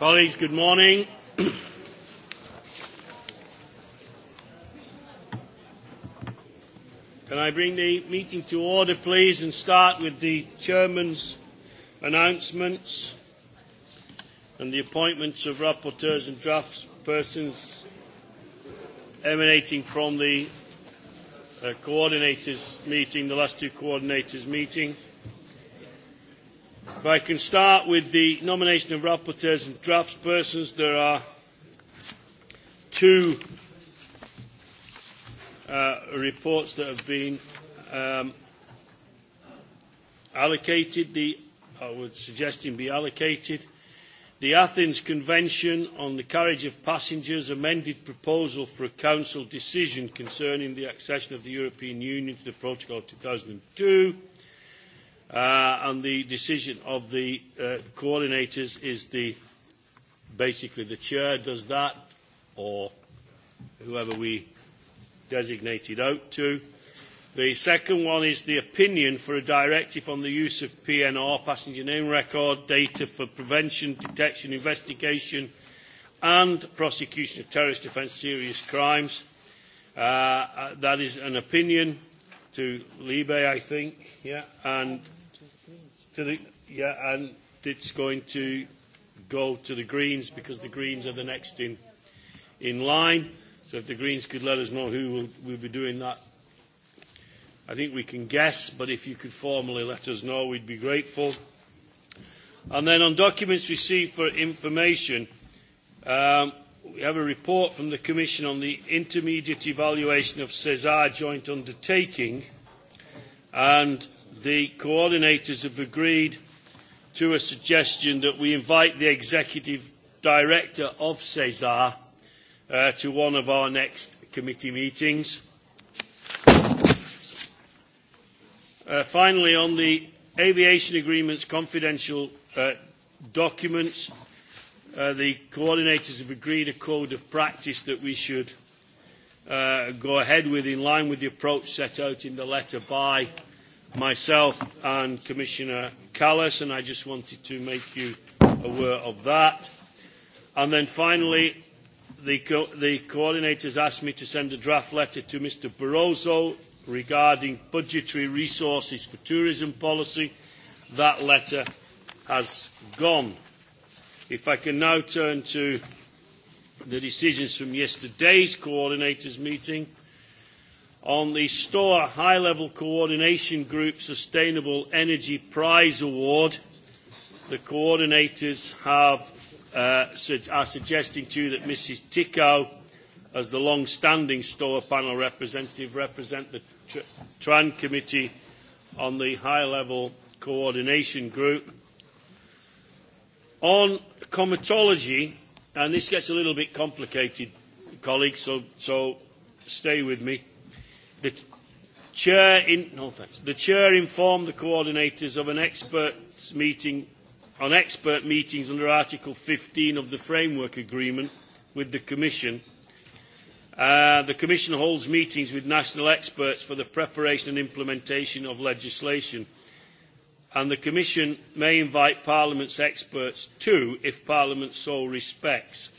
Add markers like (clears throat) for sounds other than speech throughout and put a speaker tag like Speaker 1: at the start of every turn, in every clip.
Speaker 1: Colleagues, good morning. Can I bring the meeting to order, please, and start with the Chairman's announcements and the appointments of rapporteurs and draftspersons emanating from the uh, coordinators' meeting, the last two coordinators' meeting. If I can start with the nomination of rapporteurs and draftspersons, there are two uh, reports that have been um, allocated, the, I would suggest him be allocated. The Athens Convention on the Carriage of Passengers amended proposal for a Council decision concerning the accession of the European Union to the Protocol of 2002 uh, and the decision of the uh, coordinators is the basically the chair does that or whoever we designated out to. The second one is the opinion for a directive on the use of PNR, passenger name record, data for prevention, detection, investigation and prosecution of terrorist offence, serious crimes. Uh, uh that is an opinion to Libe, I think, yeah, and To the, yeah, and it's going to go to the Greens because the Greens are the next in, in line. So if the Greens could let us know who will, will be doing that, I think we can guess, but if you could formally let us know, we'd be grateful. And then on documents received for information, um, we have a report from the Commission on the intermediate evaluation of CESAR joint undertaking. And the coordinators have agreed to a suggestion that we invite the executive director of CESAR uh, to one of our next committee meetings. Uh, finally, on the aviation agreements confidential uh, documents, uh, the coordinators have agreed a code of practice that we should uh, go ahead with in line with the approach set out in the letter by uh, myself and Commissioner Callas, and I just wanted to make you aware of that. And then finally, the, co the coordinators asked me to send a draft letter to Mr Barroso regarding budgetary resources for tourism policy. That letter has gone. If I can now turn to the decisions from yesterday's coordinators meeting, on the STOA High Level Coordination Group Sustainable Energy Prize Award. The coordinators have, uh, su- are suggesting to you that Mrs. Tickow, as the long standing STOA panel representative, represent the tr- TRAN Committee on the High Level Coordination Group. On comatology, and this gets a little bit complicated, colleagues, so, so stay with me. The chair, in, no, thanks. the chair informed the coordinators of an experts meeting on expert meetings under Article 15 of the Framework Agreement with the Commission. Uh, the Commission holds meetings with national experts for the preparation and implementation of legislation and the Commission may invite Parliament's experts too if Parliament so respects.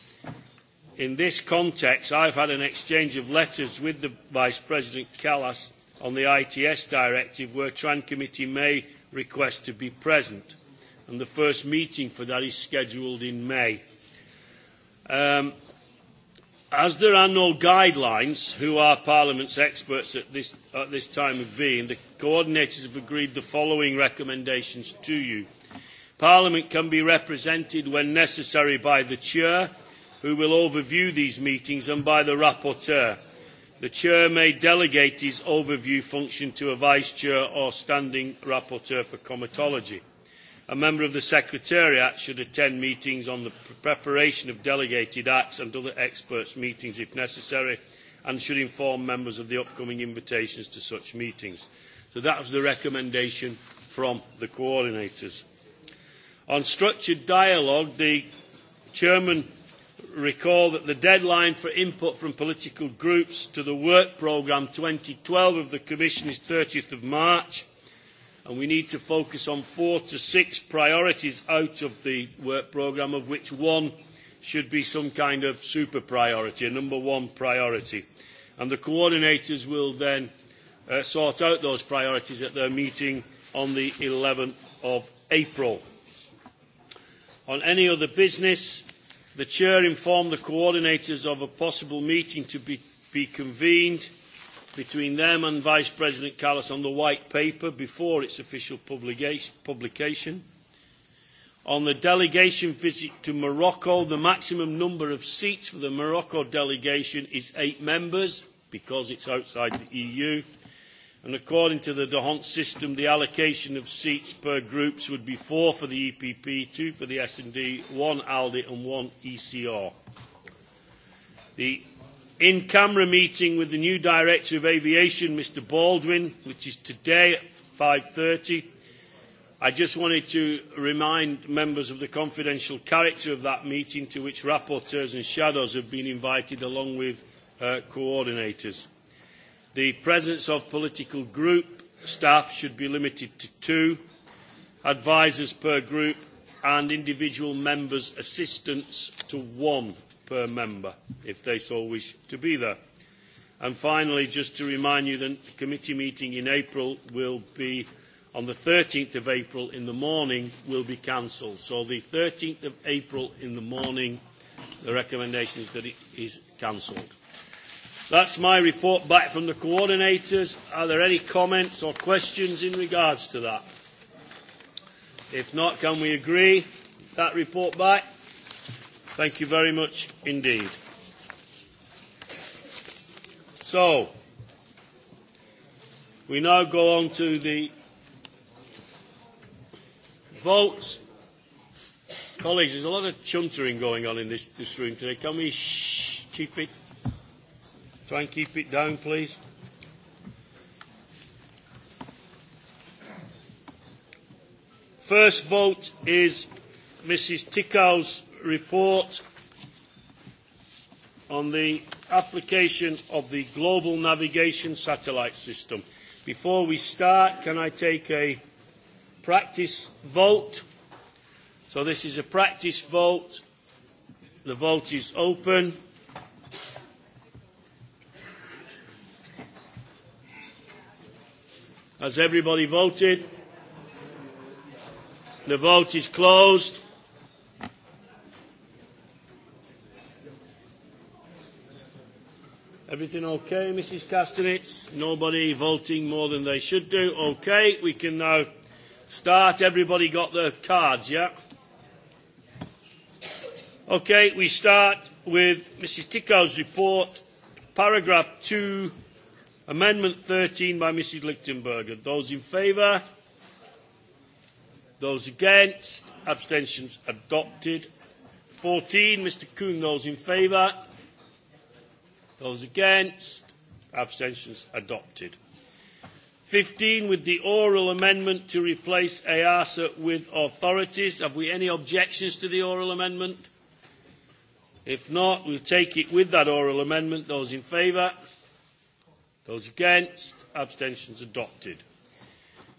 Speaker 1: In this context, I've had an exchange of letters with the Vice President Callas on the ITS directive where Tran Committee may request to be present. And the first meeting for that is scheduled in May. Um, as there are no guidelines, who are Parliament's experts at this, at this time of being, the coordinators have agreed the following recommendations to you. Parliament can be represented when necessary by the Chair who will overview these meetings and by the rapporteur. The chair may delegate his overview function to a vice chair or standing rapporteur for comitology. A member of the Secretariat should attend meetings on the preparation of delegated acts and other experts' meetings if necessary and should inform members of the upcoming invitations to such meetings. So that was the recommendation from the coordinators. On structured dialogue, the chairman recall that the deadline for input from political groups to the work programme 2012 of the Commission is 30th of March, and we need to focus on four to six priorities out of the work programme, of which one should be some kind of super priority, a number one priority. And the coordinators will then uh, sort out those priorities at their meeting on the 11th of April. On any other business, The Chair informed the coordinators of a possible meeting to be, be convened between them and Vice President Callas on the White Paper before its official publication. On the delegation visit to Morocco, the maximum number of seats for the Morocco delegation is eight members because it's outside the EU and according to the DeHont system, the allocation of seats per groups would be four for the EPP, two for the S&D, one ALDE and one ECR. The in-camera meeting with the new Director of Aviation, Mr Baldwin, which is today at 5.30. I just wanted to remind members of the confidential character of that meeting to which rapporteurs and shadows have been invited along with uh, coordinators. The presence of political group staff should be limited to two, advisers per group and individual members' assistants to one per member, if they so wish to be there. And finally, just to remind you that the committee meeting in April will be on the 13th of April in the morning will be cancelled. So the 13th of April in the morning, the recommendation is that it is cancelled. That's my report back from the coordinators. Are there any comments or questions in regards to that? If not, can we agree that report back? Thank you very much indeed. So, we now go on to the votes. Colleagues, there's a lot of chuntering going on in this, this room today. Can we shh, keep it Try and keep it down, please. First vote is Mrs Tickow's report on the application of the Global Navigation Satellite System. Before we start, can I take a practice vote? So this is a practice vote. The vote is open. Has everybody voted? The vote is closed. Everything okay, Mrs. Castanets? Nobody voting more than they should do. Okay, we can now start. Everybody got their cards, yeah? Okay, we start with Mrs. Tickow's report, paragraph 2 Amendment 13 by Mrs. Lichtenberger. Those in favour? Those against? Abstentions adopted. 14, Mr. Kuhn. Those in favour? Those against? Abstentions adopted. 15, with the oral amendment to replace EASA with authorities. Have we any objections to the oral amendment? If not, we'll take it with that oral amendment. Those in favour? Those Those against? Abstentions adopted.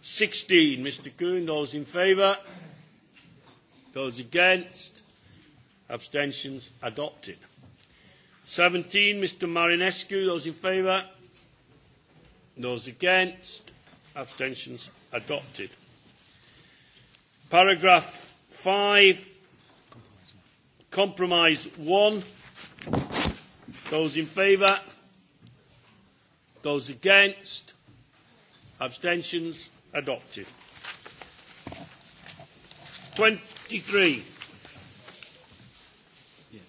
Speaker 1: 16, Mr Kuhn. Those in favour? Those against? Abstentions adopted. 17, Mr Marinescu. Those in favour? Those against? Abstentions adopted. Paragraph 5, Compromise 1. Those in favour? Those against? Abstentions? Adopted. 23. Yes.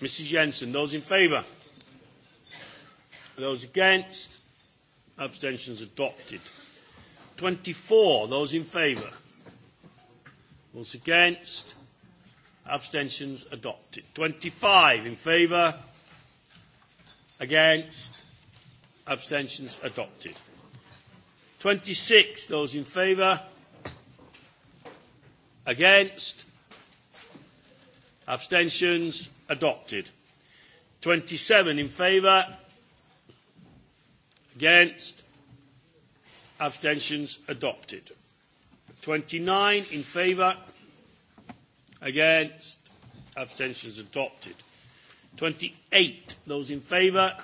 Speaker 1: Mrs Jensen, those in favour? Those against? Abstentions adopted. 24, those in favour? Those against? Abstentions adopted. 25 in favour? Against? Abstentions adopted. 26, those in favour. Against. Abstentions adopted. 27 in favour. Against. Abstentions adopted. 29 in favour. Against. Abstentions adopted. 28, those in favour.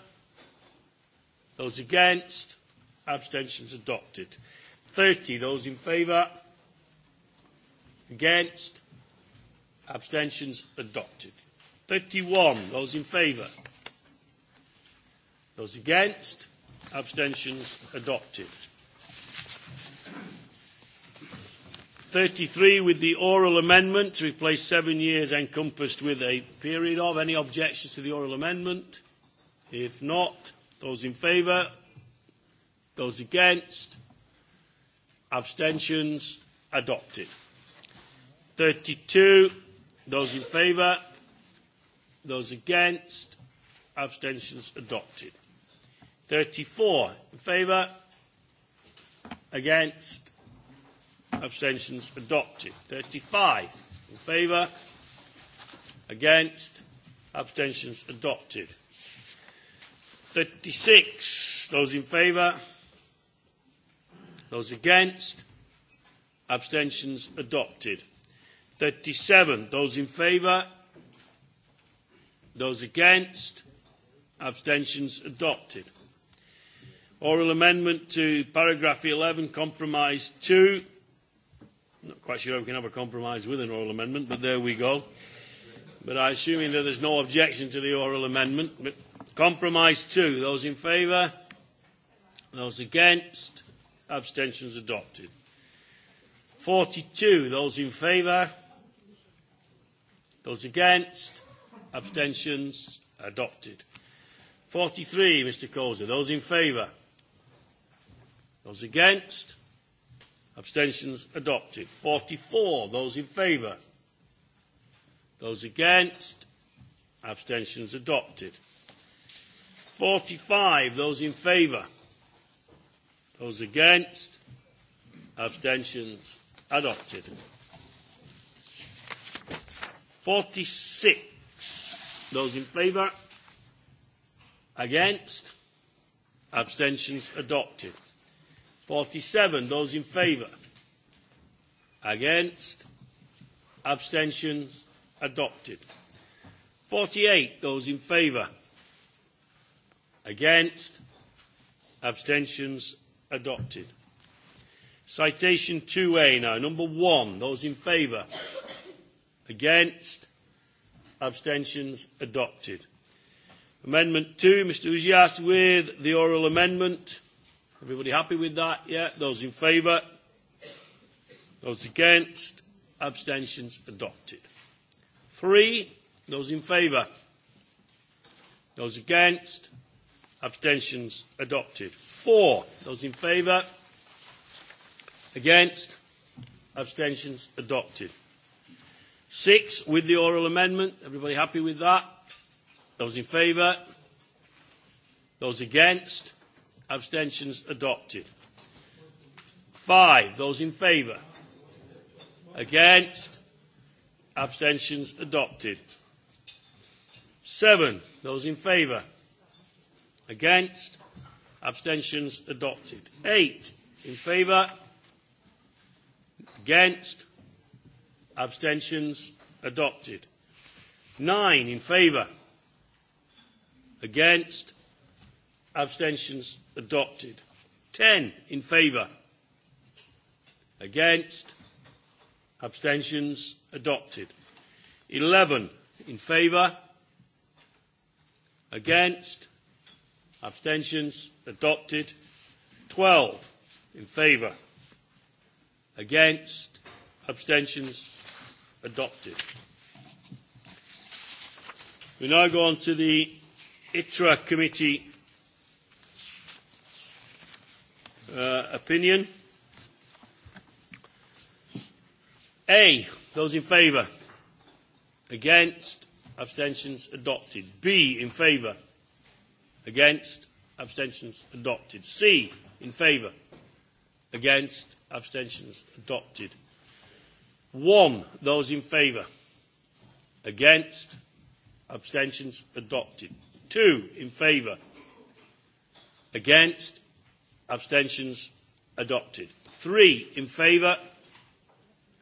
Speaker 1: Those against? Abstentions adopted. 30. Those in favour? Against? Abstentions adopted. 31. Those in favour? Those against? Abstentions adopted. 33 with the oral amendment to replace seven years encompassed with a period of. Any objections to the oral amendment? If not, Those in favour? Those against? Abstentions? Adopted. 32. Those in favour? Those against? Abstentions? Adopted. 34. In favour? Against? Abstentions? Adopted. 35. In favour? Against? Abstentions? Adopted. 36. Those in favour? Those against? Abstentions adopted. 37. Those in favour? Those against? Abstentions adopted. Oral amendment to paragraph 11, compromise 2. I'm not quite sure if we can have a compromise with an oral amendment, but there we go. But I assuming that there's no objection to the oral amendment, but Compromise 2. Those in favour? Those against? Abstentions adopted. 42. Those in favour? Those against? Abstentions adopted. 43, Mr Coulter. Those in favour? Those against? Abstentions adopted. 44, those in favour? Those against? Abstentions adopted. 45, those in favour? Those against? Abstentions adopted. 46, those in favour? Against? Abstentions adopted. 47, those in favour? Against? Abstentions adopted. 48, those in favour? Against? Abstentions? Adopted. Citation 2A now. Number 1. Those in favour? Against? Abstentions? Adopted. Amendment 2, Mr Ujias with the oral amendment. Everybody happy with that? Yeah. Those in favour? Those against? Abstentions? Adopted. 3. Those in favour? Those against? Abstentions adopted. Four. Those in favour? Against? Abstentions adopted. Six with the oral amendment. Everybody happy with that? Those in favour? Those against? Abstentions adopted. Five. Those in favour? Against? Abstentions adopted. Seven. Those in favour? Against? Abstentions adopted. 8 in favour. Against? Abstentions adopted. 9 in favour. Against? Abstentions adopted. 10 in favour. Against? Abstentions adopted. 11 in favour. Against? Abstentions? Adopted. 12 in favour. Against? Abstentions? Adopted. We now go on to the ITRA committee uh, opinion. A. Those in favour? Against? Abstentions? Adopted. B. In favour? Against? Abstentions adopted. C. In favour? Against? Abstentions adopted. 1. Those in favour? Against? Abstentions adopted. 2. In favour? Against? Abstentions adopted. 3. In favour?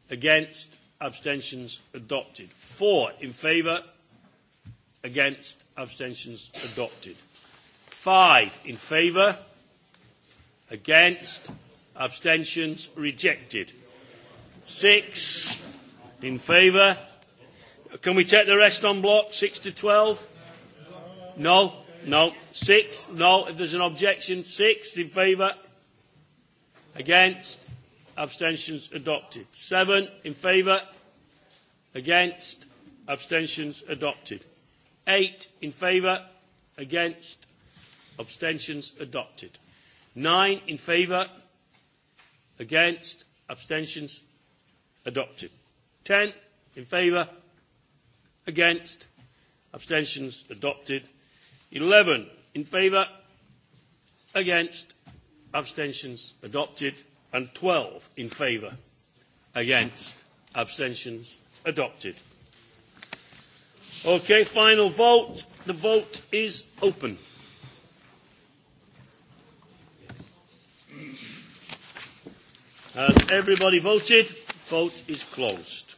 Speaker 1: Against? Abstentions adopted. 4. In favour? Against? Abstentions adopted. 5 in favour, against, abstentions, rejected. 6 in favour. Can we take the rest on block? 6 to 12? No, no. 6, no. If there's an objection, 6 in favour, against, abstentions adopted. 7 in favour, against, abstentions adopted. 8 in favour, against, Abstentions adopted. 9 in favour. Against. Abstentions adopted. 10 in favour. Against. Abstentions adopted. 11 in favour. Against. Abstentions adopted. And 12 in favour. Against. Abstentions adopted. Okay, final vote. The vote is open. Has everybody voted? Vote is closed.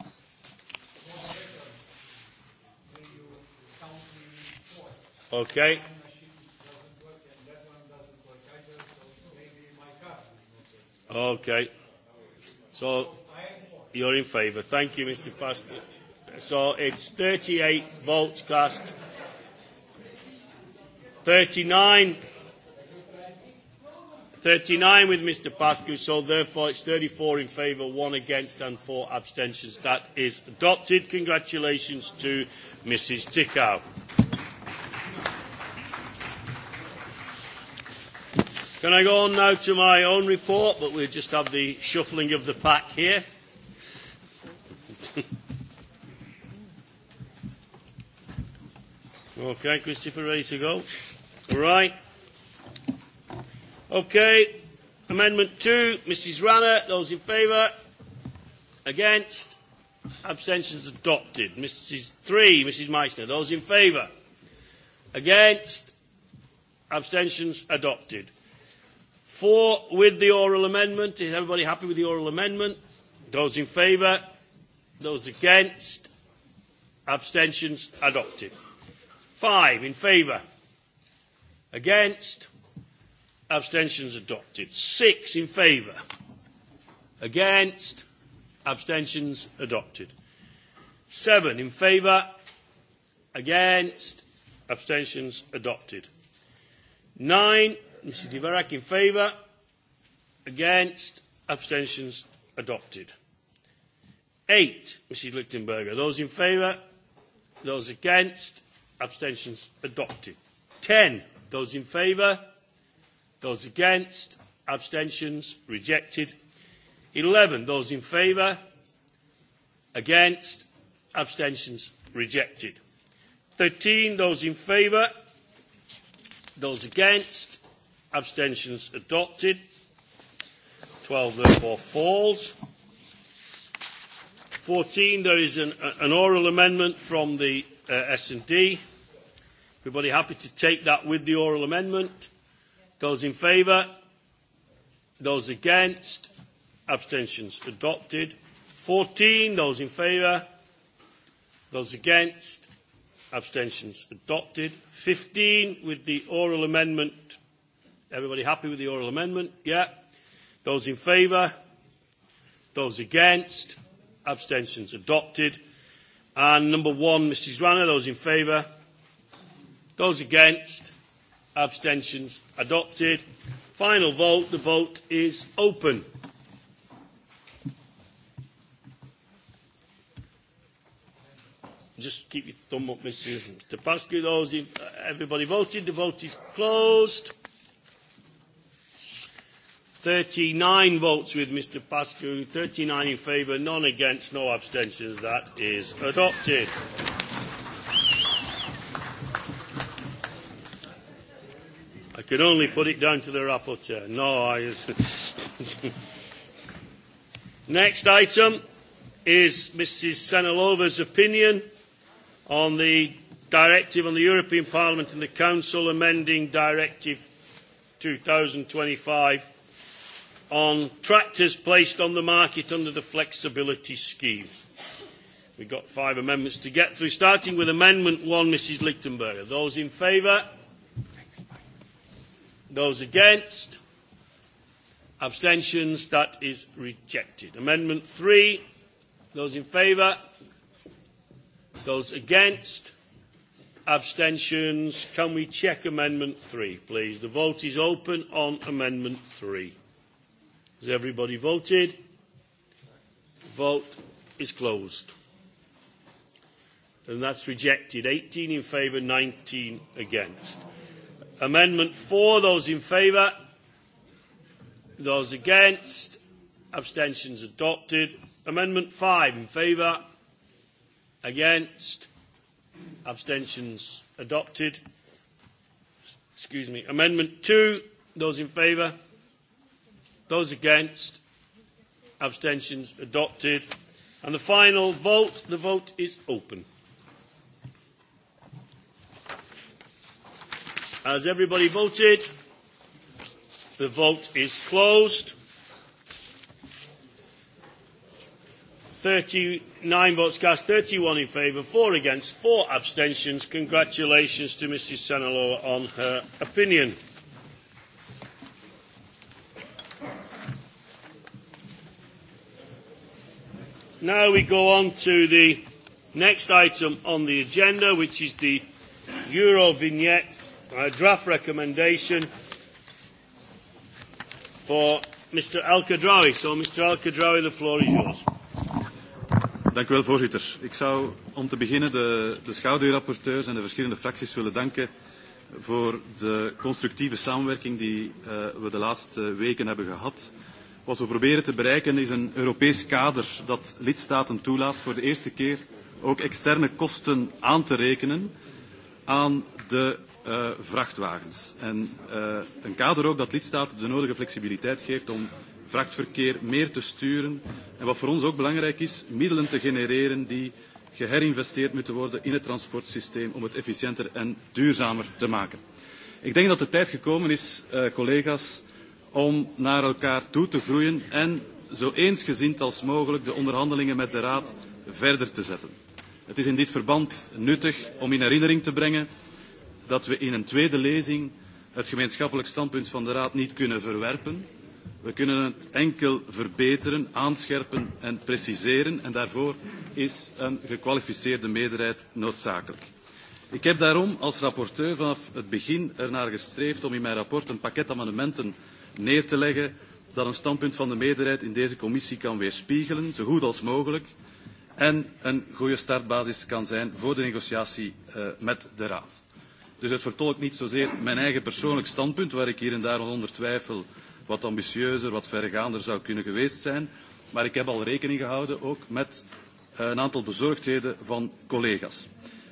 Speaker 1: Okay. Okay. So you're in favour. Thank you, Mr. Pastor. So it's 38 votes cast. 39 39 with Mr Pascu, so therefore it's 34 in favour, 1 against and 4 abstentions. That is adopted. Congratulations to Mrs Tickow. Can I go on now to my own report, but we'll just have the shuffling of the pack here. (laughs) okay, Christopher, ready to go? All right. Okay. Amendment 2, Mrs. Ranner. Those in favour? Against? Abstentions adopted. Mrs. 3, Mrs. Meissner. Those in favour? Against? Abstentions adopted. 4 with the oral amendment. Is everybody happy with the oral amendment? Those in favour? Those against? Abstentions adopted. 5 in favour? Against? abstentions adopted. Six in favour. Against, abstentions adopted. Seven in favour. Against, abstentions adopted. Nine, Mr. Divarak in favour. Against, abstentions adopted. Eight, Mrs. Lichtenberger. Those in favour. Those against, abstentions adopted. Ten, those in favour Those against? Abstentions? Rejected. 11. Those in favour? Against? Abstentions? Rejected. 13. Those in favour? Those against? Abstentions? Adopted. 12 therefore falls. 14, there is an, an oral amendment from the uh, S&D. Everybody happy to take that with the oral amendment? Those in favour? Those against? Abstentions adopted. 14. Those in favour? Those against? Abstentions adopted. 15 with the oral amendment. Everybody happy with the oral amendment? Yeah. Those in favour? Those against? Abstentions adopted. And number one, Mrs. Rana, those in favour? Those against? abstentions adopted. Final vote, the vote is open. Just keep your thumb up, Mr. Tapascu. Those, in, uh, everybody voted, the vote is closed. 39 votes with Mr. Pascu, 39 in favour, none against, no abstentions. That is adopted. can only put it down to the rapporteur. No, I. (laughs) Next item is Mrs. Senelova's opinion on the Directive on the European Parliament and the Council amending Directive 2025 on tractors placed on the market under the flexibility scheme. We've got five amendments to get through, starting with Amendment 1, Mrs. Lichtenberger. Those in favour? Those against? Abstentions? That is rejected. Amendment 3. Those in favour? Those against? Abstentions? Can we check Amendment 3, please? The vote is open on Amendment 3. Has everybody voted? Vote is closed. And that's rejected. 18 in favour, 19 against. Amendment 4, those in favour? Those against? Abstentions adopted. Amendment 5 in favour? Against? Abstentions adopted. Excuse me. Amendment 2, those in favour? Those against? Abstentions adopted. And the final vote, the vote is open. Has everybody voted? The vote is closed. 39 votes cast, 31 in favour, 4 against, 4 abstentions. Congratulations to Mrs Sanaloa on her opinion. Now we go on to the next item on the agenda, which is the Euro vignette a draft recommendation for Mr. El Khadraoui. So, Mr. El Khadraoui, the floor is yours.
Speaker 2: Dank u wel, voorzitter. Ik zou om te beginnen de, de schaduwrapporteurs en de verschillende fracties willen danken voor de constructieve samenwerking die uh, we de laatste eh, weken hebben gehad. Wat we proberen te bereiken is een Europees kader dat lidstaten toelaat voor de eerste keer ook externe kosten aan te rekenen aan de uh, vrachtwagens. En uh, een kader ook dat lidstaten de nodige flexibiliteit geeft om vrachtverkeer meer te sturen. En wat voor ons ook belangrijk is, middelen te genereren die geherinvesteerd moeten worden in het transportsysteem om het efficiënter en duurzamer te maken. Ik denk dat de tijd gekomen is, uh, collega's, om naar elkaar toe te groeien en zo eensgezind als mogelijk de onderhandelingen met de Raad verder te zetten. Het is in dit verband nuttig om in herinnering te brengen dat we in een tweede lezing het gemeenschappelijk standpunt van de Raad niet kunnen verwerpen. We kunnen het enkel verbeteren, aanscherpen en preciseren en daarvoor is een gekwalificeerde meerderheid noodzakelijk. Ik heb daarom als rapporteur vanaf het begin ernaar gestreefd om in mijn rapport een pakket amendementen neer te leggen dat een standpunt van de meerderheid in deze commissie kan weerspiegelen, zo goed als mogelijk, en een goede startbasis kan zijn voor de negotiatie uh, met de Raad. Dus het vertolkt niet zozeer mijn eigen persoonlijk standpunt, waar ik hier en daar onder twijfel wat ambitieuzer, wat verregaander zou kunnen geweest zijn. Maar ik heb al rekening gehouden ook met eh, een aantal bezorgdheden van collega's.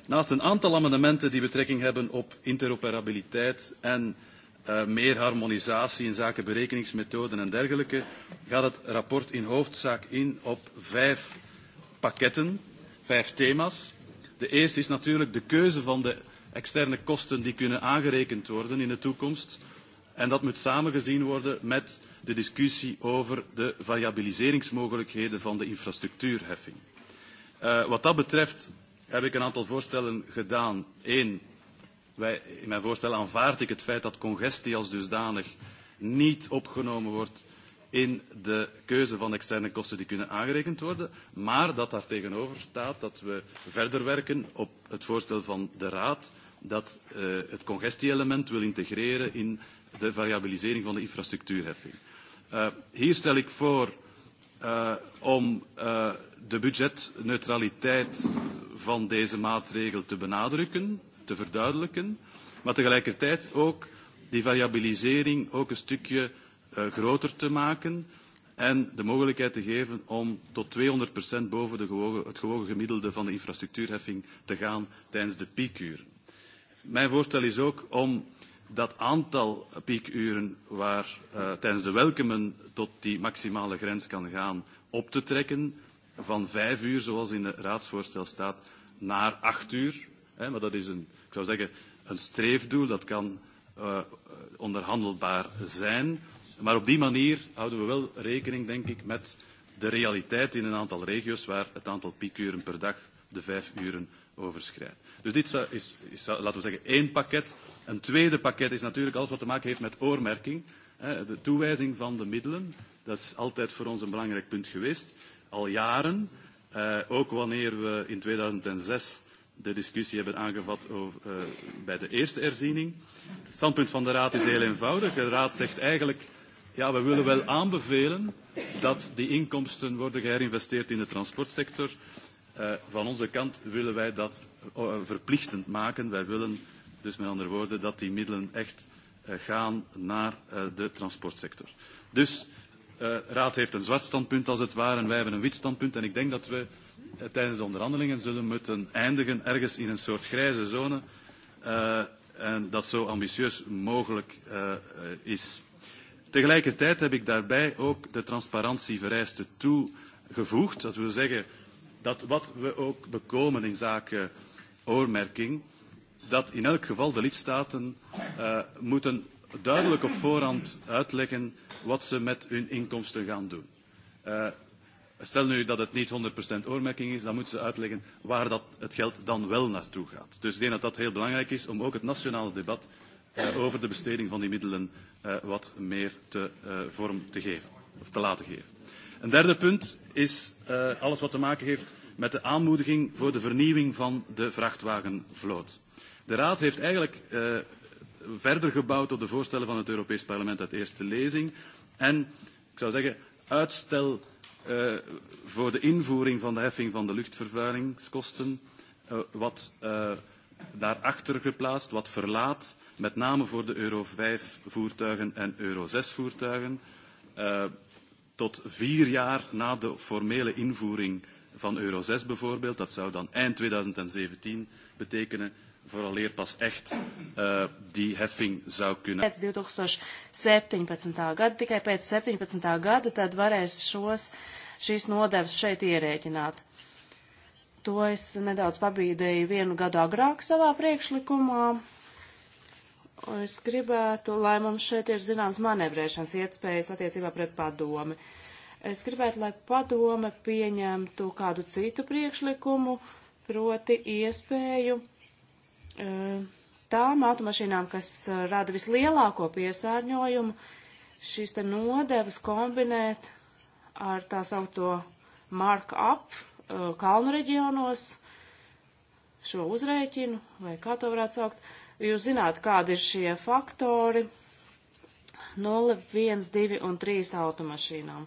Speaker 2: Naast een aantal amendementen die betrekking hebben op interoperabiliteit en uh, meer harmonisatie in zaken berekeningsmethoden en dergelijke, gaat het rapport in hoofdzaak in op vijf pakketten, vijf thema's. De eerste is natuurlijk de keuze van de externe kosten die kunnen aangerekend worden in de toekomst. En dat moet samengezien worden met de discussie over de variabiliseringsmogelijkheden van de infrastructuurheffing. Uh, wat dat betreft heb ik een aantal voorstellen gedaan. Eén, wij, in mijn voorstel aanvaard ik het feit dat congestie als dusdanig niet opgenomen wordt in de keuze van externe kosten die kunnen aangerekend worden, maar dat daar tegenover staat dat we verder werken op het voorstel van de Raad dat uh, het congestieelement wil integreren in de variabilisering van de infrastructuurheffing. Uh, hier stel ik voor uh, om uh, de budgetneutraliteit van deze maatregel te benadrukken, te verduidelijken, maar tegelijkertijd ook die variabilisering ook een stukje uh, groter te maken en de mogelijkheid te geven om tot 200% boven de gewogen, het gewogen gemiddelde van de infrastructuurheffing te gaan tijdens de piekuren. Mijn voorstel is ook om dat aantal piekuren waar uh, tijdens de welke men tot die maximale grens kan gaan op te trekken van vijf uur, zoals in het raadsvoorstel staat, naar acht uur. Hè, maar dat is een, ik zou zeggen, een streefdoel, dat kan uh, onderhandelbaar zijn. Maar op die manier houden we wel rekening, denk ik, met de realiteit in een aantal regio's waar het aantal piekuren per dag de vijf uren overschrijdt. Dus dit is, is, laten we zeggen, één pakket. Een tweede pakket is natuurlijk alles wat te maken heeft met oormerking. De toewijzing van de middelen, dat is altijd voor ons een belangrijk punt geweest, al jaren. Uh, ook wanneer we in 2006 de discussie hebben aangevat over, uh, bij de eerste herziening. Het standpunt van de Raad is heel eenvoudig. De Raad zegt eigenlijk, Ja, we willen wel aanbevelen dat die inkomsten worden geherinvesteerd in de transportsector. Uh, van onze kant willen wij dat uh, verplichtend maken. Wij willen dus met andere woorden dat die middelen echt uh, gaan naar uh, de transportsector. Dus de uh, Raad heeft een zwart standpunt als het ware en wij hebben een wit standpunt. En ik denk dat we uh, tijdens de onderhandelingen zullen moeten eindigen ergens in een soort grijze zone. Uh, en dat zo ambitieus mogelijk uh, is. Tegelijkertijd heb ik daarbij ook de transparantievereisten toegevoegd. Dat wil zeggen dat wat we ook bekomen in zaken oormerking, dat in elk geval de lidstaten uh, moeten duidelijk op voorhand uitleggen wat ze met hun inkomsten gaan doen. Uh, stel nu dat het niet 100% oormerking is, dan moeten ze uitleggen waar dat, het geld dan wel naartoe gaat. Dus ik denk dat dat heel belangrijk is om ook het nationale debat uh, over de besteding van die middelen uh, wat meer te, uh, vorm te geven of te laten geven. Een derde punt is uh, alles wat te maken heeft met de aanmoediging voor de vernieuwing van de vrachtwagenvloot. De Raad heeft eigenlijk uh, verder gebouwd op de voorstellen van het Europees Parlement uit eerste lezing en, ik zou zeggen, uitstel uh, voor de invoering van de heffing van de luchtvervuilingskosten, uh, wat uh, daarachter geplaatst, wat verlaat met name voor de Euro 5 voertuigen en Euro 6 voertuigen. Uh, tot vier jaar na de formele invoering van Euro 6 bijvoorbeeld, dat zou dan eind 2017 betekenen, vooraleer pas echt uh, die heffing zou kunnen. Pēc
Speaker 3: 2017. gada, tikai pēc 17. gada, tad varēs šos, šīs nodevas šeit ierēķināt. To es nedaudz pabīdēju vienu gadu agrāk savā priekšlikumā, Es gribētu, lai mums šeit ir zināms manevrēšanas iespējas attiecībā pret padomi. Es gribētu, lai padome pieņemtu kādu citu priekšlikumu, proti iespēju e, tām automašīnām, kas e, rada vislielāko piesārņojumu, šīs te nodevas kombinēt ar tā saucamo markup e, kalnu reģionos, šo uzrēķinu, vai kā to varētu saukt, Jūs zināt, kādi ir šie faktori 0, 1, 2 un 3 automašīnām.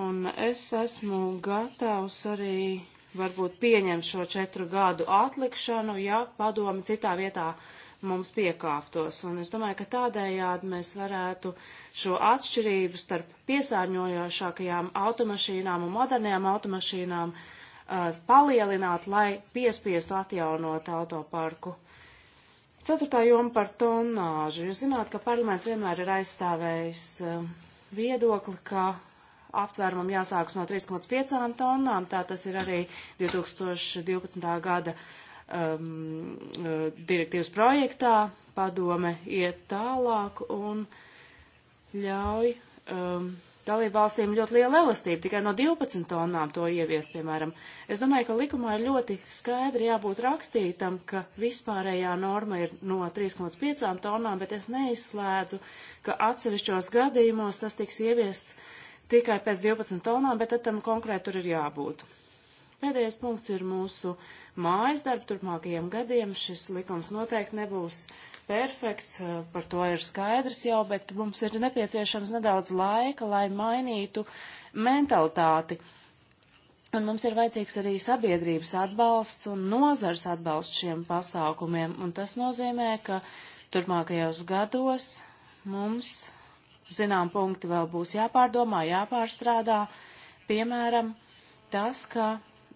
Speaker 3: Un es esmu gatavs arī varbūt pieņemt šo četru gadu atlikšanu, ja padomi citā vietā mums piekāptos. Un es domāju, ka tādējādi mēs varētu šo atšķirību starp piesārņojošākajām automašīnām un modernajām automašīnām uh, palielināt, lai piespiestu atjaunot autoparku. Uh, Ceturtā joma par tonāžu. Jūs zināt, ka parlaments vienmēr ir aizstāvējis eh, viedokli, ka aptvērumam jāsākas no 3,5 tonnām, tā tas ir arī 2012. gada um, direktīvas projektā. Padome iet tālāk un ļauj um, dalībvalstīm ļoti liela elastība, tikai no 12 tonnām to ieviest, piemēram. Es domāju, ka likumā ir ļoti skaidri jābūt rakstītam, ka vispārējā norma ir no 3,5 tonnām, bet es neizslēdzu, ka atsevišķos gadījumos tas tiks ieviests tikai pēc 12 tonnām, bet tad tam konkrēti tur ir jābūt. Pēdējais punkts ir mūsu mājas darbu turpmākajiem gadiem. Šis likums noteikti nebūs perfekts, par to ir skaidrs jau, bet mums ir nepieciešams nedaudz laika, lai mainītu mentalitāti. Un mums ir vajadzīgs arī sabiedrības atbalsts un nozars atbalsts šiem pasākumiem, un tas nozīmē, ka turpmākajos gados mums, zinām, punkti vēl būs jāpārdomā, jāpārstrādā, piemēram, tas, ka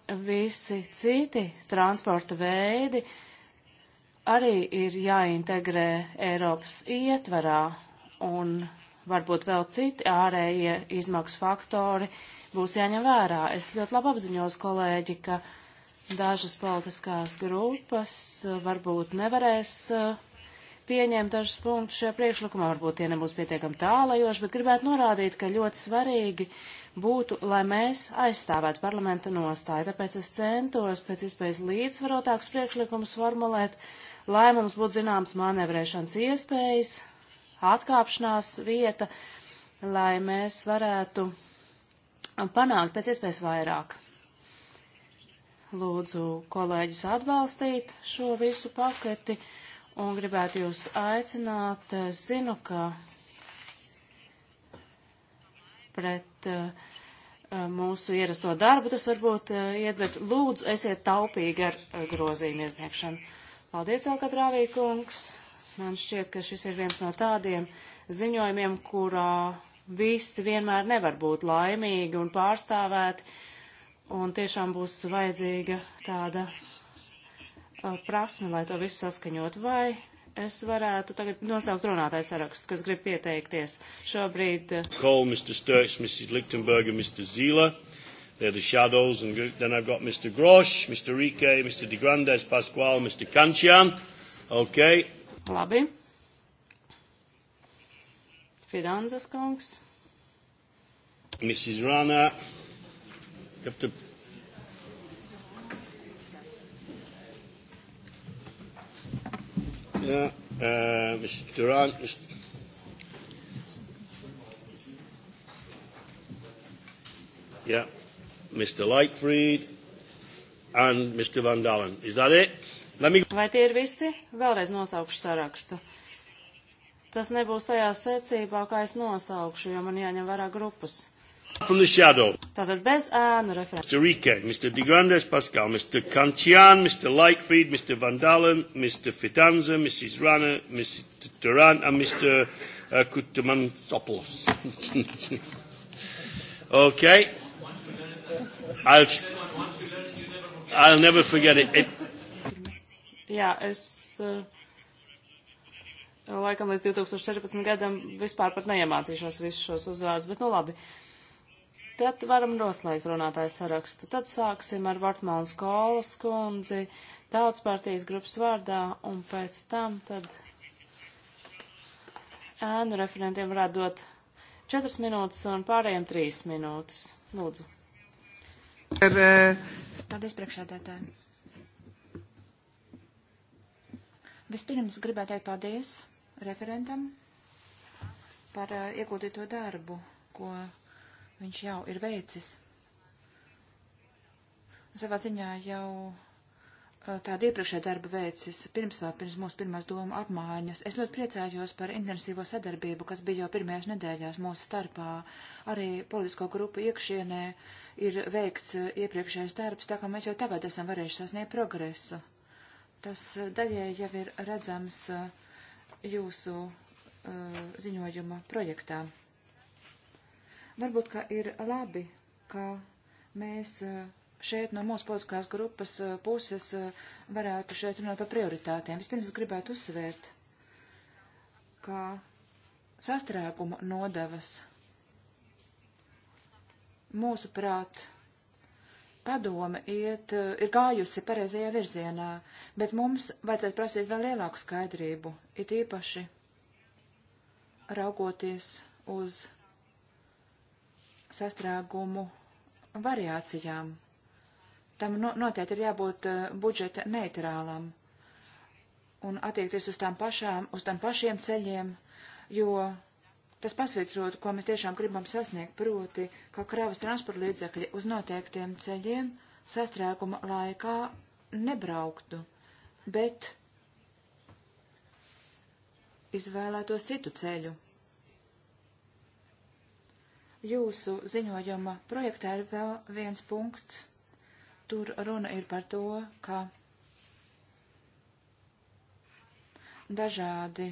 Speaker 3: visi citi transporta veidi arī ir jāintegrē Eiropas ietvarā un varbūt vēl citi ārējie izmaksu faktori būs jāņem vērā. Es ļoti labi apziņos, kolēģi, ka dažas politiskās grupas eh, varbūt nevarēs eh, pieņēma dažus punktus šajā priekšlikumā, varbūt tie nebūs pietiekami tālajoši, bet gribētu norādīt, ka ļoti svarīgi būtu, lai mēs aizstāvētu parlamenta nostāju. Tāpēc es centos pēc iespējas līdzsvarotākus priekšlikumus formulēt, lai mums būtu zināms manevrēšanas iespējas, atkāpšanās vieta, lai mēs varētu panākt pēc iespējas vairāk. Lūdzu kolēģis atbalstīt šo visu paketi un gribētu jūs aicināt. Es zinu, ka pret uh, uh, mūsu ierasto darbu tas varbūt uh, iet, bet lūdzu esiet taupīgi ar grozījumu iesniegšanu. Paldies, Alkadrāvī kungs. Man šķiet, ka šis ir viens no tādiem ziņojumiem, kurā visi vienmēr nevar būt laimīgi un pārstāvēti, un tiešām būs vajadzīga tāda prasme, lai to visu saskaņot. Vai es varētu tagad nosaukt runātājs sarakstu, kas grib pieteikties
Speaker 1: šobrīd. Eh, Cole, Mr. Sturks, Mrs. Lichtenberger, Mr. Zila. They're the shadows, and then I've got Mr. Grosh, Mr. Rike, Mr. De Grandes, Pasquale, Mr. Kanchian. Okay. Labi.
Speaker 3: Fidanzas kungs.
Speaker 1: Mrs. Rana. You have to Yeah. Uh, äh, Mr. Durant, Mr. Yeah. Mr. Lightfried and Mr. Van Dalen. Is that it? Let me... Vai tie ir visi?
Speaker 3: Vēlreiz nosaukšu sarakstu. Tas nebūs tajā secībā, kā es nosaukšu, jo man jāņem vērā grupas.
Speaker 1: From the shadow.
Speaker 3: Tātad bez ēnu referenta. Mr.
Speaker 1: Rike, Mr. De Grandes Pascal, Mr. Kanchian, Mr. Lightfried, Mr. Van Dalen, Mr. Fidanza, Mrs. Rana, Mr. Duran and Mr. Uh, Kutumansopoulos. (laughs) okay. I'll, I'll never forget it. it
Speaker 3: Jā, es uh, laikam līdz 2014 gadam vispār pat neiemācīšos visus šos uzvārdus, bet nu labi. Uh, Tad varam noslēgt runātāju sarakstu. Tad sāksim ar Vartmāns Kolas kundzi, tautas partijas grupas vārdā, un pēc tam tad ēnu referentiem varētu dot 4 minūtes un pārējiem 3 minūtes. Lūdzu.
Speaker 4: Ar, eh, Paldies priekšādētājiem. Vispirms gribētu teikt paldies referentam par uh, ieguldīto darbu, ko viņš jau ir veicis. Savā ziņā jau tādu iepriekšēju darbu veicis pirms vēl pirms mūsu pirmās domu apmaiņas. Es ļoti priecājos par intensīvo sadarbību, kas bija jau pirmajās nedēļās mūsu starpā. Arī politisko grupu iekšienē ir veikts iepriekšējais darbs, tā kā mēs jau tagad esam varējuši sasniegt progresu. Tas daļēji jau ir redzams jūsu uh, ziņojuma projektā. Varbūt, ka ir labi, ka mēs eh, šeit no mūsu politiskās grupas eh, puses eh, varētu šeit runāt par prioritātēm. Vispirms es gribētu uzsvērt, ka sastrēguma nodevas mūsuprāt padome iet, ir gājusi pareizajā virzienā, bet mums vajadzētu prasīt vēl lielāku skaidrību, it īpaši raugoties uz sastrēgumu variācijām. Tam no, noteikti ir jābūt uh, budžeta neitrālam un attiekties uz tām pašām, uz tām pašiem ceļiem, jo tas pasvītrot, ko mēs tiešām gribam sasniegt, proti, ka kravas transporta līdzekļi uz noteiktiem ceļiem sastrēguma laikā nebrauktu, bet izvēlētos citu ceļu. Jūsu ziņojuma projektā ir vēl viens punkts. Tur runa ir par to, ka dažādi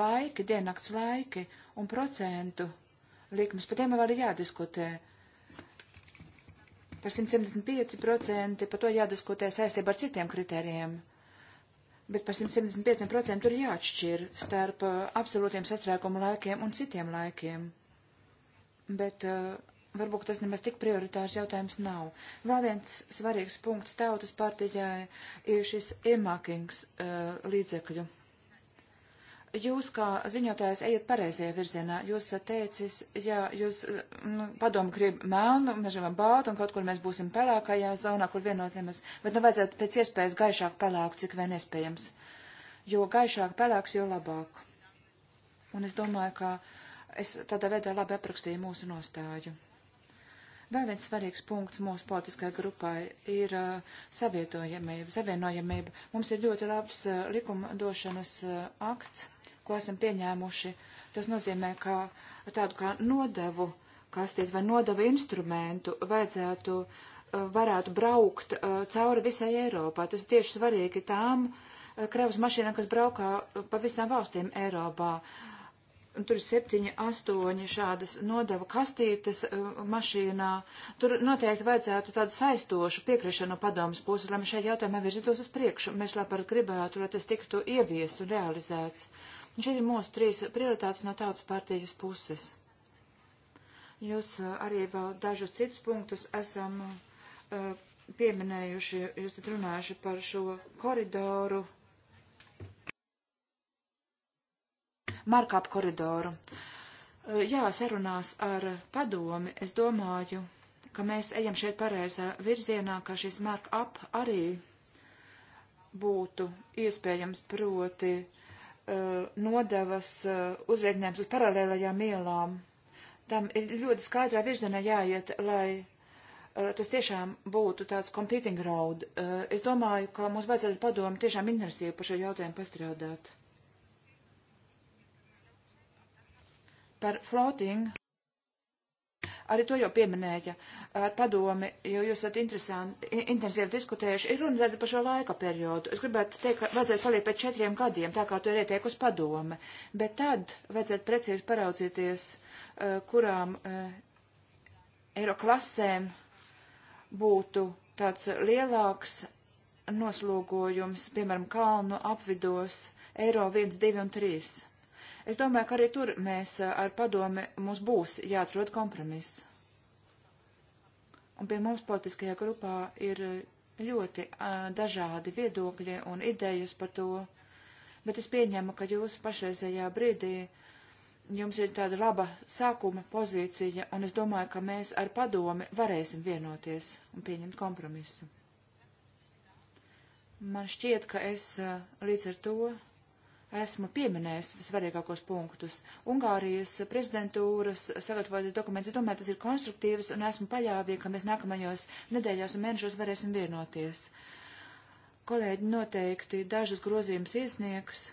Speaker 4: laiki, diennakts laiki un procentu likmes, par tiem vēl ir jādiskutē. Par 175% par to jādiskutē saistībā ar citiem kritērijiem, bet par 175% tur jāatšķir starp uh, absolūtiem sastrēgumu laikiem un citiem laikiem bet uh, varbūt tas nemaz tik prioritārs jautājums nav. Vēl viens svarīgs punkts tautas partijai ir šis iemākings uh, eh, līdzekļu. Jūs kā ziņotājs ejat pareizajā virzienā. Jūs esat teicis, ja jūs eh, nu, padomu grib melnu, mēs gribam baltu, un kaut kur mēs būsim pelēkajā zonā, kur vienot nemaz, bet nu vajadzētu pēc iespējas gaišāk pelēku, cik vien iespējams. Jo gaišāk pelēks, jo labāk. Un es domāju, ka uh, es tādā veidā labi aprakstīju mūsu nostāju. Vēl viens svarīgs punkts mūsu politiskajai grupai ir uh, savietojamība, savienojamība. Mums ir ļoti labs uh, likumdošanas uh, akts, ko esam pieņēmuši. Tas nozīmē, ka tādu kā nodevu kastīt vai nodevu instrumentu vajadzētu, uh, varētu braukt uh, cauri visai Eiropā. Tas ir tieši svarīgi tām uh, kravas mašīnām, kas braukā pa visām valstīm Eiropā. Uh, tur ir septiņi, astoņi šādas nodeva kastītes uh, mašīnā. Tur noteikti vajadzētu tādu saistošu piekrišanu padomas puses, lai mēs šajā jautājumā virzītos uz priekšu. Mēs labprāt gribētu, lai tas tiktu ieviests un realizēts. Un šeit ir mūsu trīs prioritātes no tautas partijas puses. Jūs uh, arī vēl dažus citus punktus esam uh, pieminējuši, jūs esat runājuši par šo koridoru markāp koridoru. Eh, jā, sarunās ar padomi, es domāju, ka mēs ejam šeit pareizā virzienā, ka šis markāp arī būtu iespējams proti uh, nodevas uh, eh, uzrēķinājums uz paralēlajām ielām. Tam ir ļoti skaidrā virzienā jāiet, lai uh, tas tiešām būtu tāds competing road. Es domāju, ka mums vajadzētu padomu tiešām intensīvi par šo jautājumu pastrādāt. par floating. Arī to jau pieminēja ar padomi, jo jūs esat intensīvi diskutējuši. Ir runa tāda par šo laika periodu. Es gribētu teikt, ka vajadzētu palikt pēc četriem gadiem, tā kā to ir ieteikusi padome. Bet tad vajadzētu precīzi paraudzīties, eh, kurām eh, eiro klasēm būtu tāds lielāks noslogojums, piemēram, kalnu apvidos eiro 1, 2 un 3. Es domāju, ka arī tur mēs eh, ar padomi mums būs jāatrod kompromiss. Un pie mums politiskajā grupā ir eh, ļoti uh, dažādi viedokļi un idejas par to, bet es pieņemu, ka jūs pašreizējā brīdī jums ir tāda laba sākuma pozīcija, un es domāju, ka mēs ar padomi varēsim vienoties un pieņemt kompromisu. Man šķiet, ka es uh, līdz ar to esmu pieminējusi svarīgākos punktus. Ungārijas prezidentūras sagatavotas dokuments, es domāju, tas ir konstruktīvs un esmu paļāvīga, ka mēs nākamajos nedēļās un mēnešos varēsim vienoties. Kolēģi noteikti dažas grozījumus iesniegs,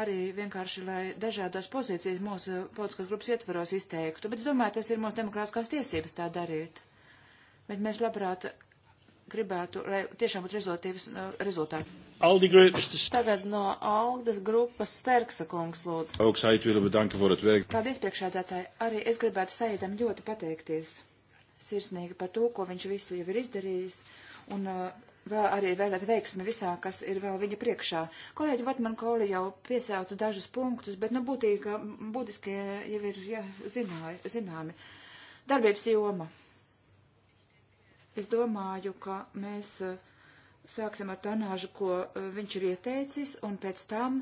Speaker 4: arī vienkārši, lai dažādās pozīcijas mūsu politiskās grupas ietvaros izteiktu, bet es domāju, tas ir mūsu demokrātiskās tiesības tā darīt. Bet mēs labprāt gribētu, lai tiešām būtu rezultātīvs nu, rezultāti.
Speaker 1: Aldi grupas.
Speaker 4: Tagad no Aldas grupas Sterksa kungs lūdzu.
Speaker 2: Augs aitvīla, bet danka varat veikt.
Speaker 4: Paldies priekšādātāji. Arī es gribētu Saidam ļoti pateikties sirsnīgi par to, ko viņš visu jau ir izdarījis. Un uh, vēl arī vēlēt veiksmi visā, kas ir vēl viņa priekšā. Kolēģi Vatman Koli jau piesauca dažus punktus, bet, nu, būtīgi, būtiski jau ir ja, zināmi. Darbības joma. Es domāju, ka mēs eh, sāksim ar tanāžu, ko eh, viņš ir ieteicis, un pēc tam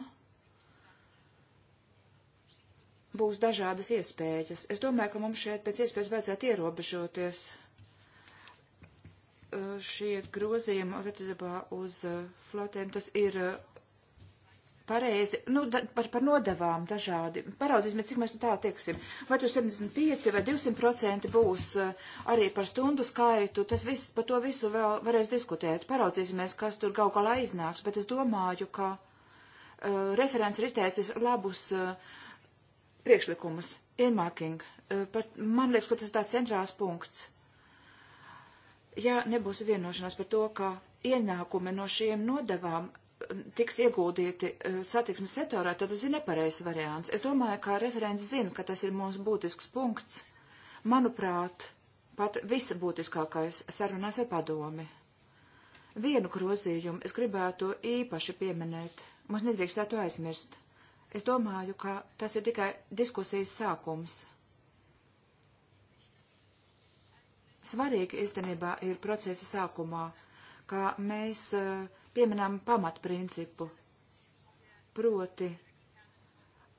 Speaker 4: būs dažādas iespējas. Es domāju, ka mums šeit pēc iespējas vajadzētu ierobežoties eh, šie grozījumi attiecībā uz flotēm. Tas ir pareizi, nu, da, par, par nodevām dažādi. Paraudzīsimies, cik mēs nu tā tieksim. Vai tur 75 vai 200 procenti būs uh, arī par stundu skaitu, tas viss, par to visu vēl varēs diskutēt. Paraudzīsimies, kas tur gal galā iznāks, bet es domāju, ka uh, referents ir izteicis labus uh, priekšlikumus. Earmarking. Uh, par, man liekas, ka tas ir tāds centrāls punkts. Ja nebūs vienošanās par to, ka ienākumi no šiem nodevām tiks iegūdīti e, satiksmes sektorā, tad tas ir nepareizs variants. Es domāju, kā referents zinu, ka tas ir mūsu būtisks punkts. Manuprāt, pat visa būtiskākais sarunās ar padomi. Vienu grozījumu es gribētu īpaši pieminēt. Mums nedrīkstētu aizmirst. Es domāju, ka tas ir tikai diskusijas sākums. Svarīgi īstenībā ir procesa sākumā, kā mēs uh, pieminām pamatprincipu, proti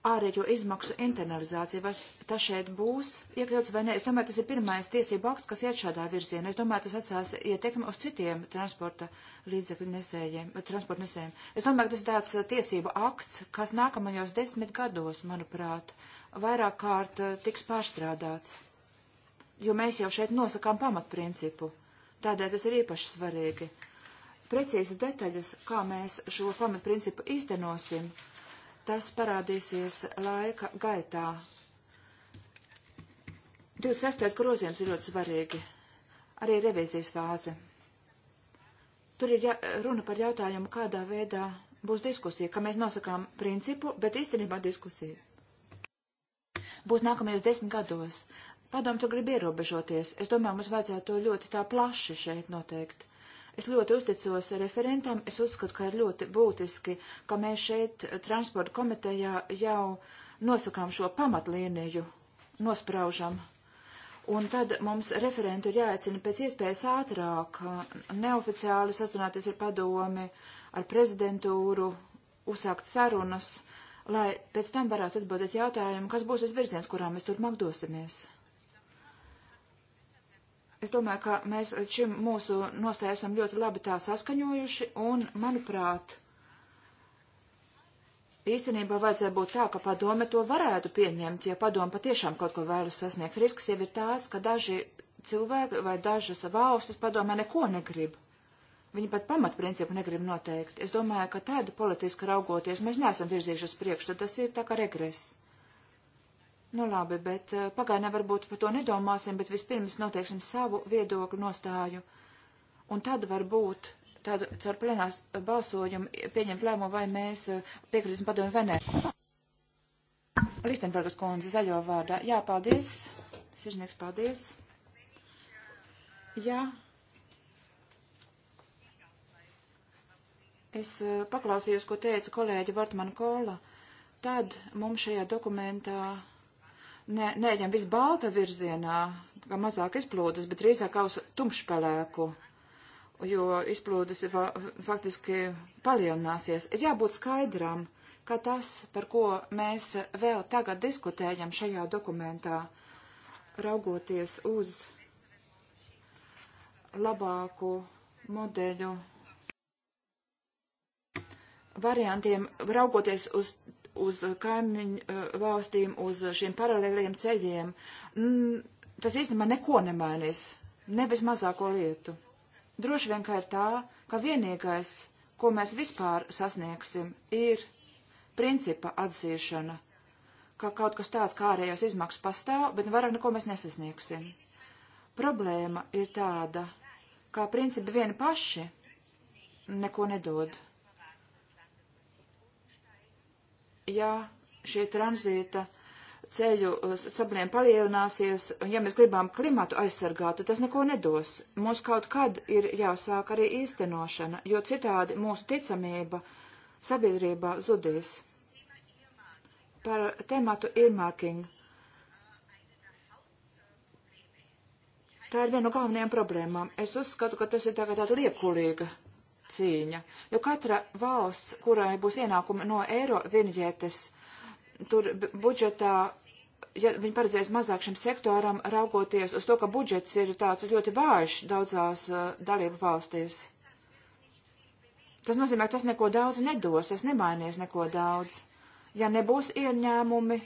Speaker 4: ārējo izmaksu internalizācija, vai tas šeit būs iekļauts vai nē. Es domāju, tas ir pirmais tiesību akts, kas iet šādā virzienā. Es domāju, tas atstās ietekmi uz citiem transporta līdzekļu nesējiem, transporta nesējiem. Es domāju, ka tas ir tāds uh, tiesību akts, kas nākamajos desmit gados, manuprāt, vairāk kārt uh, tiks pārstrādāts. Jo mēs jau šeit nosakām pamatprincipu. Tādēļ tas ir īpaši svarīgi precīzas detaļas, kā mēs šo pamatprincipu īstenosim, tas parādīsies laika gaitā. 26. grozījums ir ļoti svarīgi, arī revīzijas fāze. Tur ir jā, runa par jautājumu, kādā veidā būs diskusija, ka mēs nosakām principu, bet īstenībā diskusija. Būs nākamajos desmit gados. Padomu, tu gribi ierobežoties. Es domāju, mums vajadzētu to ļoti tā plaši šeit noteikt. Es ļoti uzticos referentam, es uzskatu, ka ir ļoti būtiski, ka mēs šeit eh, transporta komitejā jau nosakām šo pamatlīniju, nospraužam. Un tad mums referentu ir jāaicina pēc iespējas ātrāk, eh, neoficiāli sazināties ar padomi, ar prezidentūru, uzsākt sarunas, lai pēc tam varētu atbildēt jautājumu, kas būs tas virziens, kurā mēs turpmāk dosimies. Es domāju, ka mēs līdz šim mūsu nostāju esam ļoti labi tā saskaņojuši, un, manuprāt, īstenībā vajadzēja būt tā, ka padome to varētu pieņemt, ja padome patiešām kaut ko vēlas sasniegt. Risks jau ir tāds, ka daži cilvēki vai dažas valstis padomē neko negrib. Viņi pat pamatprincipu negrib noteikt. Es domāju, ka tāda politiska raugoties mēs neesam virzījuši uz priekšu, tad tas ir tā kā regress. Nu labi, bet eh, pagaidām varbūt par to nedomāsim, bet vispirms noteiksim savu viedokli nostāju. Un tad varbūt tādu caur plenās balsojumu pieņemt lēmumu, vai mēs eh, piekrīsim padomu vai nē. Lichtenbergas kundze zaļo vārdā. Jā, paldies. Sirdnieks, paldies. Jā. Es eh, paklausījos, ko teica kolēģi Vortman Kola. Tad mums šajā dokumentā ne, neejam viss balta virzienā, kā mazāk izplūdes, bet drīzāk uz tumšpelēku, jo izplūdes ir va, faktiski palielināsies. Ir jābūt skaidram, ka tas, par ko mēs vēl tagad diskutējam šajā dokumentā, raugoties uz labāku modeļu variantiem, raugoties uz uz kaimiņu eh, valstīm, uz šiem paralēliem ceļiem, mm, tas īstenībā neko nemainīs, nevis mazāko lietu. Droši vien kā ir tā, ka vienīgais, ko mēs vispār sasniegsim, ir principa atzīšana, ka kaut kas tāds kā ārējās izmaksas pastāv, bet vairāk neko mēs nesasniegsim. Problēma ir tāda, kā principi vieni paši neko nedod ja šie tranzīta ceļu uh, sabliem palielināsies, un ja mēs gribam klimatu aizsargāt, tad tas neko nedos. Mums kaut kad ir jāsāk arī īstenošana, jo citādi mūsu ticamība sabiedrībā zudīs. Par tematu earmarking. Tā ir viena no galvenajām problēmām. Es uzskatu, ka tas ir tagad tāda liekulīga cīņa, jo katra valsts, kurai būs ienākumi no eiro viņietes, tur budžetā, ja viņi paredzēs mazāk šim sektoram, raugoties uz to, ka budžets ir tāds ļoti vājš daudzās uh, dalību valstīs. Tas nozīmē, ka tas neko daudz nedos, tas nemainies neko daudz. Ja nebūs ieņēmumi,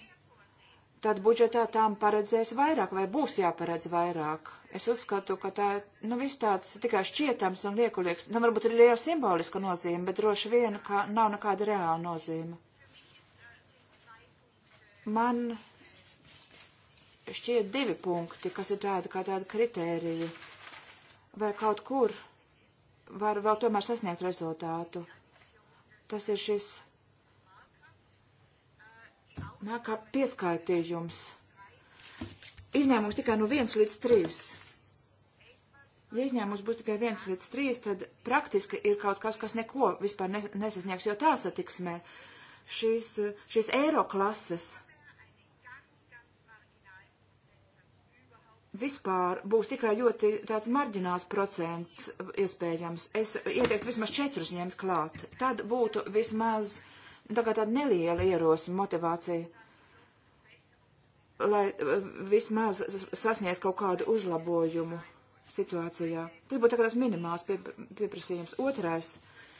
Speaker 4: tad budžetā tām paredzēs vairāk vai būs jāparedz vairāk. Es uzskatu, ka tā nu, viss tāds tikai šķietams un liekulīgs. Nu, varbūt ir liela simboliska nozīme, bet droši vien kā, nav nekāda reāla nozīme. Man šķiet divi punkti, kas ir tādi kā tādi kritēriji. Vai kaut kur var vēl tomēr sasniegt rezultātu. Tas ir šis nāk kā pieskaitījums. Izņēmums tikai no 1 līdz 3. Ja izņēmums būs tikai 1 līdz 3, tad praktiski ir kaut kas, kas neko vispār nesasniegs, jo tā satiksmē šīs, šīs eiro klases vispār būs tikai ļoti tāds marģināls procents iespējams. Es ieteiktu vismaz četrus ņemt klāt. Tad būtu vismaz uh, tagad tāda neliela ierosme motivācija, lai eh, vismaz sasniegt kaut kādu uzlabojumu situācijā. Tas būtu tāds minimāls pie, pieprasījums. Otrais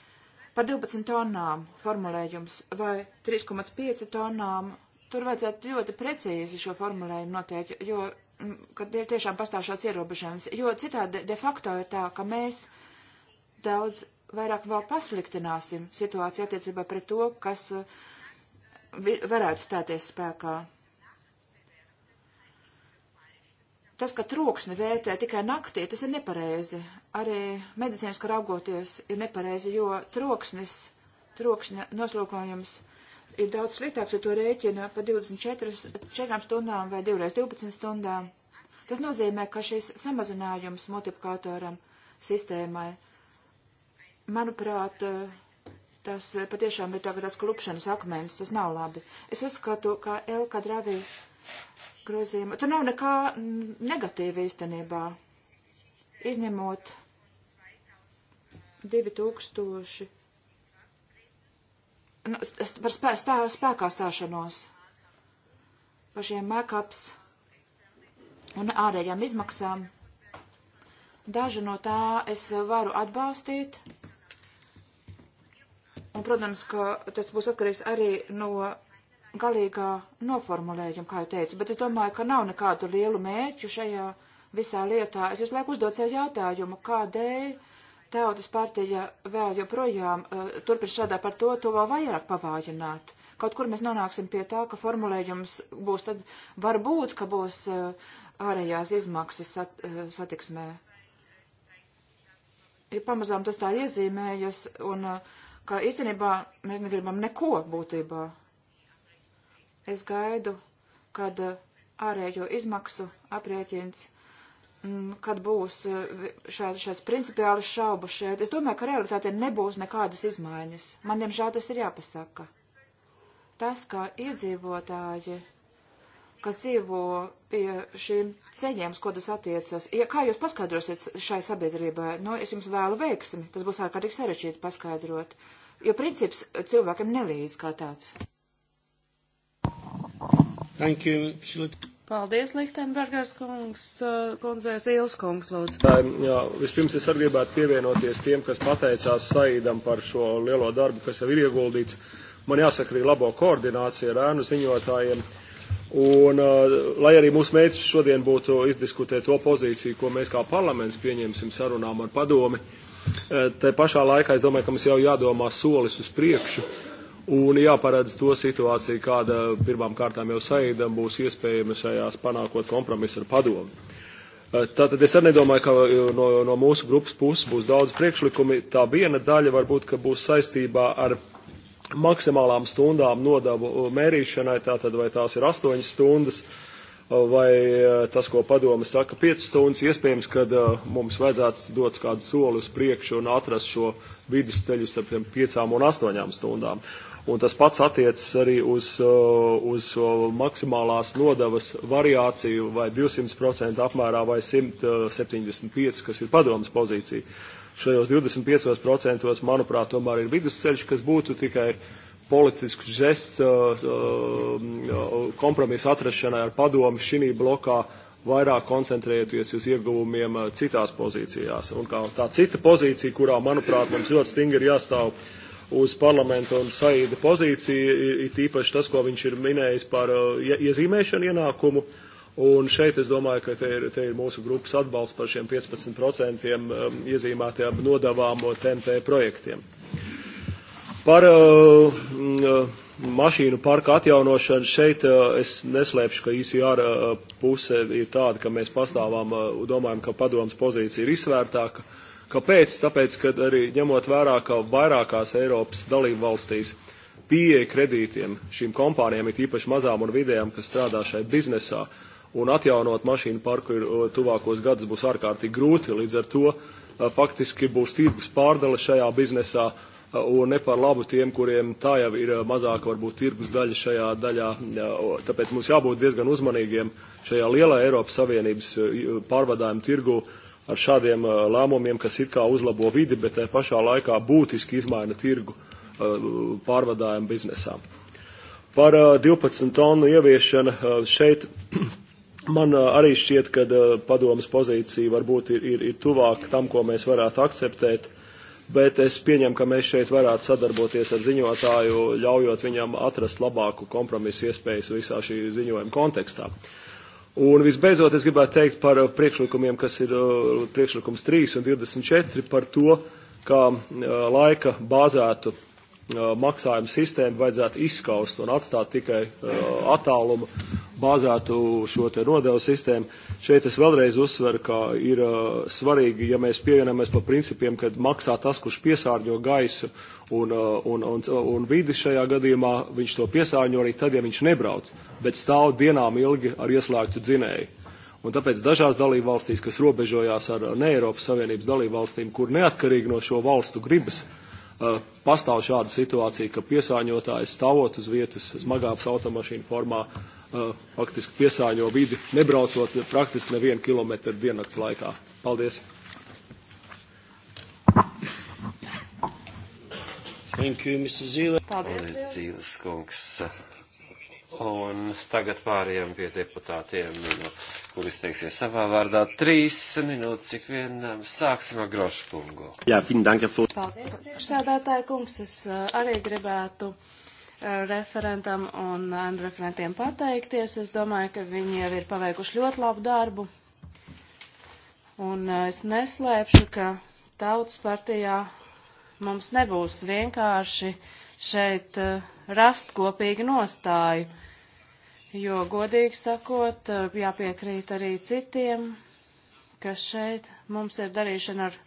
Speaker 4: - par 12 tonnām formulējums vai 3,5 tonnām. Tur vajadzētu ļoti precīzi šo formulējumu noteikt, jo, mm, kad ir tiešām pastāv šāds ierobežojums, jo citādi de facto ir tā, ka mēs daudz vairāk vēl pasliktināsim situāciju attiecībā pret to, kas uh, varētu stāties spēkā. Tas, ka troksni vērtē tikai naktī, tas ir nepareizi. Arī medicīniski raugoties ir nepareizi, jo troksnis, trokšņa noslūkojums ir daudz sliktāks, ja to rēķina pa 24 4 stundām vai 2 12 stundām. Tas nozīmē, ka šis samazinājums multiplikatoram sistēmai Manuprāt, eh, tas eh, patiešām ir tagad tas klupšanas akmens, tas nav labi. Es uzskatu, ka Elka Dravī grozījuma, tur nav nekā negatīva īstenībā, izņemot 2000 nu, par spē, stā, spēkā stāšanos, par šiem makaps un ārējām izmaksām. Dažu no tā es varu atbalstīt. Un, protams, ka tas būs atkarīgs arī no galīgā noformulējuma, kā jau teicu, bet es domāju, ka nav nekādu lielu mērķu šajā visā lietā. Es visu laiku uzdod sev jautājumu, kādēļ tautas partija vēl joprojām uh, eh, turpin strādāt par to, to vēl vairāk pavājināt. Kaut kur mēs nonāksim pie tā, ka formulējums būs tad varbūt, ka būs uh, ārējās izmaksas sat, uh, satiksmē. Ir pamazām tas tā iezīmējas un uh, ka īstenībā mēs negribam neko būtībā. Es gaidu, kad uh, ārējo izmaksu aprēķins, mm, kad būs uh, šāds, šāds principiāls šaubas šeit. Es domāju, ka realitāte nebūs nekādas izmaiņas. Man, diemžēl, tas ir jāpasaka. Tas, kā iedzīvotāji, kas dzīvo pie šīm ceļiem, ko tas attiecas, ja, kā jūs paskaidrosiet šai sabiedrībai, nu, es jums vēlu veiksmi, tas būs ārkārtīgi sarežģīti paskaidrot. Uh, jo princips cilvēkam nelīdz kā tāds.
Speaker 1: Thank you.
Speaker 3: Paldies, Lichtenbergers kungs, eh, kundzēs Ils kungs,
Speaker 5: lūdzu. Tā, jā, vispirms es arī gribētu pievienoties tiem, kas pateicās Saidam par šo lielo darbu, kas jau ir ieguldīts. Man jāsaka arī labo koordināciju ar ēnu ziņotājiem. Un, uh, lai arī mūsu mērķis šodien būtu izdiskutēt to pozīciju, ko mēs kā parlaments pieņemsim sarunām ar padomi, uh, Eh, te pašā laikā es domāju, ka mums jau jādomā solis uz priekšu un jāparedz to situāciju, kāda pirmām kārtām jau saidam būs iespējama šajās panākot kompromisu ar padomu. Eh, tātad es arī nedomāju, ka eh, no, no mūsu grupas puses būs daudz priekšlikumi. Tā viena daļa varbūt, ka būs saistībā ar maksimālām stundām nodavu mērīšanai, tātad vai tās ir astoņas stundas, uh, vai eh, tas, ko padome saka, 5 stundas, iespējams, ka eh, mums vajadzētu dot kādu soli uz priekšu un atrast šo vidusceļu starp 5 un 8 stundām. Un tas pats attiecas arī uz, eh, uz maksimālās nodevas variāciju vai 200% apmērā vai 175, kas ir padomas pozīcija. Šajos 25% manuprāt tomēr ir vidusceļš, kas būtu tikai uh, politisks žests uh, uh, uh, kompromisa atrašanai ar padomu šī blokā vairāk koncentrējoties uz ieguvumiem citās pozīcijās. Un kā tā cita pozīcija, kurā, manuprāt, mums ļoti stingri jāstāv uz parlamenta un saīda pozīciju, ir īpaši tas, ko viņš ir minējis par iezīmēšanu ienākumu. Un šeit es domāju, ka te ir, te ir mūsu grupas atbalsts par šiem 15% um, iezīmētajām nodavām TNT projektiem. Par uh, mašīnu parka atjaunošanu šeit uh, es neslēpšu, ka ICR uh, puse ir tāda, ka mēs pastāvām un domājam, ka padomas pozīcija ir izsvērtāka. Kāpēc? Tāpēc, ka arī ņemot vērā, ka vairākās Eiropas dalību valstīs pieeja kredītiem šīm kompānijām, ir īpaši mazām un vidējām, kas strādā šai biznesā, un atjaunot mašīnu parku ir tuvākos gadus būs ārkārtīgi grūti, līdz ar to faktiski būs tirgus pārdale šajā biznesā, uh, un ne par labu tiem, kuriem tā jau ir eh, mazāk varbūt tirgus daļa šajā daļā. Tāpēc mums jābūt diezgan uzmanīgiem šajā lielā Eiropas Savienības eh, pārvadājuma tirgu ar šādiem eh, lēmumiem, kas it kā uzlabo vidi, bet tajā pašā laikā būtiski izmaina tirgu pārvadājumu biznesām. Par 12 tonu ieviešanu šeit (clears throat) man arī šķiet, ka padomas pozīcija varbūt ir, ir, ir tuvāk tam, ko mēs varētu akceptēt bet es pieņemu, ka mēs šeit varētu sadarboties ar ziņotāju, ļaujot viņam atrast labāku kompromisu iespējas visā šī ziņojuma kontekstā. Un visbeidzot, es gribētu teikt par priekšlikumiem, kas ir priekšlikums 3 un 24, par to, kā eh, laika bāzētu maksājumu sistēmu vajadzētu izskaust un atstāt tikai attālumu bāzētu šo te nodevu sistēmu. Šeit es vēlreiz uzsveru, ka ir svarīgi, ja mēs pievienojamies pa principiem, kad maksā tas, kurš piesārņo gaisu un, un, un, un vidi šajā gadījumā, viņš to piesārņo arī tad, ja viņš nebrauc, bet stāv dienām ilgi ar ieslēgtu dzinēju. Un tāpēc dažās dalībvalstīs, kas robežojās ar ne Eiropas Savienības dalībvalstīm, kur neatkarīgi no šo valstu gribas, uh, Eh, pastāv šāda situācija, ka piesāņotājs stāvot uz vietas smagāks automašīnu formā eh, faktiski piesāņo vidi, nebraucot praktiski nevienu kilometru diennakts laikā. Paldies! Thank you, Mr. Zīle.
Speaker 1: Paldies,
Speaker 6: Zīles kungs. Un tagad pārējām pie deputātiem, no, kur izteiksies savā vārdā. Trīs minūtes ik vienam. Um, sāksim ar Grošu kungu.
Speaker 1: Jā, viņa danka fūt. Paldies,
Speaker 3: priekšsēdētāji kungs. Es uh, arī gribētu uh, referentam un uh, referentiem pateikties. Es domāju, ka viņi jau ir paveikuši ļoti labu darbu. Un es neslēpšu, ka tautas partijā mums nebūs vienkārši šeit uh, rast kopīgu nostāju, jo, godīgi sakot, jāpiekrīt arī citiem, ka šeit mums ir darīšana ar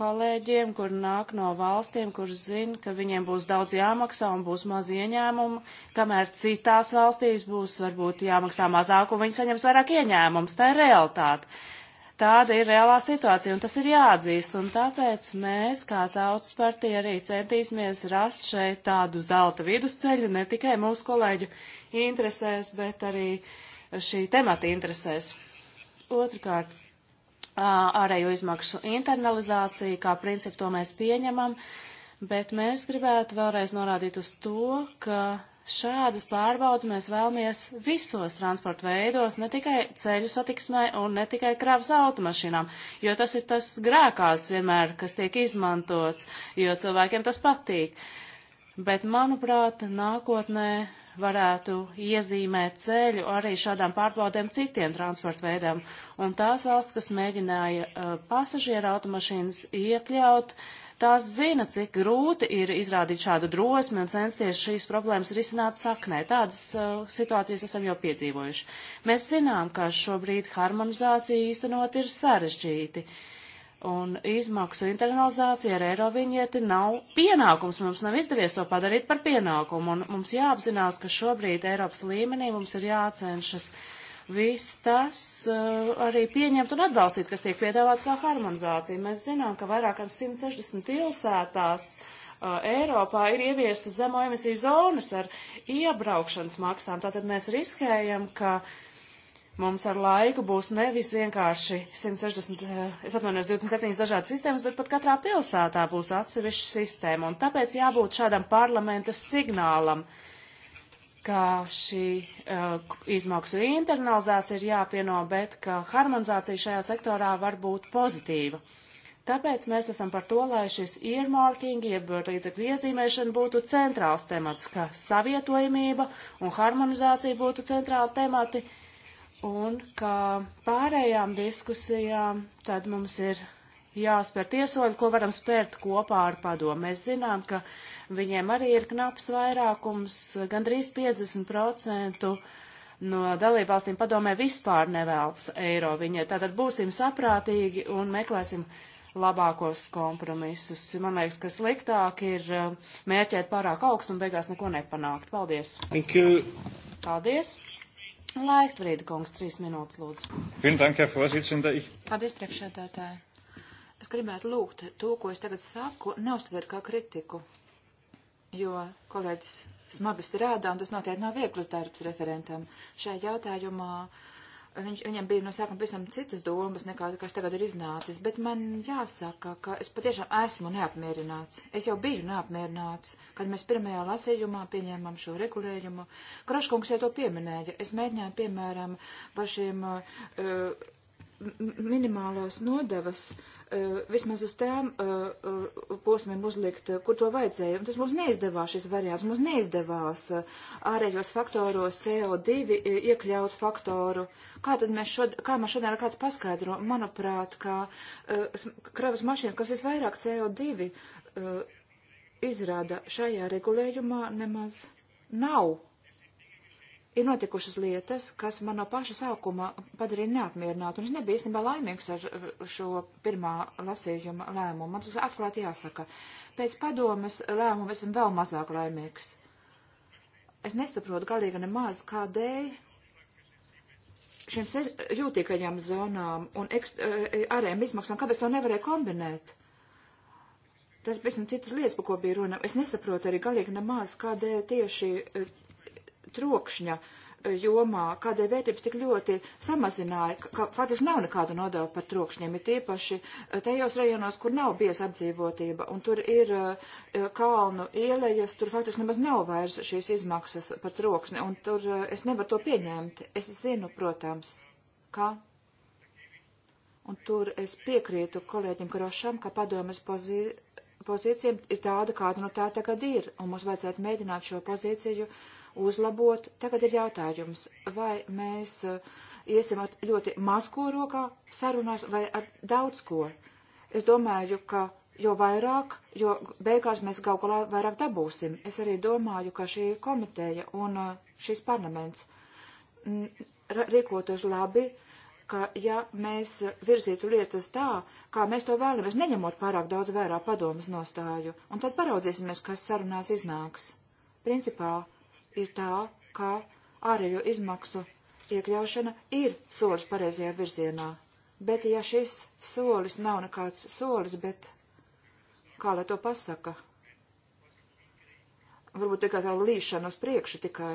Speaker 3: kolēģiem, kur nāk no valstīm, kur zina, ka viņiem būs daudz jāmaksā un būs maz ieņēmumu, kamēr citās valstīs būs varbūt jāmaksā mazāk un viņi saņems vairāk ieņēmumus. Tā ir realitāte. Tāda ir reālā situācija, un tas ir jāatzīst, un tāpēc mēs, kā tautas partija, arī centīsimies rast šeit tādu zelta vidusceļu, ne tikai mūsu kolēģu interesēs, bet arī šī temata interesēs. Otrakārt, ārējo izmaksu internalizācija, kā principu to mēs pieņemam, bet mēs gribētu vēlreiz norādīt uz to, ka Šādas pārbaudas mēs vēlamies visos transporta veidos, ne tikai ceļu satiksmē un ne tikai kravas automašīnām, jo tas ir tas grēkās vienmēr, kas tiek izmantots, jo cilvēkiem tas patīk. Bet, manuprāt, nākotnē varētu iezīmēt ceļu arī šādām pārbaudēm citiem transporta veidām. Un tās valsts, kas mēģināja uh, pasažieru automašīnas iekļaut, uh, Tās zina, cik grūti ir izrādīt šādu drosmi un censties šīs problēmas risināt saknē. Tādas uh, situācijas esam jau piedzīvojuši. Mēs zinām, ka šobrīd harmonizācija īstenot ir sarežģīti. Un izmaksu internalizācija ar eiro viņieti nav pienākums. Mums nav izdevies to padarīt par pienākumu. Un mums jāapzinās, ka šobrīd Eiropas līmenī mums ir jācenšas uh, viss tas uh, arī pieņemt un atbalstīt, kas tiek piedāvāts kā harmonizācija. Mēs zinām, ka vairākās 160 pilsētās uh, Eiropā ir ieviesta zemo emisiju zonas ar iebraukšanas maksām. Tātad mēs riskējam, ka mums ar laiku būs nevis vienkārši 160, eh, es atvainojos, 27 dažādas sistēmas, bet pat katrā pilsētā būs atsevišķa sistēma. Un tāpēc jābūt šādam parlamenta signālam. Uh, ka šī uh, izmaksu internalizācija ir jāpieno, bet ka harmonizācija šajā sektorā var būt pozitīva. Tāpēc mēs esam par to, lai šis earmarking, jeb līdzekļu iezīmēšana būtu centrāls temats, ka savietojamība un harmonizācija būtu centrāli temati, un ka pārējām diskusijām tad mums ir jāspēr tiesoļi, ko varam spērt kopā ar padomu. Mēs zinām, ka uh, Viņiem arī ir knaps vairākums, gandrīz 50% no dalībvalstīm padomē vispār nevēlas eiro. Viņa tātad būsim saprātīgi un meklēsim labākos kompromisus. Man liekas, ka sliktāk ir uh, mērķēt pārāk augstu un beigās neko nepanākt. Paldies! Thank you! Paldies! Laiktvrīda kungs,
Speaker 4: trīs minūtes lūdzu.
Speaker 5: Dank, Paldies,
Speaker 4: priekšsēdētāji! Es gribētu lūgt to, ko es tagad saku, neuztver kā kritiku jo kolēģis smagi strādā, un tas noteikti nav viegls darbs referentam. Šajā jautājumā viņš, viņam bija no sākuma pavisam citas domas, nekā kas tagad ir iznācis, bet man jāsaka, ka es patiešām esmu neapmierināts. Es jau biju neapmierināts, kad mēs pirmajā lasējumā pieņēmām šo regulējumu. Kraškungs jau to pieminēja. Es mēģināju, piemēram, par šiem uh, minimālos nodevas. Uh, Eh, vismaz uz tām eh, eh, posmiem uzlikt, kur to vajadzēja. Un tas mums neizdevās šis variants, mums neizdevās ārējos faktoros CO2 iekļaut faktoru. Kā tad mēs šodien, kā man šodien kāds paskaidro, manuprāt, kā kravas mašīna, kas visvairāk CO2 izrāda šajā regulējumā, nemaz nav ir notikušas lietas, kas man no paša sākuma padarīja neapmierinātu, un es nebiju īstenībā laimīgs ar šo pirmā lasījuma lēmumu. Man tas atklāti jāsaka. Pēc padomas lēmumu esmu vēl mazāk laimīgs. Es nesaprotu galīgi nemaz, kādēļ šiem jūtīgajām zonām un e, e, ārējām izmaksām, kāpēc to nevarēja kombinēt. Tas bija citas lietas, par ko bija runa. Es nesaprotu arī galīgi nemaz, kādēļ tieši e, trokšņa eh, jomā, kādēļ vērtības tik ļoti samazināja, ka faktiski nav nekāda nodeva par trokšņiem, ir tīpaši eh, tajos rajonos, kur nav bies apdzīvotība, un tur ir uh, kalnu ielejas, tur faktiski nemaz nav vairs šīs izmaksas par troksni, un tur uh, es nevaru to pieņemt. Es zinu, protams, ka. Un tur es piekrītu kolēģim Krošam, ka padomas pozīcija pozīcija ir tāda, kāda nu tā tagad ir, un mums vajadzētu mēģināt šo pozīciju uzlabot. Tagad ir jautājums, vai mēs eh, iesim ar ļoti maz ko rokā sarunās vai ar daudz ko. Es domāju, ka jo vairāk, jo beigās mēs kaut kā vairāk dabūsim. Es arī domāju, ka šī komiteja un eh, šis parlaments mm, rīkotos labi, ka ja mēs virzītu lietas tā, kā mēs to vēlamies, neņemot pārāk daudz vērā padomas nostāju, un tad paraudzīsimies, kas sarunās iznāks. Principā ir tā, ka ārējo izmaksu iekļaušana ir solis pareizajā virzienā, bet ja šis solis nav nekāds solis, bet kā lai to pasaka? Varbūt tikai tā līšana uz priekšu tikai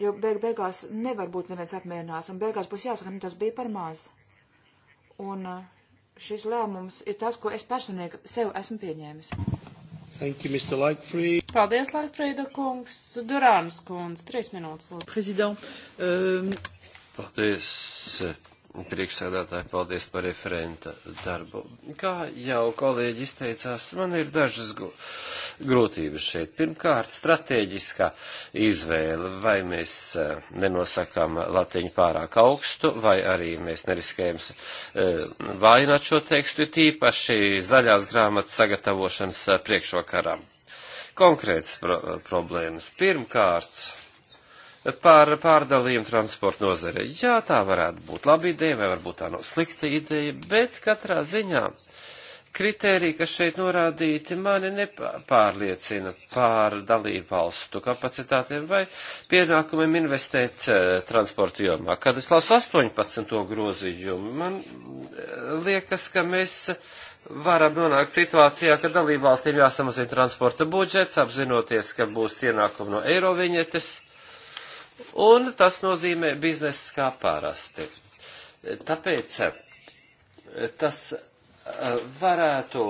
Speaker 4: jo beig beigās nevar būt neviens apmierināts, un beigās būs jāsaka, nu tas bija par maz. Un uh, šis lēmums ir tas, ko es personīgi sev esmu pieņēmis.
Speaker 1: Thank you, Mr. Lightfried.
Speaker 4: Paldies, Lightfrieda
Speaker 3: kungs. Durānas kungs, trīs minūtes. Lūdzu. Prezident. Um...
Speaker 6: Paldies Priekšsēdētāji, paldies par referenta darbu. Kā jau kolēģi izteicās, man ir dažas grūtības šeit. Pirmkārt, strateģiskā izvēle. Vai mēs e, nenosakām latiņu pārāk augstu, vai arī mēs neriskējam e, vājināt šo tekstu, tīpaši zaļās grāmatas sagatavošanas e, priekšvakarā. Konkrētas pro problēmas. Pirmkārt, par pārdalījumu transporta nozare. Jā, tā varētu būt laba ideja, vai varbūt tā nav slikta ideja, bet katrā ziņā kriteriji, kas šeit norādīti, mani nepārliecina pār dalību valstu kapacitātiem vai pienākumiem investēt eh, transporta jomā. Kad es lasu 18. grozījumu, man eh, liekas, ka mēs varam nonākt situācijā, ka dalībvalstīm jāsamazina transporta budžets, apzinoties, ka būs ienākumi no eiroviņetes un tas nozīmē biznesis kā parasti. Tāpēc eh, tas eh, varētu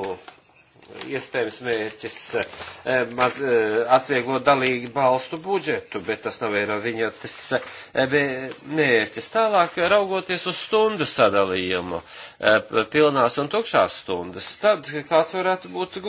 Speaker 6: iespējams mērķis eh, maz atvieglot dalīgi balstu budžetu, bet tas nav vēl viņa tas mērķis. Tālāk raugoties uz stundu sadalījumu, pilnās un tukšās stundas, tad kāds varētu būt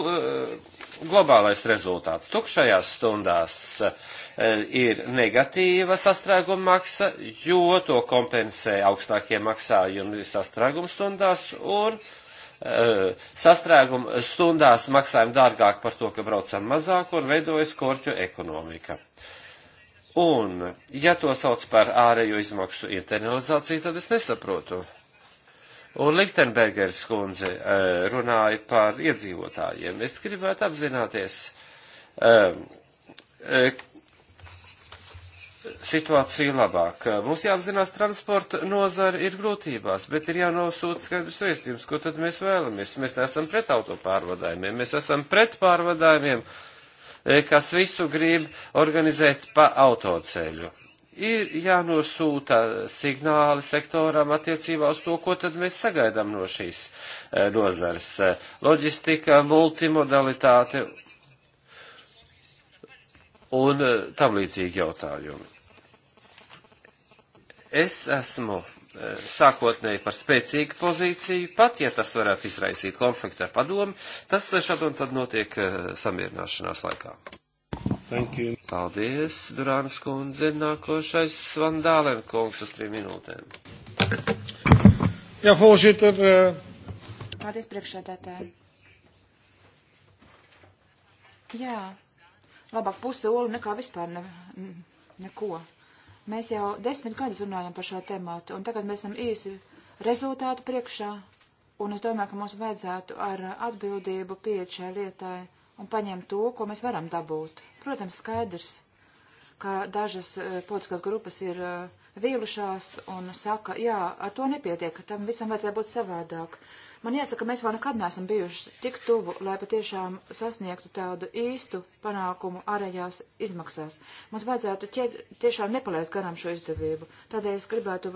Speaker 6: globālais rezultāts. Tukšajās stundās uh, Eh, ir negatīva sastrēguma maksa, jo to kompensē augstākie maksājumi sastrēguma stundās un eh, sastrēguma stundās maksājam dārgāk par to, ka braucam mazāk un veidojas korķu ekonomika. Un, ja to sauc par ārējo izmaksu internalizāciju, tad es nesaprotu. Un Lichtenbergers kundze eh, runāja par iedzīvotājiem. Es gribētu apzināties, situāciju labāk. Mums jāapzinās, transporta nozara ir grūtībās, bet ir jānosūta skaidrs vēstījums, ko tad mēs vēlamies. Mēs neesam pret autopārvadājumiem, mēs esam pret pārvadājumiem, e, kas visu grib organizēt pa autoceļu. Ir jānosūta signāli sektoram attiecībā uz to, ko tad mēs sagaidām no šīs e, nozars. Loģistika, multimodalitāte un eh, tam līdzīgi jautājumi. Es esmu eh, sākotnēji par spēcīgu pozīciju, pat ja tas varētu izraisīt konfliktu ar padomu, tas eh, šad un tad notiek samierināšanās laikā. Paldies, Durānas kundze. Nākošais Vandālen kungs uz trim minūtēm.
Speaker 5: Jā, voorzitter.
Speaker 4: Paldies, priekšsēdētāji. Jā, labāk pusi olu nekā vispār ne, neko. Mēs jau desmit gadus runājam par šo tematu, un tagad mēs esam īsi rezultātu priekšā, un es domāju, ka mums vajadzētu ar atbildību pieiet šai lietai un paņemt to, ko mēs varam dabūt. Protams, skaidrs, ka dažas uh, politiskās grupas ir uh, vīlušās un saka, jā, ar to nepietiek, tam visam vajadzēja būt savādāk. Uh, Man jāsaka, mēs vēl nekad neesam bijuši tik tuvu, lai patiešām sasniegtu tādu īstu panākumu ārējās izmaksās. Mums vajadzētu ķiet, tiešām nepalaist garām šo izdevību. Tādēļ es gribētu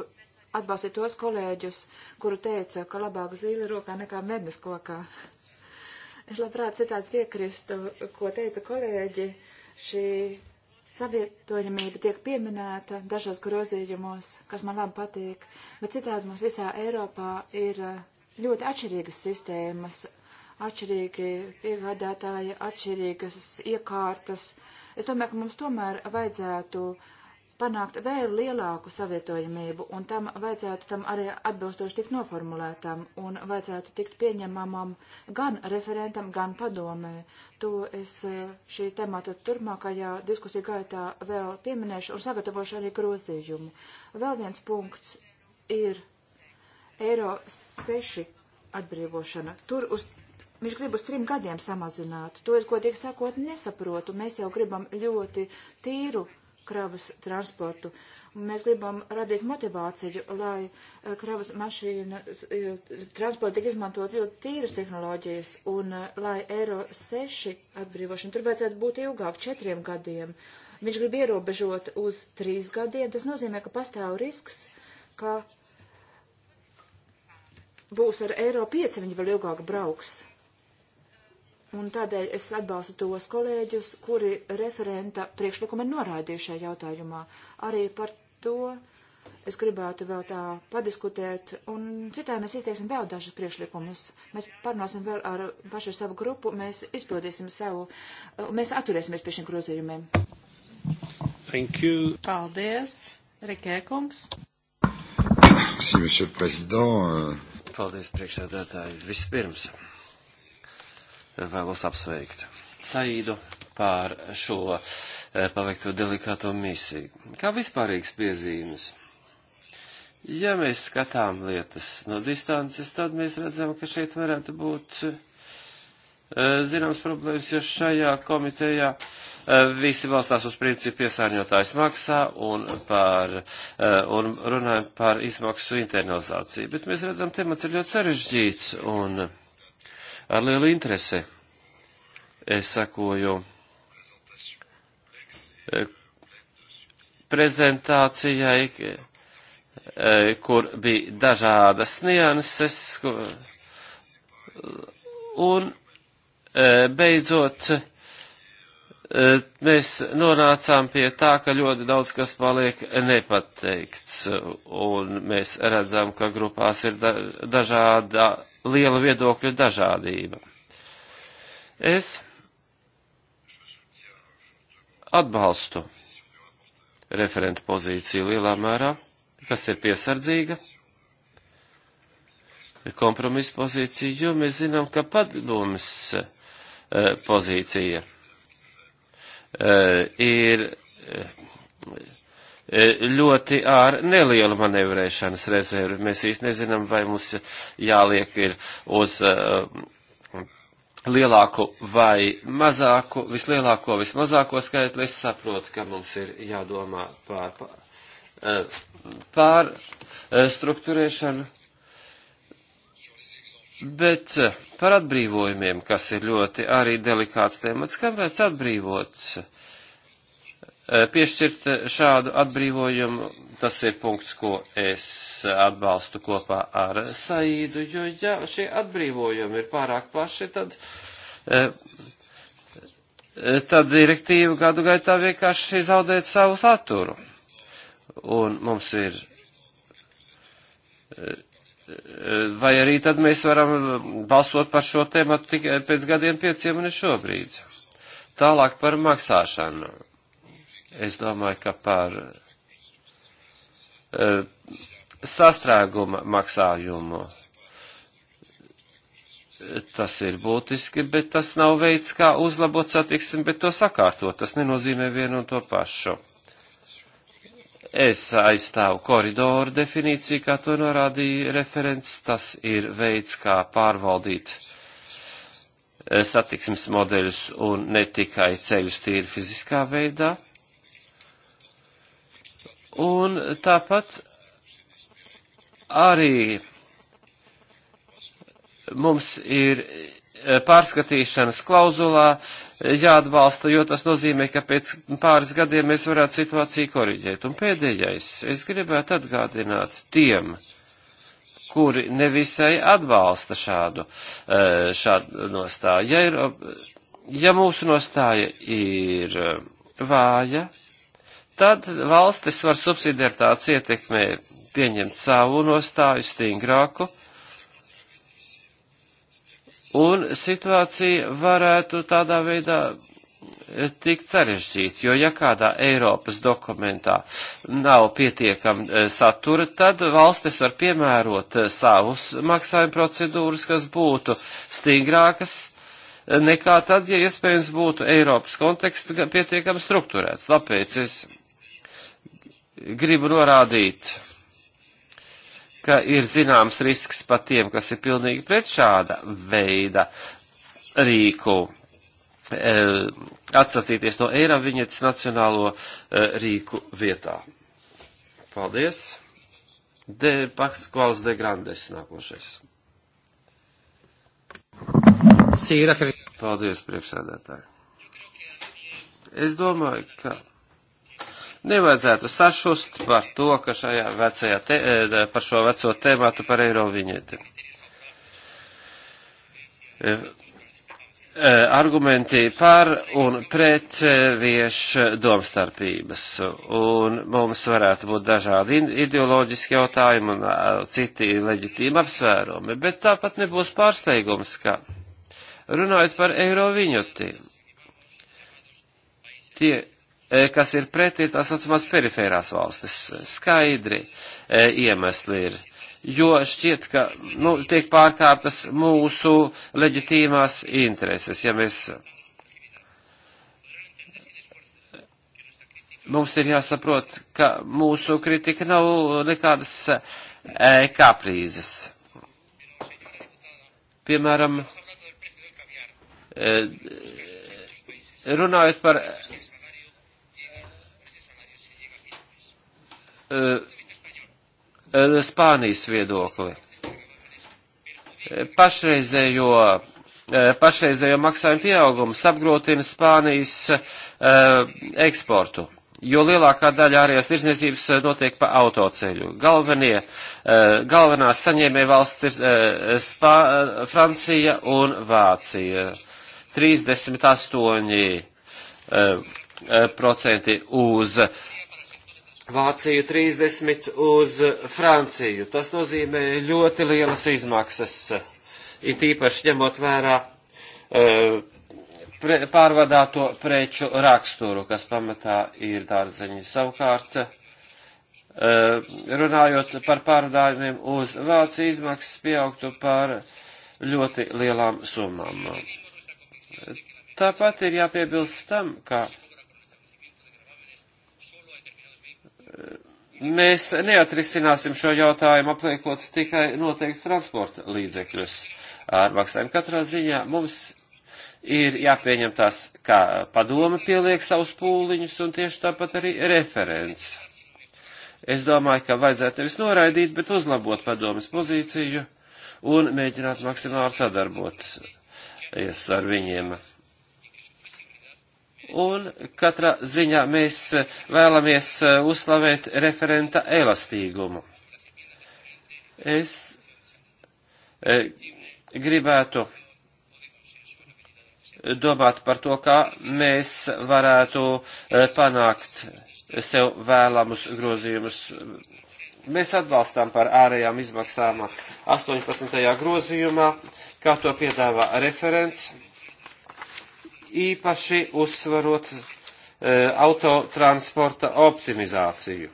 Speaker 4: atbalstīt tos kolēģus, kuru teica, ka labāk zīle rokā nekā mednes kokā. Es labprāt citādi piekristu, ko teica kolēģi. Šī savietojamība tiek pieminēta dažos grozījumos, kas man labi patīk, bet citādi mums visā Eiropā ir uh, ļoti atšķirīgas sistēmas, atšķirīgi piegādātāji, atšķirīgas iekārtas. Es domāju, ka mums tomēr vajadzētu panākt vēl lielāku savietojamību, un tam vajadzētu tam arī atbilstoši tikt noformulētam, un vajadzētu tikt pieņemamam gan referentam, gan padomē. To es e, šī temata turpmākajā diskusija gaitā vēl pieminēšu un sagatavošu arī grozījumu. Vēl viens punkts ir eiro 6 atbrīvošana. Tur uz, viņš grib uz trim gadiem samazināt. To es godīgi sakot nesaprotu. Mēs jau gribam ļoti tīru kravas transportu. Mēs gribam radīt motivāciju, lai eh, kravas mašīna eh, transporta tik izmantot ļoti tīras tehnoloģijas un eh, lai Eiro 6 atbrīvošana tur vajadzētu būt ilgāk četriem gadiem. Viņš grib ierobežot uz trīs gadiem. Tas nozīmē, ka pastāv risks, ka būs ar Eiro 5, viņi vēl ilgāk brauks. Un tādēļ es atbalstu tos kolēģus, kuri referenta priekšlikumi ir norādījuši šajā jautājumā. Arī par to es gribētu vēl tā padiskutēt, un citādi mēs izteiksim vēl dažus priekšlikumus. Mēs parunāsim vēl ar pašu savu grupu, mēs izpildīsim savu, mēs atturēsimies pie šiem grozījumiem.
Speaker 1: Thank you.
Speaker 4: Paldies, Rikē kungs.
Speaker 6: Merci, monsieur le président. Paldies, priekšsēdētāji. Vispirms vēlos apsveikt Saīdu pār šo eh, paveikto delikāto misiju. Kā vispārīgs piezīmes? Ja mēs skatām lietas no distances, tad mēs redzam, ka šeit varētu būt Eh, zināmas problēmas, jo šajā komitejā eh, visi balstās uz principu piesārņotājs maksā un, par, eh, un runājam par izmaksu internalizāciju. Bet mēs redzam, temats ir ļoti sarežģīts un ar lielu interesi es sakoju prezentācijai, kur bija dažādas nianses, un Eh, beidzot eh, mēs nonācām pie tā, ka ļoti daudz kas paliek nepateikts, un mēs redzam, ka grupās ir dažāda liela viedokļa dažādība. Es atbalstu referenta pozīciju lielā mērā, kas ir piesardzīga, kompromisa pozīcija, jo mēs zinām, ka padomis E, pozīcija e, ir e, ļoti ar nelielu manevrēšanas rezervi. Mēs īsti nezinām, vai mums jāliek ir uz lielāku vai mazāku, vislielāko, vismazāko skaitli. Es saprotu, ka mums ir jādomā pār, pār, pār struktūrēšanu Bet eh, par atbrīvojumiem, kas ir ļoti arī delikāts temats, kāpēc atbrīvot? Eh, piešķirt eh, šādu atbrīvojumu, tas ir punkts, ko es atbalstu kopā ar Saīdu, jo ja šie atbrīvojumi ir pārāk plaši, tad tad direktīva gadu gaitā vienkārši zaudēt savu saturu. Un mums ir vai arī tad mēs varam uh, balsot par šo tēmu tikai pēc gadiem pieciem un šobrīd. Tālāk par maksāšanu. Es domāju, ka par uh, sastrēguma maksājumu tas ir būtiski, bet tas nav veids, kā uzlabot satiksmi, bet to sakārtot. Tas nenozīmē vienu un to pašu. Es aizstāvu koridoru definīciju, kā to norādīja referents. Tas ir veids, kā pārvaldīt eh, satiksmes modeļus un ne tikai ceļus tīri fiziskā veidā. Un tāpat arī mums ir Eh, pārskatīšanas klauzulā eh, jāatbalsta, jo tas nozīmē, ka pēc pāris gadiem mēs varētu situāciju koriģēt. Un pēdējais, es gribētu atgādināt tiem, kuri nevisai atbalsta šādu, eh, šādu nostāju. Ja, ir, ja mūsu nostāja ir vāja, tad valstis var subsidiartāts ietekmē pieņemt savu nostāju stingrāku, Un situācija varētu tādā veidā eh, tikt sarežģīti, jo ja kādā Eiropas dokumentā nav pietiekam eh, satura, tad valstis var piemērot eh, savus maksājuma procedūras, kas būtu stingrākas nekā tad, ja iespējams būtu Eiropas konteksts pietiekam strukturēts. Tāpēc es gribu norādīt ka ir zināms risks pat tiem, kas ir pilnīgi pret šāda veida rīku. E, atsacīties no Eiroviņetes nacionālo e, rīku vietā. Paldies. De Paskvals de Grandes nākošais. Paldies, priekšsēdētāji. Es domāju, ka nevajadzētu sašust par to, ka šajā vecajā, te, eh, par šo veco tēmātu par eiro viņieti. Eh, eh, argumenti par un pret vieš domstarpības, un mums varētu būt dažādi ideoloģiski jautājumi un citi leģitīmi apsvērumi, bet tāpat nebūs pārsteigums, ka runājot par eiro viņotību tie E, kas ir pret, ir tās atsumās perifērās valstis. Skaidri e, iemesli ir. Jo šķiet, ka nu, tiek pārkāptas mūsu leģitīmās intereses. Ja mēs, mums ir jāsaprot, ka mūsu kritika nav nekādas e, kaprīzes. Piemēram, e, runājot par Eh, eh, Spānijas viedokli. Eh, pašreizējo, pašreizējo maksājumu pieaugums apgrotina Spānijas eksportu jo lielākā daļa ārējās tirzniecības notiek pa autoceļu. Galvenie, galvenās saņēmē valsts ir Spā, Francija un Vācija. 38% uz Vāciju 30 uz Franciju. Tas nozīmē ļoti lielas izmaksas, it īpaši ņemot vērā uh, pre, pārvadāto preču raksturu, kas pamatā ir dārzeņi savukārt. Uh, runājot par pārvadājumiem uz Vāciju, izmaksas pieaugtu par ļoti lielām summām. Tāpat ir jāpiebilst tam, ka mēs neatrisināsim šo jautājumu apliekot tikai noteikti transporta līdzekļus ar maksājumu. Katrā ziņā mums ir jāpieņem tās, kā padome pieliek savus pūliņus, un tieši tāpat arī referents. Es domāju, ka vajadzētu nevis noraidīt, bet uzlabot padomas pozīciju un mēģināt maksimāli sadarboties ar viņiem un katrā ziņā mēs eh, vēlamies eh, uzslavēt referenta elastīgumu. Es eh, gribētu domāt par to, kā mēs varētu panākt sev vēlamus grozījumus. Mēs atbalstām par ārējām izmaksām 18. grozījumā, kā to piedāvā referents īpaši uzsvarot e, autotransporta optimizāciju.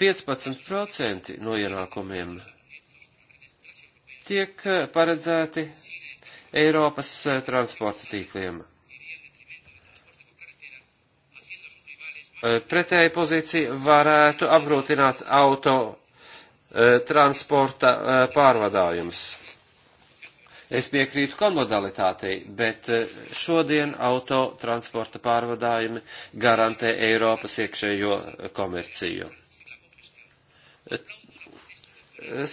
Speaker 6: 15% no ienākumiem tiek e, paredzēti Eiropas e, transporta tīkliem. E, pretēji pozīcija varētu apgrūtināt auto transporta pārvadājums. Es piekrītu komodalitātei, bet eh, šodien autotransporta pārvadājumi garantē Eiropas iekšējo eh, komerciju. Eh,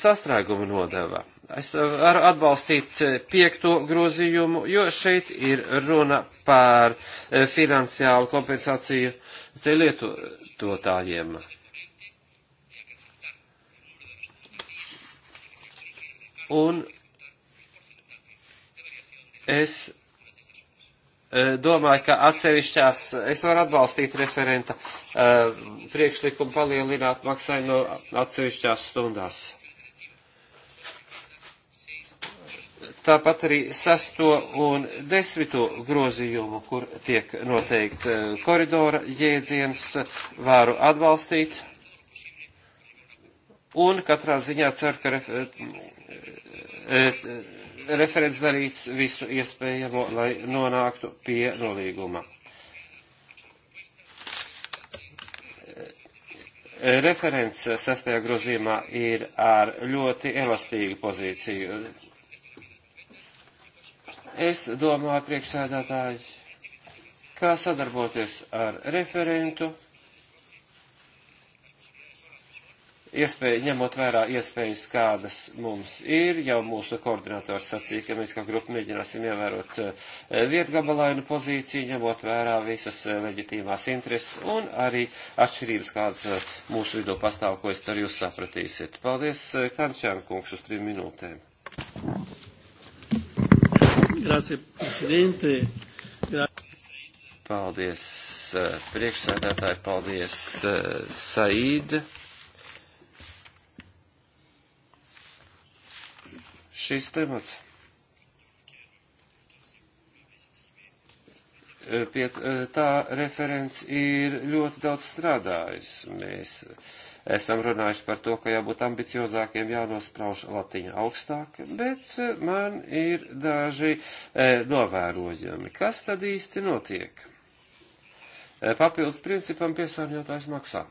Speaker 6: sastrēguma nodeva. Es varu atbalstīt piekto grozījumu, jo šeit ir runa par finansiālu kompensāciju ceļietotājiem. Un Es e, domāju, ka atsevišķās es varu atbalstīt referenta e, priekšlikumu palielināt maksājumu no atsevišķās stundās. tāpat arī sesto un desmito grozījumu, kur tiek noteikti e, koridora jēdziens, varu atbalstīt. Un katrā ziņā ceru, ka referents darīts visu iespējamo, lai nonāktu pie nolīguma. Referents sastajā grozījumā ir ar ļoti elastīgu pozīciju. Es domāju, priekšsēdētāji, kā sadarboties ar referentu iespēja, ņemot vērā iespējas, kādas mums ir, jau mūsu koordinators sacīja, ka mēs kā grupa mēģināsim ievērot eh, vietgabalainu pozīciju, ņemot vērā visas eh, leģitīmās intereses un arī atšķirības, kādas eh, mūsu vidū pastāv, ko es ceru jūs sapratīsiet. Paldies, Kančēn kungs, uz trim minūtēm.
Speaker 1: Grazie, presidente. Grazie.
Speaker 6: Paldies, priekšsēdētāji, paldies, Saīda. Šis temats e, pie e, tā referents ir ļoti daudz strādājis. Mēs esam runājuši par to, ka jābūt ambiciozākiem, jānosprauž latiņa augstāk, bet man ir daži e, novērojami. Kas tad īsti notiek? Papildus principam piesārņotājs maksā.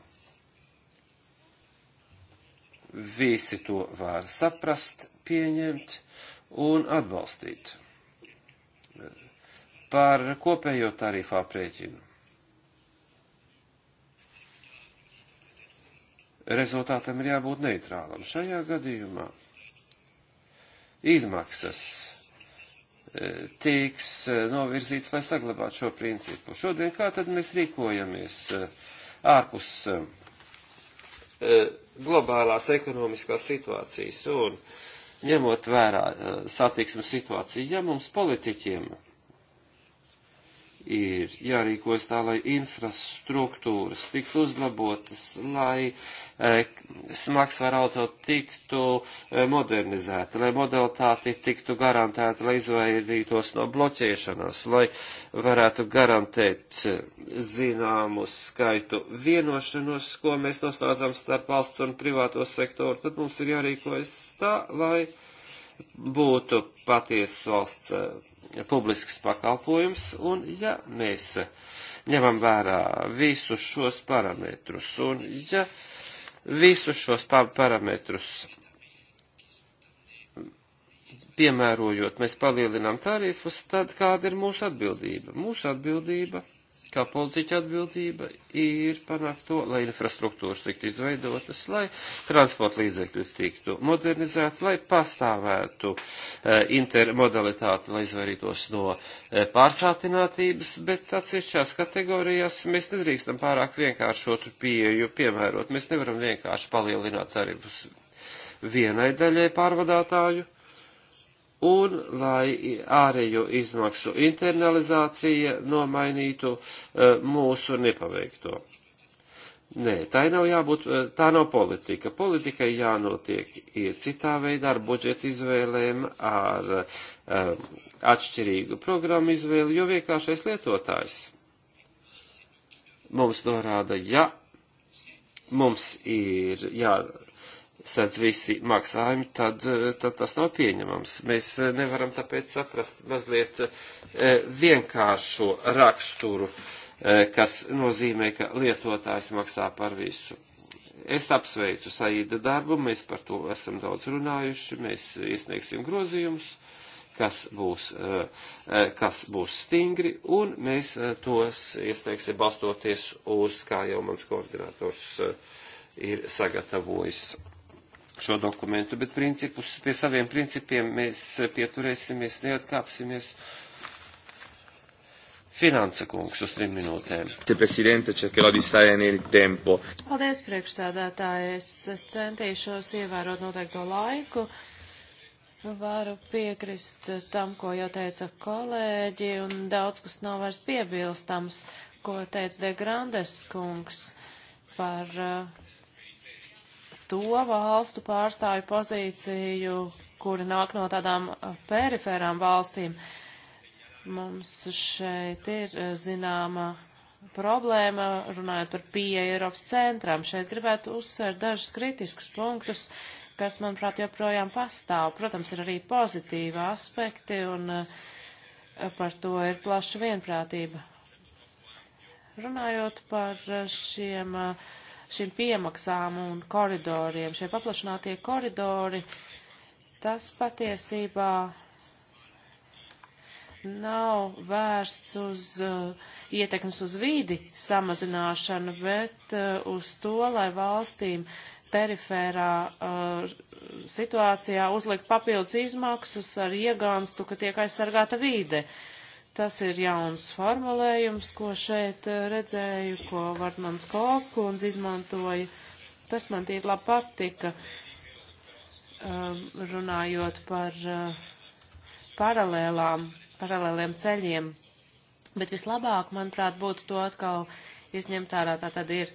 Speaker 6: Visi to var saprast, pieņemt un atbalstīt par kopējo tarifu aprēķinu. Rezultātam ir jābūt neitrālam. Šajā gadījumā izmaksas e, tiks e, novirzīts, lai saglabātu šo principu. Šodien kā tad mēs rīkojamies e, ārpus globālās ekonomiskās situācijas un uh, ņemot vērā eh, satiksmes situāciju, ja mums politiķiem ir jārīkos tā, lai infrastruktūras tiktu uzlabotas, lai e, smagsvaru auto tiktu e, modernizēta, lai modalitāti tiktu garantēta, lai izvairītos no bloķēšanās, lai varētu garantēt e, zināmu skaitu vienošanos, ko mēs noslēdzam starp valsts un privāto sektoru, tad mums ir jārīkojas tā, lai būtu patiesas valsts uh, publisks pakalpojums, un ja mēs eh, ņemam vērā visus šos parametrus, un ja visus šos pa parametrus piemērojot, mēs palielinām tarifus, tad kāda ir mūsu atbildība? Mūsu atbildība kā politiķa atbildība ir panākt to, lai infrastruktūras tiktu izveidotas, lai transporta līdzekļus tiktu modernizēt, lai pastāvētu e, intermodalitāte, lai izvairītos no e, pārsātinātības, bet atsevišķās kategorijās mēs nedrīkstam pārāk vienkāršotu pieju piemērot. Mēs nevaram vienkārši palielināt tarifus vienai daļai pārvadātāju un lai ārējo izmaksu internalizācija nomainītu eh, mūsu nepaveikto. Nē, tā nav jābūt, eh, tā nav politika. Politikai jānotiek ir citā veidā ar budžeta izvēlēm, ar um, atšķirīgu programmu izvēli, jo vienkāršais lietotājs mums norāda, ja mums ir jā. Ja, sadz visi maksājumi, tad, eh, tad tas nav pieņemams. Mēs eh, nevaram tāpēc saprast mazliet eh, vienkāršo raksturu, kas nozīmē, ka lietotājs maksā par visu. Es apsveicu Saīda darbu, mēs par to esam daudz runājuši, mēs iesniegsim grozījumus, kas būs, kas būs stingri, un mēs tos iesniegsim balstoties uz, kā jau mans koordinators ir sagatavojis šo dokumentu, bet principus, pie saviem principiem mēs pieturēsimies, neatkāpsimies. Finansa kungs uz trim minūtēm.
Speaker 3: Paldies, priekšsēdētāji. Es centīšos ievērot noteikto laiku. Varu piekrist tam, ko jau teica kolēģi, un daudz kas nav vairs piebilstams, ko teica De Grandes kungs par uh, to valstu pārstāju pozīciju, kuri nāk no tādām uh, perifērām valstīm. Mums šeit ir uh, zināma problēma, runājot par pieeju Eiropas centram. Šeit gribētu uzsvērt dažus kritiskus punktus, kas, manuprāt, joprojām pastāv. Protams, ir arī pozitīvi aspekti, un uh, par to ir plaša vienprātība. Runājot par šiem uh, šīm piemaksām un koridoriem. Šie paplašinātie koridori, tas patiesībā nav vērsts uz uh, ietekmes uz vīdi samazināšanu, bet uh, uz to, lai valstīm perifērā uh, situācijā uzlikt papildus izmaksas ar iegānstu, ka tiek aizsargāta vīde. Uh, Tas ir jauns formulējums, ko šeit eh, redzēju, ko Vartmans Kolskons izmantoja. Tas man tīri labi patika, um, runājot par eh, paralēlām, paralēliem ceļiem. Bet vislabāk, manuprāt, būtu to atkal izņemt ārā. Tā tad ir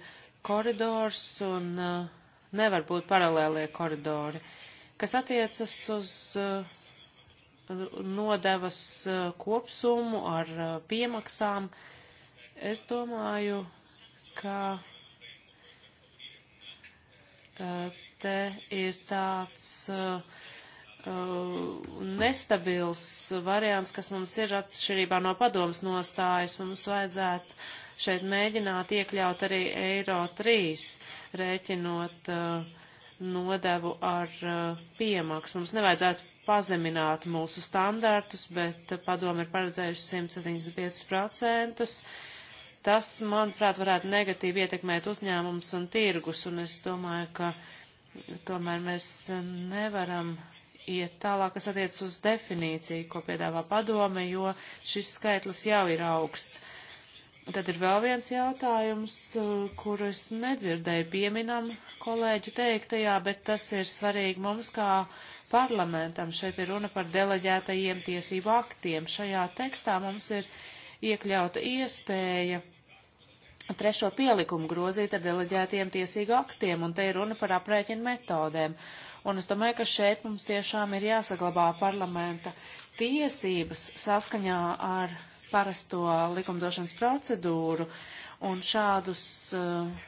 Speaker 3: koridors un eh, nevar būt paralēlie koridori. Kas attiecas uz nodevas eh, kopsumu ar eh, piemaksām. Es domāju, ka eh, te ir tāds nestabils variants, kas mums ir atšķirībā no padomas nostājas. Mums vajadzētu šeit mēģināt iekļaut arī eiro 3, rēķinot uh, nodevu ar uh, piemaksu. Mums nevajadzētu pazemināt mūsu standartus, bet padomi ir paredzējuši 175%. Tas, manuprāt, varētu negatīvi ietekmēt uzņēmums un tirgus, un es domāju, ka tomēr mēs nevaram iet tālāk, kas attiec uz definīciju, ko piedāvā padome, jo šis skaitlis jau ir augsts. Uh, Tad ir vēl viens jautājums, eh, kuru es nedzirdēju pieminam kolēģu teiktajā, bet tas ir svarīgi mums kā parlamentam. Šeit ir runa par deleģētajiem tiesību aktiem. Šajā tekstā mums ir iekļauta iespēja trešo pielikumu grozīt ar deleģētiem tiesību aktiem, un te ir runa par aprēķinu metodēm. Un es domāju, ka šeit mums tiešām ir jāsaglabā parlamenta tiesības saskaņā ar parasto likumdošanas procedūru, un šādus eh,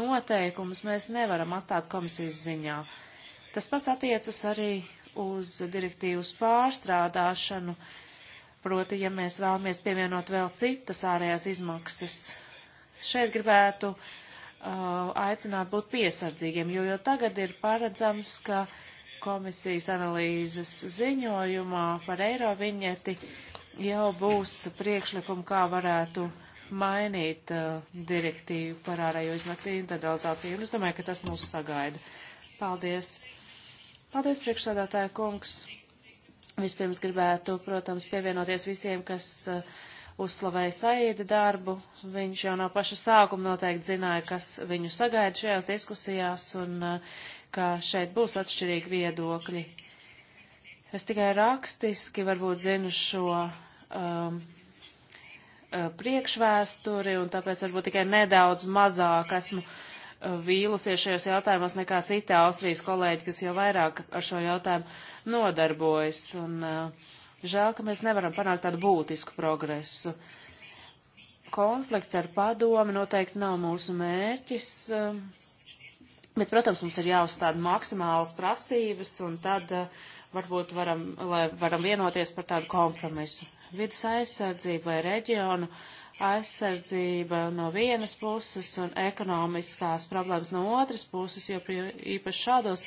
Speaker 3: noteikumus mēs nevaram atstāt komisijas ziņā. Tas pats attiecas arī uz direktīvas pārstrādāšanu, proti, ja mēs vēlamies pievienot vēl citas ārējās izmaksas. Šeit gribētu uh, aicināt būt piesardzīgiem, jo jau tagad ir paredzams, ka komisijas analīzes ziņojumā par eiro viņeti uh, jau būs priekšlikumi, kā varētu mainīt uh, direktīvu par ārējo izmetību individualizāciju. Un es domāju, ka tas mūs sagaida. Paldies. Paldies, priekšsādātāja kungs. Vispirms gribētu, protams, pievienoties visiem, kas uh, uzslavēja Saida darbu. Viņš jau no paša sākuma noteikti zināja, kas viņu sagaida šajās diskusijās un uh, ka šeit būs atšķirīgi viedokļi. Es tikai rakstiski varbūt zinu šo um, uh, priekšvēsturi, un tāpēc varbūt tikai nedaudz mazāk esmu uh, vīlusies šajos jautājumos nekā citi Austrijas kolēģi, kas jau vairāk ar šo jautājumu nodarbojas. Un, uh, žēl, ka mēs nevaram panākt tādu būtisku progresu. Konflikts ar padomi noteikti nav mūsu mērķis, uh, bet, protams, mums ir jāuzstāda maksimālas prasības, un tad uh, varbūt varam, lai varam vienoties par tādu kompromisu. Vides aizsardzība vai reģionu aizsardzība no vienas puses un ekonomiskās problēmas no otras puses, jo īpaši šādos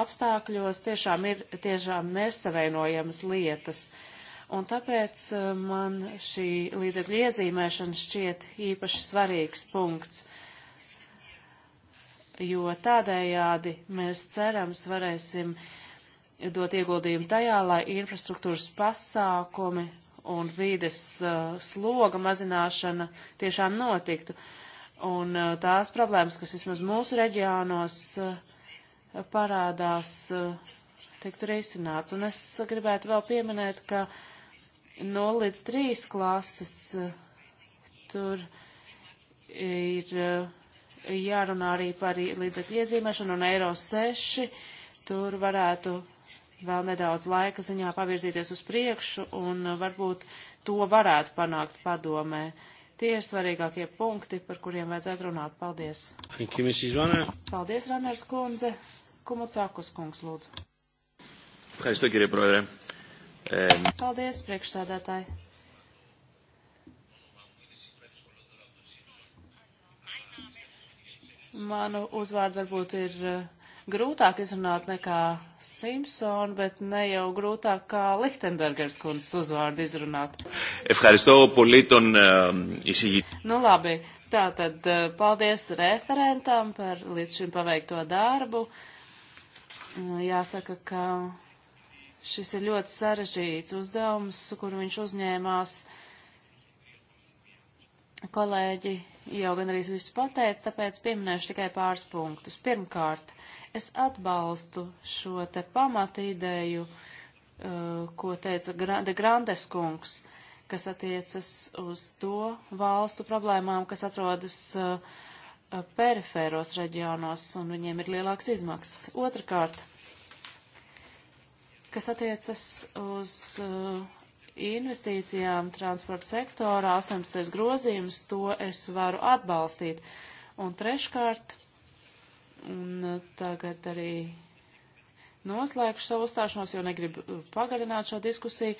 Speaker 3: apstākļos tiešām ir tiešām nesavienojamas lietas. Un tāpēc eh, man šī līdzekļu iezīmēšana šķiet īpaši svarīgs punkts jo tādējādi mēs cerams varēsim dot ieguldījumu tajā, lai infrastruktūras pasākumi un vīdes uh, sloga mazināšana tiešām notiktu. Un uh, tās problēmas, kas vismaz mūsu reģionos uh, parādās, uh, tiktu risināts. Un es gribētu vēl pieminēt, ka 0 līdz 3 klases uh, tur ir uh, jārunā arī par līdzekļu iezīmēšanu un eiro 6. Tur varētu vēl nedaudz laika ziņā pavirzīties uz priekšu un uh, varbūt to varētu panākt padomē. Tie ir svarīgākie punkti, par kuriem vajadzētu runāt. Paldies. Paldies, Raners kundze. Kumucākus kungs, lūdzu. Paldies, priekšsēdētāji. Manu uzvārdu varbūt ir uh, grūtāk izrunāt nekā Simpson, bet ne jau grūtāk kā Lichtenbergers kundzes uzvārdu izrunāt. Nu labi, tātad eh, paldies referentam par līdz šim paveikto darbu. Mm, jāsaka, ka šis ir ļoti sarežģīts uzdevums, kur viņš uzņēmās. Kolēģi jau gan arī visu pateica, tāpēc pieminēšu tikai pāris punktus. Pirmkārt, uh, Es atbalstu šo te pamatīdēju, uh, ko teica De Grandes kungs, kas attiecas uz to valstu problēmām, kas atrodas uh, uh, perifēros reģionos un viņiem ir lielāks izmaksas. Otrakārt, kas attiecas uz investīcijām transporta sektorā, 18. grozījums, to es varu atbalstīt. Un treškārt, Un uh, tagad arī noslēgšu savu stāšanos, jo negribu uh, pagarināt šo diskusiju.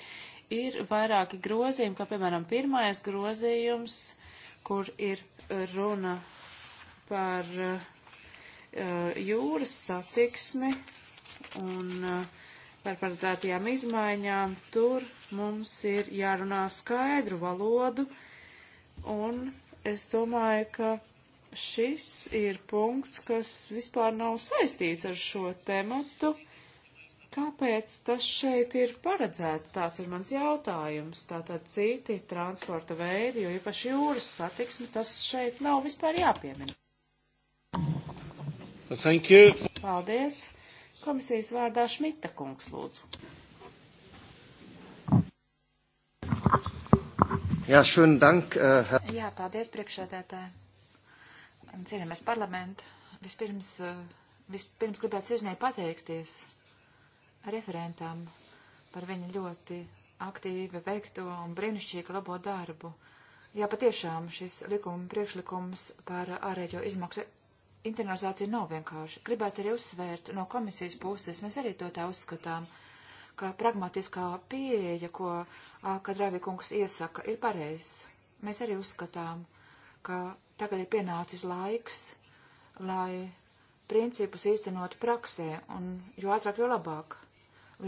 Speaker 3: Ir vairāki grozījumi, kā piemēram pirmais grozījums, kur ir runa par uh, uh, jūras satiksmi un uh, par paredzētajām izmaiņām. Tur mums ir jārunā skaidru valodu, un es domāju, ka šis ir punkts, kas vispār nav saistīts ar šo tematu. Kāpēc tas šeit ir paredzēts? Tāds ir mans jautājums. Tātad citi transporta veidi, jo īpaši jūras satiksme, tas šeit nav vispār jāpiemina.
Speaker 1: Thank you.
Speaker 3: Paldies. Komisijas vārdā Šmita kungs lūdzu.
Speaker 6: Jā, šodien dank. Uh,
Speaker 4: Jā, paldies priekšsēdētāji. Cienījamies parlamentu. Vispirms, eh, vispirms gribētu sirsnīgi pateikties referentam par viņa ļoti aktīvi veikto un brīnišķīgu labo darbu. Jā, patiešām šis likuma priekšlikums par ārējo izmaksu internalizāciju nav vienkārši. Gribētu arī uzsvērt no komisijas puses, mēs arī to tā uzskatām, ka pragmatiskā pieeja, ko Kadravi kungs iesaka, ir pareizs. Mēs arī uzskatām, ka Tagad ir pienācis laiks, lai principus īstenot praksē, un jo ātrāk, jo labāk,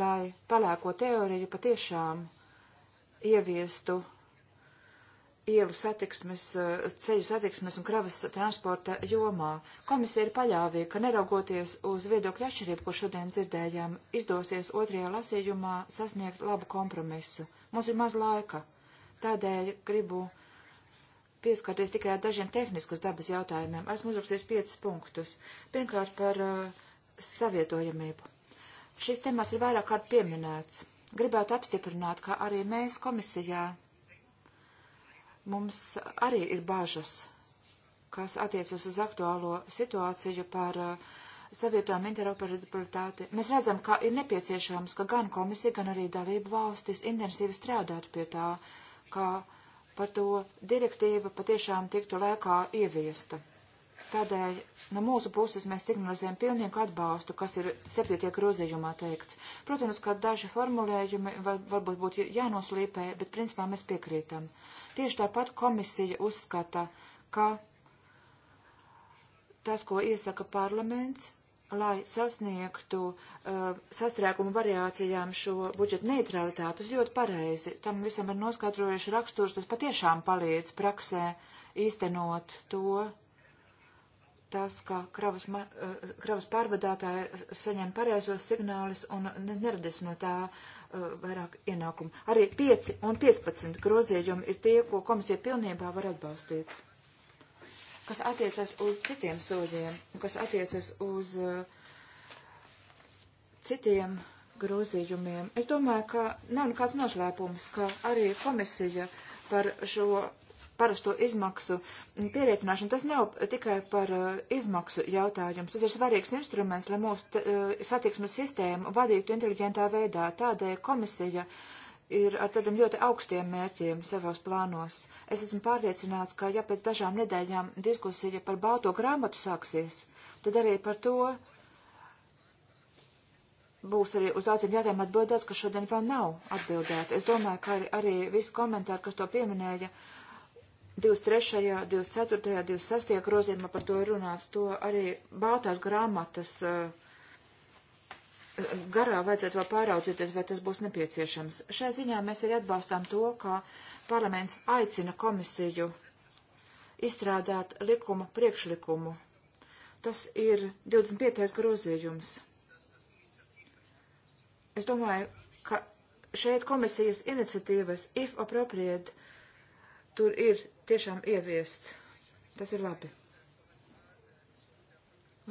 Speaker 4: lai palēko teoriju patiešām ieviestu ielu satiksmes, ceļu satiksmes un kravas transporta jomā. Komisija ir paļāvīga, ka neraugoties uz viedokļu atšķirību, ko šodien dzirdējām, izdosies otrajā lasījumā sasniegt labu kompromisu. Mums ir maz laika, tādēļ gribu pieskarties tikai dažiem tehniskas dabas jautājumiem. Esmu uzrakstījis piecas punktus. Pirmkārt par uh, savietojamību. Šis temats ir vairāk kārt pieminēts. Gribētu apstiprināt, ka arī mēs komisijā mums arī ir bažas, kas attiecas uz aktuālo situāciju par uh, savietojumu interoperabilitāti. Mēs redzam, ka ir nepieciešams, ka gan komisija, gan arī dalību valstis intensīvi strādātu pie tā, ka uh, par to direktīva patiešām tiktu laikā ieviesta. Tādēļ no mūsu puses mēs signalizējam pilnīgu atbalstu, kas ir septītie grozījumā teikts. Protams, ka daži formulējumi var, varbūt būtu jānoslīpē, bet principā mēs piekrītam. Tieši tāpat komisija uzskata, ka tas, ko iesaka parlaments, lai sasniegtu uh, sastrēgumu variācijām šo budžetu neutralitāti. Tas ļoti pareizi. Tam visam ir noskatrojuši raksturs, tas patiešām palīdz praksē īstenot to, tas, ka kravas, uh, kravas pārvadātāji saņem pareizos signālus un neradīs no tā uh, vairāk ienākumu. Arī 5 un 15 grozījumi ir tie, ko komisija pilnībā var atbalstīt kas attiecas uz citiem soļiem, kas attiecas uz eh, citiem grozījumiem. Es domāju, ka nav nekāds nošlēpums, ka arī komisija par šo parasto izmaksu pierēķināšanu. Tas nav tikai par uh, izmaksu jautājums. Tas ir svarīgs instruments, lai mūsu uh, satiksmes sistēmu vadītu inteliģentā veidā. Tādēļ komisija uh, ir ar tādiem ļoti augstiem mērķiem savos plānos. Es esmu pārliecināts, ka ja pēc dažām nedēļām diskusija par balto grāmatu sāksies, tad arī par to būs arī uz daudziem jādēm atbildēts, kas šodien vēl nav atbildēta. Es domāju, ka arī, arī visi komentāri, kas to pieminēja, 23., 24., 26. grozījumā par to ir runāts, to arī baltās grāmatas uh, garā vajadzētu vēl pāraudzīties, vai tas būs nepieciešams. Šai ziņā mēs arī atbalstām to, ka parlaments aicina komisiju izstrādāt likuma priekšlikumu. Tas ir 25. grozījums. Es domāju, ka šeit komisijas iniciatīvas, if appropriate, tur ir tiešām ieviests. Tas ir labi.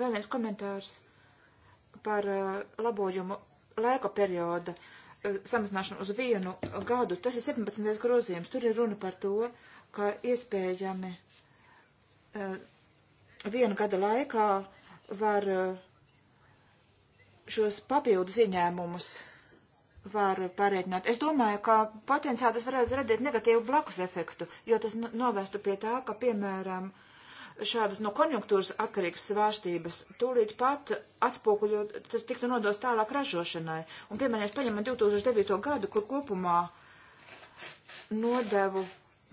Speaker 4: Vēl viens komentārs par eh, labojumu laika perioda eh, samazināšanu uz vienu gadu. Tas ir 17. grozījums. Tur ir runa par to, ka iespējami eh, viena gada laikā var šos papildus ieņēmumus var pārēķināt. Es domāju, ka potenciāli tas varētu radīt negatīvu blakus efektu, jo tas novestu pie tā, ka, piemēram, uh, šādas no konjunktūras atkarīgas svārstības tūlīt pat atspoguļot, tas tiktu nodos tālāk ražošanai. Un, piemēram, ja paņemam 2009. gadu, kur kopumā nodevu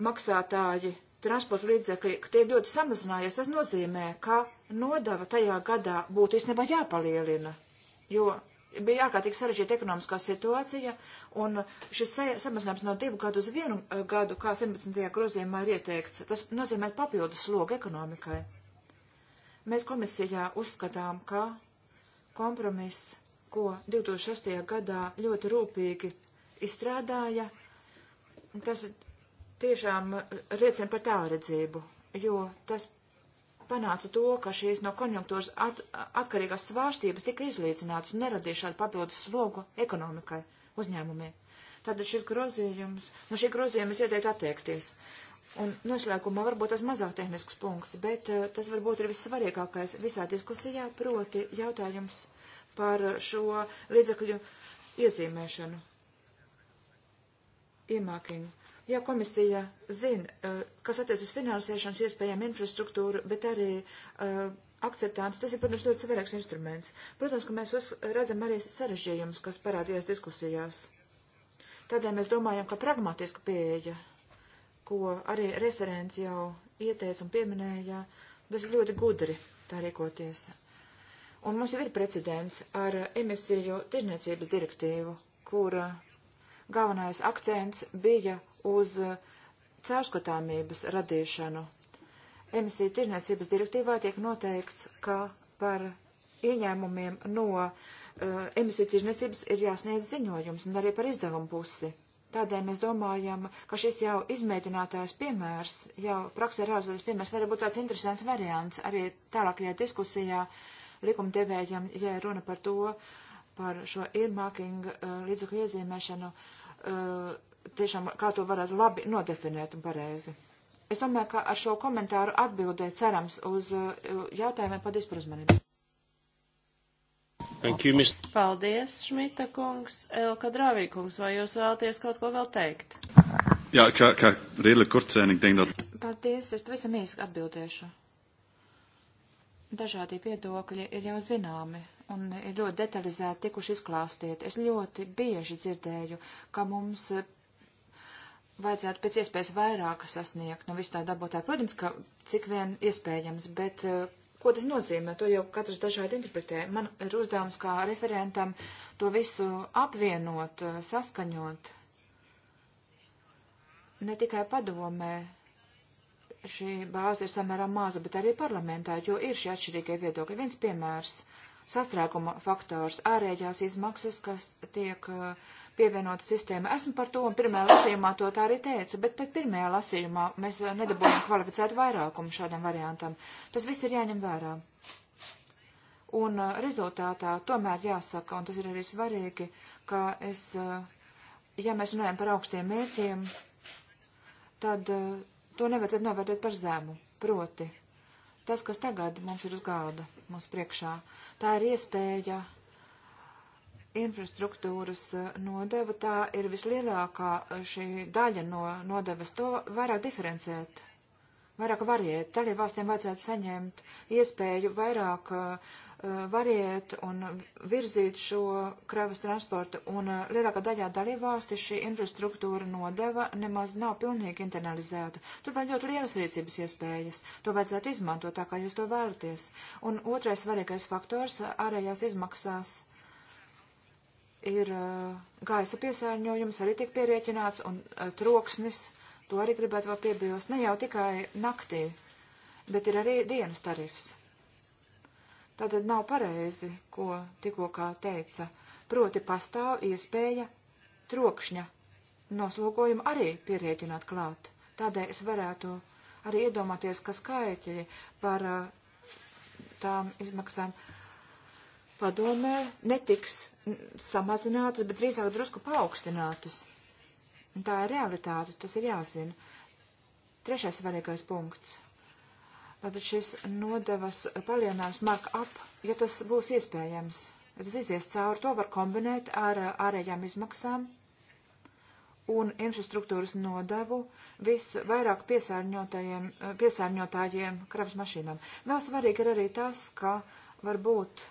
Speaker 4: maksātāji transporta līdzekļi, ka tie ļoti samazinājies, tas nozīmē, ka nodeva tajā gadā būtu īstenībā jāpalielina, jo bija ārkārtīgi sarežģīta ekonomiskā situācija, un šis samazinājums no divu gadu uz vienu eh, gadu, kā 17. grozījumā ir ieteikts, tas nozīmē papildus slogu ekonomikai. Mēs komisijā uzskatām, ka kompromiss, ko 2006. gadā ļoti rūpīgi izstrādāja, tas tiešām liecina eh, par tālredzību, jo tas panāca to, ka šīs no konjunktūras at, atkarīgās svārstības tika izlīdzināts un neradīja šādu papildus slogu ekonomikai uzņēmumiem. Tātad šis grozījums, no šī grozījuma es ieteiktu attiekties. Un noslēgumā varbūt tas mazāk tehnisks punkts, bet eh, tas varbūt ir vissvarīgākais visā diskusijā, proti jautājums par šo līdzekļu iezīmēšanu. Iemākiņu. Ja komisija zina, eh, kas attiec uz finansēšanas iespējām infrastruktūru, bet arī uh, akceptants, tas ir, protams, ļoti svarīgs instruments. Protams, ka mēs redzam arī sarežģījumus, kas parādījās diskusijās. Tādēļ mēs domājam, ka pragmatiska pieeja, ko arī referents jau ieteica un pieminēja, tas ir ļoti gudri tā rīkoties. Un mums jau ir precedents ar emisiju tirniecības direktīvu, kura uh, galvenais akcents bija uz uh, caurskatāmības radīšanu. Emisiju tirniecības direktīvā tiek noteikts, ka par ieņēmumiem no uh, emisiju tirniecības ir jāsniedz ziņojums un arī par izdevumu pusi. Tādēļ mēs domājam, ka šis jau izmēģinātājs piemērs, jau praksē rāzoties piemērs, var būt tāds interesants variants arī tālākajā diskusijā likumdevējam, ja runa par to, uh, par šo earmarking uh, līdzekļu iezīmēšanu, uh, tiešām kā to varētu labi nodefinēt un pareizi. Es domāju, ka ar šo komentāru atbildē cerams uz uh, jautājumiem. Paldies par uzmanību. You, Paldies, Šmita kungs. Elka Dravī kungs, vai jūs vēlaties kaut ko vēl teikt?
Speaker 2: Jā, kā, kā Rīla Kurcēnīgi teikdot.
Speaker 4: Paldies, es pavisam īsti atbildēšu. Dažādie viedokļi ir jau zināmi un ir ļoti detalizēti tikuši izklāstiet. Es ļoti bieži dzirdēju, ka mums vajadzētu pēc iespējas vairāk sasniegt no nu, vis tā dabūtāja. Protams, ka cik vien iespējams, bet eh, ko tas nozīmē, to jau katrs dažādi interpretē. Man ir uzdevums kā referentam to visu apvienot, eh, saskaņot. Ne tikai padomē, šī bāze ir samērā maza, bet arī parlamentā, jo ir šie atšķirīgie viedokļi. Viens piemērs sastrēguma faktors, ārēģās izmaksas, kas tiek uh, pievienot sistēma. Esmu par to un pirmajā lasījumā to tā arī teicu, bet pat pirmajā lasījumā mēs uh, nedabūjam kvalificētu vairākumu šādam variantam. Tas viss ir jāņem vērā. Un uh, rezultātā tomēr jāsaka, un tas ir arī svarīgi, ka es, ja mēs runājam par augstiem mērķiem, tad to nevajadzētu novērtēt par zemu. Proti, tas, kas tagad mums ir uz gāda, mums priekšā, uh, Tā ir iespēja infrastruktūras uh, nodeva, tā ir vislielākā uh, šī daļa no nodevas. To vairāk diferencēt, vairāk variēt. Dalībvalstiem vajadzētu saņemt iespēju vairāk uh, Eh, variet un virzīt šo kravas transportu, un eh, lielākā daļā dalībvalsti šī infrastruktūra nodeva nemaz nav pilnīgi internalizēta. Tur vēl ļoti lielas rīcības iespējas, to vajadzētu izmantot tā, kā jūs to vēlaties. Un otrais svarīgais faktors - ārējās izmaksās ir eh, gaisa piesārņojums, arī tiek pierēķināts, un troksnis, to arī gribētu vēl piebilst, ne jau tikai naktī, bet ir arī dienas tarifs Tātad nav pareizi, ko tikko kā teica. Proti pastāv iespēja trokšņa noslūkojumu arī pierēķināt klāt. Tādēļ es varētu arī iedomāties, ka skaitļi par uh, tām izmaksām padomē netiks samazinātas, bet drīzāk drusku paaugstinātas. Un tā ir realitāte, tas ir jāzina. Trešais svarīgais punkts. Tātad šis nodevas palielinājums mark up, ja tas būs iespējams, ja tas izies cauri, to var kombinēt ar uh, ārējām izmaksām un infrastruktūras nodevu visvairāk uh, piesārņotājiem kravas mašīnām. Vēl svarīgi ir arī tas, ka varbūt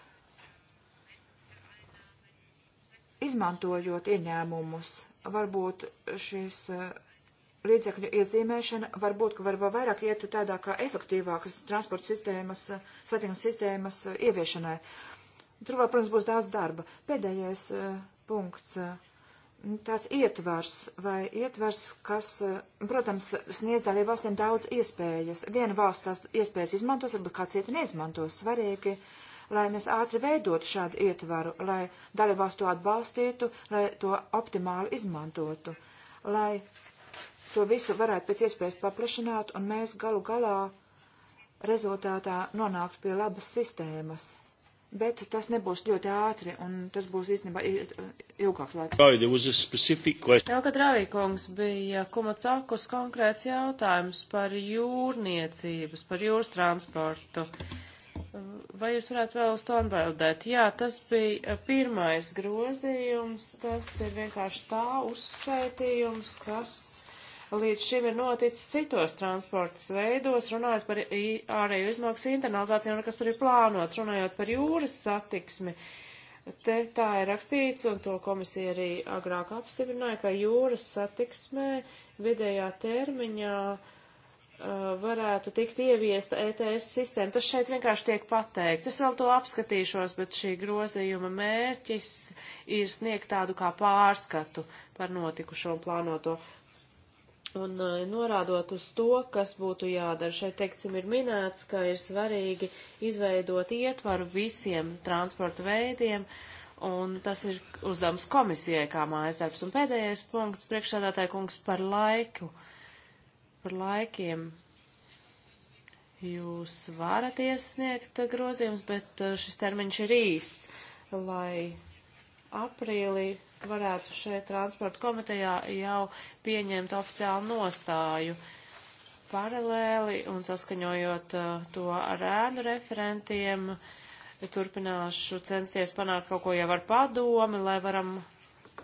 Speaker 4: izmantojot ieņēmumus, varbūt šis uh, līdzekļu iezīmēšana varbūt, ka var vēl vairāk iet tādā kā efektīvākas transporta sistēmas, eh, satiksmes sistēmas eh, ieviešanai. Tur vēl, protams, būs daudz darba. Pēdējais uh, punkts. Tāds ietvars vai ietvars, kas, protams, sniedz dalību valstīm daudz iespējas. Viena valsts tās iespējas izmantos, varbūt kāds cita neizmantos. Svarīgi, lai mēs ātri veidotu šādu ietvaru, lai dalību valsts to atbalstītu, lai to optimāli izmantotu, lai to visu varētu pēc iespējas paplašināt, un mēs galu galā rezultātā nonāktu pie labas sistēmas. Bet tas nebūs ļoti ātri, un tas būs īstenībā ilgāks laiks.
Speaker 1: Tālāk,
Speaker 4: Rāvīkungs, bija Kumacākus konkrēts jautājums par
Speaker 3: jūrniecības, par jūras transportu. Vai jūs varētu vēl uz to atbildēt? Jā, tas bija pirmais grozījums, tas ir vienkārši tā uzskaitījums, kas līdz šim ir noticis citos transportas veidos, runājot par ārēju izmaksu internalizāciju un kas tur ir plānots, runājot par jūras satiksmi. Te tā ir rakstīts, un to komisija arī agrāk apstiprināja, ka jūras satiksmē vidējā termiņā uh, varētu tikt ieviesta ETS sistēma. Tas šeit vienkārši tiek pateikts. Es vēl to apskatīšos, bet šī grozījuma mērķis ir sniegt tādu kā pārskatu par notikušo un plānoto. Un norādot uz to, kas būtu jādara, šeit, teiksim, ir minēts, ka ir svarīgi izveidot ietvaru visiem transporta veidiem, un tas ir uzdevums komisijai kā mājas darbs. Un pēdējais punkts priekšsādātāja kungs par laiku, par laikiem. Jūs varat iesniegt grozījums, bet šis termiņš ir īs, lai aprīlī varētu šeit transporta komitejā jau pieņemt oficiālu nostāju paralēli un saskaņojot uh, to ar ēnu referentiem. Turpināšu censties panākt kaut ko jau ar padomi, lai varam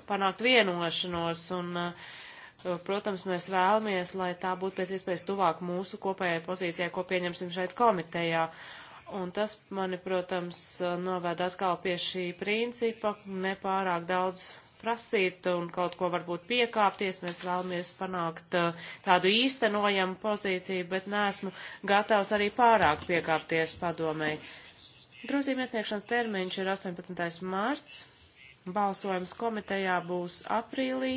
Speaker 3: panākt vienošanos. Un, uh, protams, mēs vēlamies, lai tā būtu pēc iespējas tuvāk mūsu kopējai pozīcijai, ko pieņemsim šeit komitejā. Un tas mani, protams, noved atkal pie šī principa nepārāk daudz prasīt un kaut ko varbūt piekāpties. Mēs vēlamies panākt uh, tādu īstenojamu pozīciju, bet neesmu gatavs arī pārāk piekāpties padomēji. Grozījuma iesniegšanas termiņš ir 18. mārts, balsojums komitejā būs aprīlī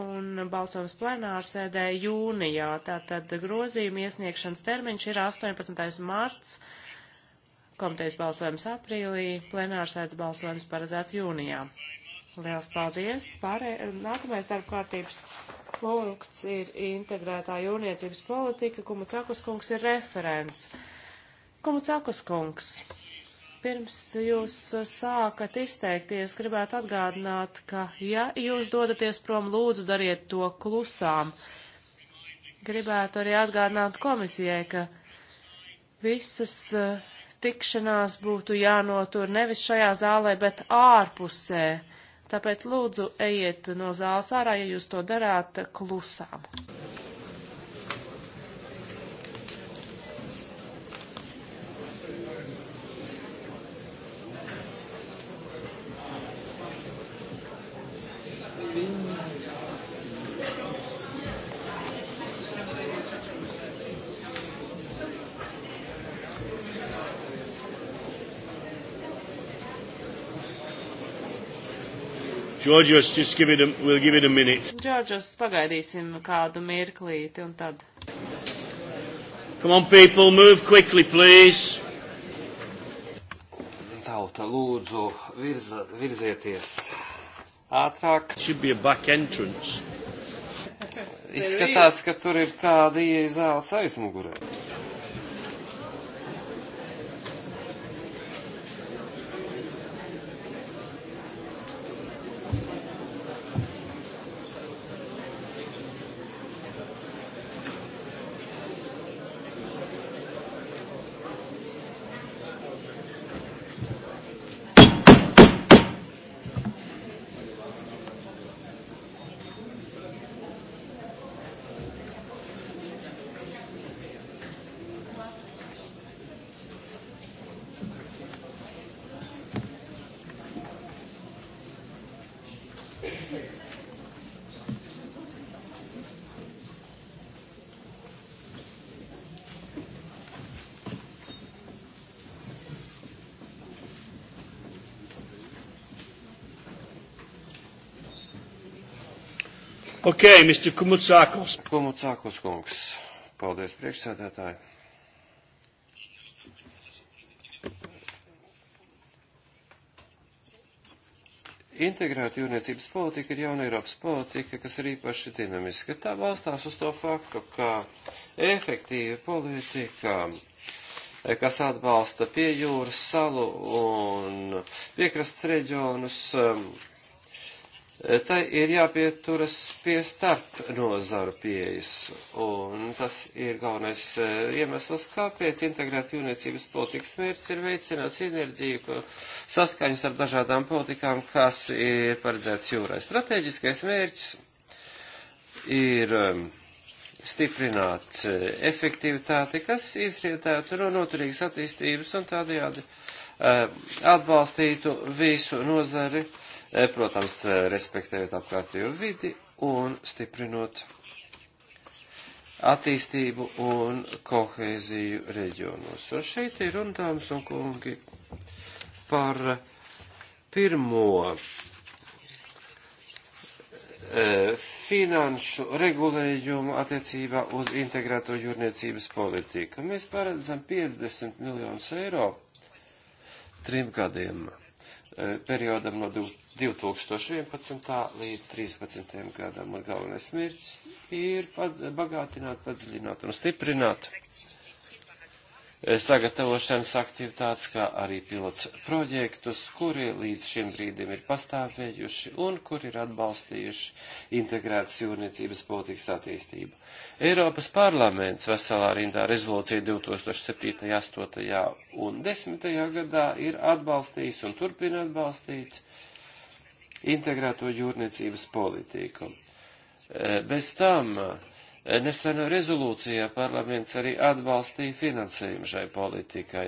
Speaker 3: un balsojums plenārsēdē jūnijā. Tātad grozījuma iesniegšanas termiņš ir 18. marts, komitejas balsojums aprīlī, plenārsēdes balsojums paredzēts jūnijā. Liels paldies! Pārē, nākamais darba kārtības punkts ir integrētā jūrniecības politika. Kumucakus kungs ir referents. Kumucakus kungs, pirms jūs sākat izteikties, gribētu atgādināt, ka ja jūs dodaties prom, lūdzu dariet to klusām. Gribētu arī atgādināt komisijai, ka visas uh, tikšanās būtu jānotur nevis šajā zālē, bet ārpusē Tāpēc lūdzu, ejiet no zāles ārā, ja jūs to darāt klusām.
Speaker 1: Georgios, just give it a, we'll give it a minute.
Speaker 3: Georgios, pagaidīsim kādu mirklīti un tad.
Speaker 1: Come on, people, move quickly, please.
Speaker 6: Tauta, lūdzu, virza, virzieties ātrāk. Should be a back entrance. Izskatās, ka tur ir kāda ieeja zāles aizmugurē.
Speaker 1: Ok, Mr. Kumutsākos. Kumutsākos kungs. Paldies,
Speaker 6: priekšsēdētāji. Integrēta jūrniecības politika ir jauna Eiropas politika, kas ir īpaši dinamiska. Tā balstās uz to faktu, ka efektīva politika, kas atbalsta pie jūras salu un piekrastes reģionus, um, tai ir jāpieturas pie starp nozaru pieejas, un tas ir galvenais eh, iemesls, kāpēc integrēt jūniecības politikas mērķis ir veicināt sinerģiju saskaņas ar dažādām politikām, kas ir paredzēts jūrai. Strateģiskais mērķis ir ehm, stiprināt eh, efektivitāti, kas izrietētu no noturīgas attīstības un tādējādi eh, atbalstītu visu nozari Eh, protams, eh, respektējot apkārtējo vidi un stiprinot attīstību un kohēziju reģionos. Un šeit ir runa, dāmas un kungi, par pirmo eh, finanšu regulējumu attiecībā uz integrēto jūrniecības politiku. Mēs paredzam 50 miljonus eiro trim gadiem E, periodam no 2011. līdz 2013. gadam, un galvenais mērķis ir bagātināt, padziļināt un stiprināt sagatavošanas aktivitātes, kā arī pilots projektus, kuri līdz šim brīdim ir pastāvējuši un kuri ir atbalstījuši integrētas jūrniecības politikas attīstību. Eiropas parlaments veselā rindā rezolūcija 2007, 8 un 10 gadā ir atbalstījis un turpina atbalstīt integrēto jūrniecības politiku. Bez tam Nesenā rezolūcijā parlaments arī atbalstīja finansējumu šai politikai,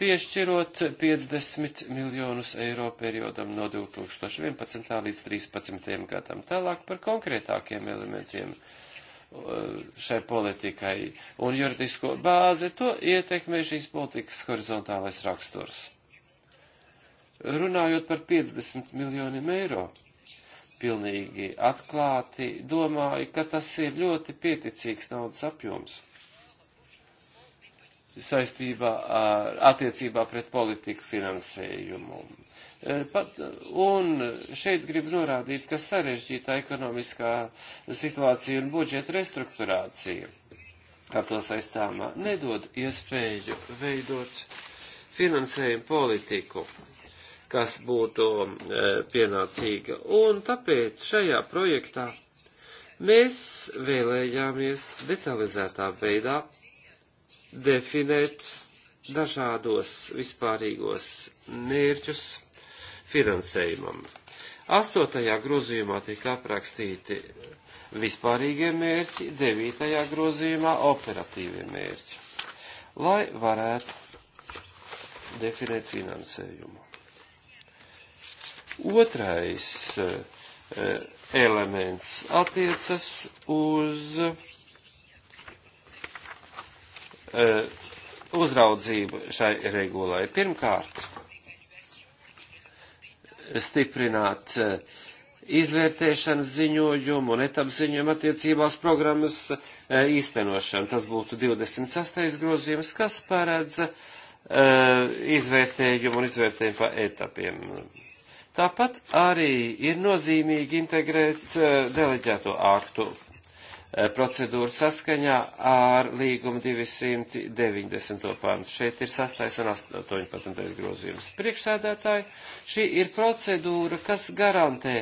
Speaker 6: piešķirot 50 miljonus eiro periodam no 2011. līdz 2013. gadam. Tālāk par konkrētākiem elementiem uh, šai politikai un juridisko bāzi to ietekmē šīs politikas horizontālais raksturs. Runājot par 50 miljoniem eiro pilnīgi atklāti, domāju, ka tas ir ļoti pieticīgs naudas apjoms saistībā ar attiecībā pret politikas finansējumu. E, pat, un šeit grib norādīt, ka sarežģītā ekonomiskā situācija un budžeta restruktūrācija ar to saistāmā nedod iespēju veidot finansējumu politiku kas būtu e, pienācīga. Un tāpēc šajā projektā mēs vēlējāmies detalizētā veidā definēt dažādos vispārīgos mērķus finansējumam. Astotajā grozījumā tika aprakstīti vispārīgie mērķi, devītajā grozījumā operatīvie mērķi, lai varētu definēt finansējumu. Otrais eh, eh, elements attiecas uz eh, uzraudzību šai regulai. Pirmkārt, stiprināt izvērtēšanas ziņojumu un etapziņojumu attiecībās programmas īstenošanu. Tas būtu 26. grozījums, kas paredz izvērtējumu un izvērtējumu pa etapiem. Tāpat arī ir nozīmīgi integrēt eh, deleģēto aktu eh, procedūru saskaņā ar līgumu 290. pantu. Šeit ir 6. un 18. grozījums. Priekšsēdētāji, šī ir procedūra, kas garantē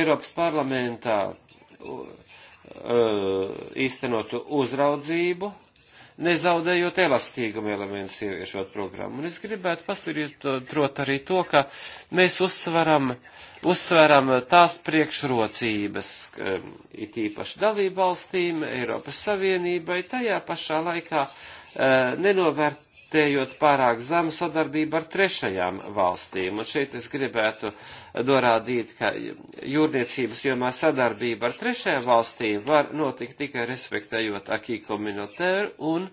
Speaker 6: Eiropas parlamentā eh, īstenotu uzraudzību nezaudējot elastīgumu elementu sieviešot programmu. Un es gribētu pasirītrot arī to, ka mēs uzsveram, uzsveram tās priekšrocības, um, it īpaši dalībvalstīm, Eiropas Savienībai, tajā pašā laikā uh, nenovērt vērtējot pārāk zemu sadarbību ar trešajām valstīm. Un šeit es gribētu norādīt, ka jūrniecības jomā sadarbība ar trešajām valstīm var notikt tikai respektējot akī komunitēru un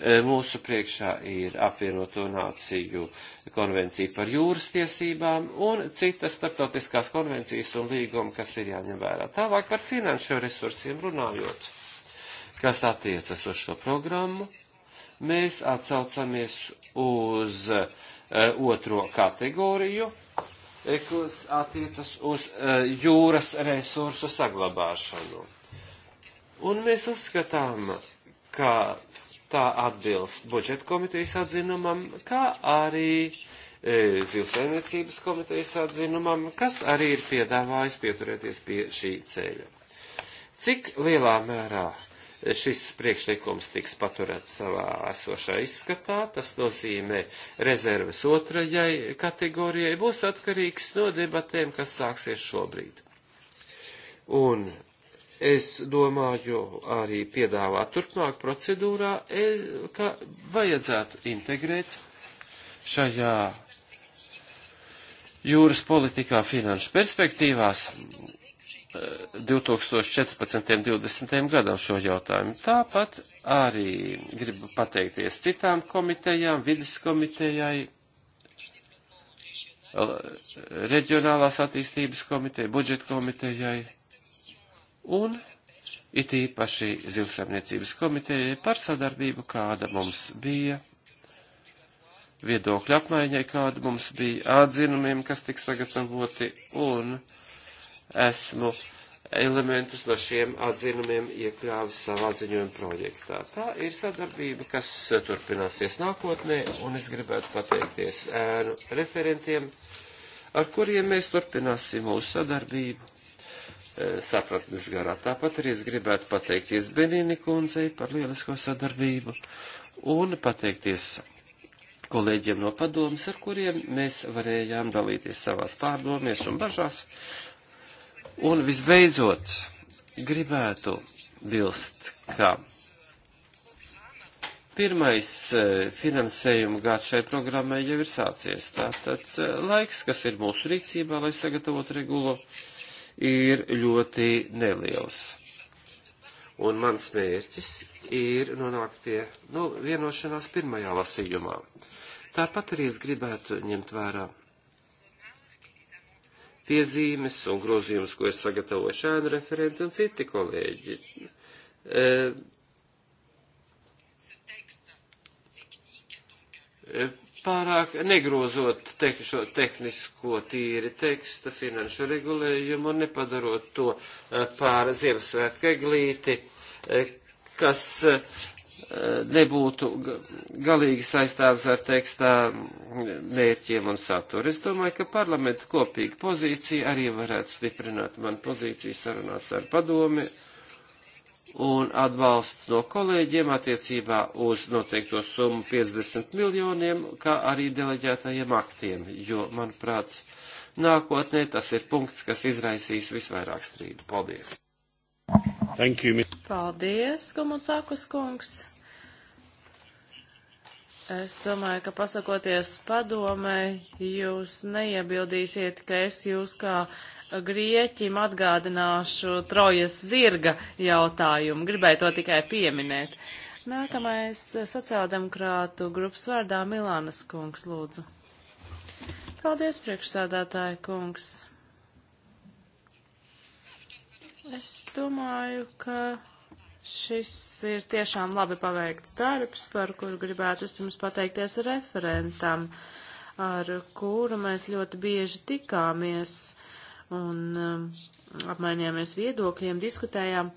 Speaker 6: e, mūsu priekšā ir apvienoto nāciju konvencija par jūras tiesībām un citas starptautiskās konvencijas un līguma, kas ir jāņem vērā. Tālāk par finanšu resursiem runājot kas attiecas uz šo programmu, mēs atsaucamies uz uh, otro kategoriju, eh, kas attiecas uz uh, jūras resursu saglabāšanu. Un mēs uzskatām, ka tā atbilst budžeta komitejas atzinumam, kā arī e, zilsaimniecības komitejas atzinumam, kas arī ir piedāvājis pieturēties pie šī ceļa. Cik lielā mērā šis priekšlikums tiks paturēts savā esošā izskatā, tas nozīmē rezerves otrajai kategorijai, būs atkarīgs no debatēm, kas sāksies šobrīd. Un es domāju, arī piedāvāt turpmāk procedūrā, es, ka vajadzētu integrēt šajā jūras politikā finanšu perspektīvās 2014. 20. gadam šo jautājumu. Tāpat arī gribu pateikties citām komitejām, vidas komitejai, reģionālās attīstības komiteja, budžeta komitejai un it īpaši zivsarniecības komitejai par sadarbību, kāda mums bija, viedokļu apmaiņai, kāda mums bija, atzinumiem, kas tika sagatavoti un uh, esmu elementus no šiem atzinumiem iekļāvis savā ziņojuma projektā. Tā ir sadarbība, kas turpināsies nākotnē, un es gribētu pateikties ēnu referentiem, ar kuriem mēs turpināsim mūsu sadarbību sapratnes garā. Tāpat arī es gribētu pateikties Benīni kundzei par lielisko sadarbību un pateikties kolēģiem no padomas, ar kuriem mēs varējām dalīties savās pārdomies un bažās Un visbeidzot, gribētu bilst, ka pirmais eh, finansējuma gads šai programmai jau ir sācies. Tātad eh, laiks, kas ir mūsu rīcībā, lai sagatavotu regulu, ir ļoti neliels. Un mans mērķis ir nonākt pie nu, vienošanās pirmajā lasījumā. Tāpat arī es gribētu ņemt vērā piezīmes un grozījumus, ko ir sagatavojuši ēna referenti un citi kolēģi. E, e pārāk negrozot te, šo tehnisko tīri teksta finanšu regulējumu un nepadarot to e, pār Ziemassvētku eglīti, e, kas nebūtu galīgi saistāms ar tekstā mērķiem un saturu. Es domāju, ka parlamenta kopīga pozīcija arī varētu stiprināt man pozīciju sarunās ar padomi un atbalsts no kolēģiem attiecībā uz noteikto summu 50 miljoniem, kā arī deleģētajiem aktiem, jo, manuprāt, nākotnē tas ir punkts, kas izraisīs visvairāk strīdu. Paldies!
Speaker 1: Thank you,
Speaker 3: Paldies, Komucākus kungs! Es domāju, ka pasakoties padomē, jūs neiebildīsiet, ka es jūs kā grieķim atgādināšu trojas zirga jautājumu. Gribēju to tikai pieminēt. Nākamais sociāldemokrātu grupas vārdā Milānas kungs, lūdzu. Paldies, priekšsādātāja kungs. Es domāju, ka Šis ir tiešām labi paveikts darbs, par kuru gribētu vispirms pateikties referentam, ar kuru mēs ļoti bieži tikāmies un um, apmainījāmies viedokļiem, diskutējām.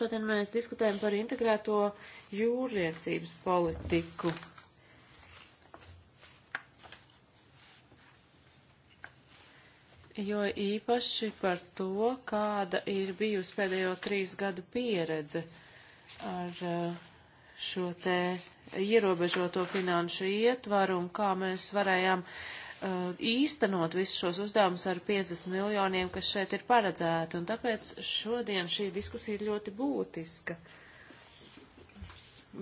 Speaker 3: Šodien mēs diskutējam par integrēto jūrniecības politiku. jo īpaši par to, kāda ir bijusi pēdējo trīs gadu pieredze ar eh, šo te ierobežoto finanšu ietvaru un kā mēs varējām eh, īstenot visus šos uzdevumus ar 50 miljoniem, kas šeit ir paredzēti. Un tāpēc šodien šī diskusija ir ļoti būtiska.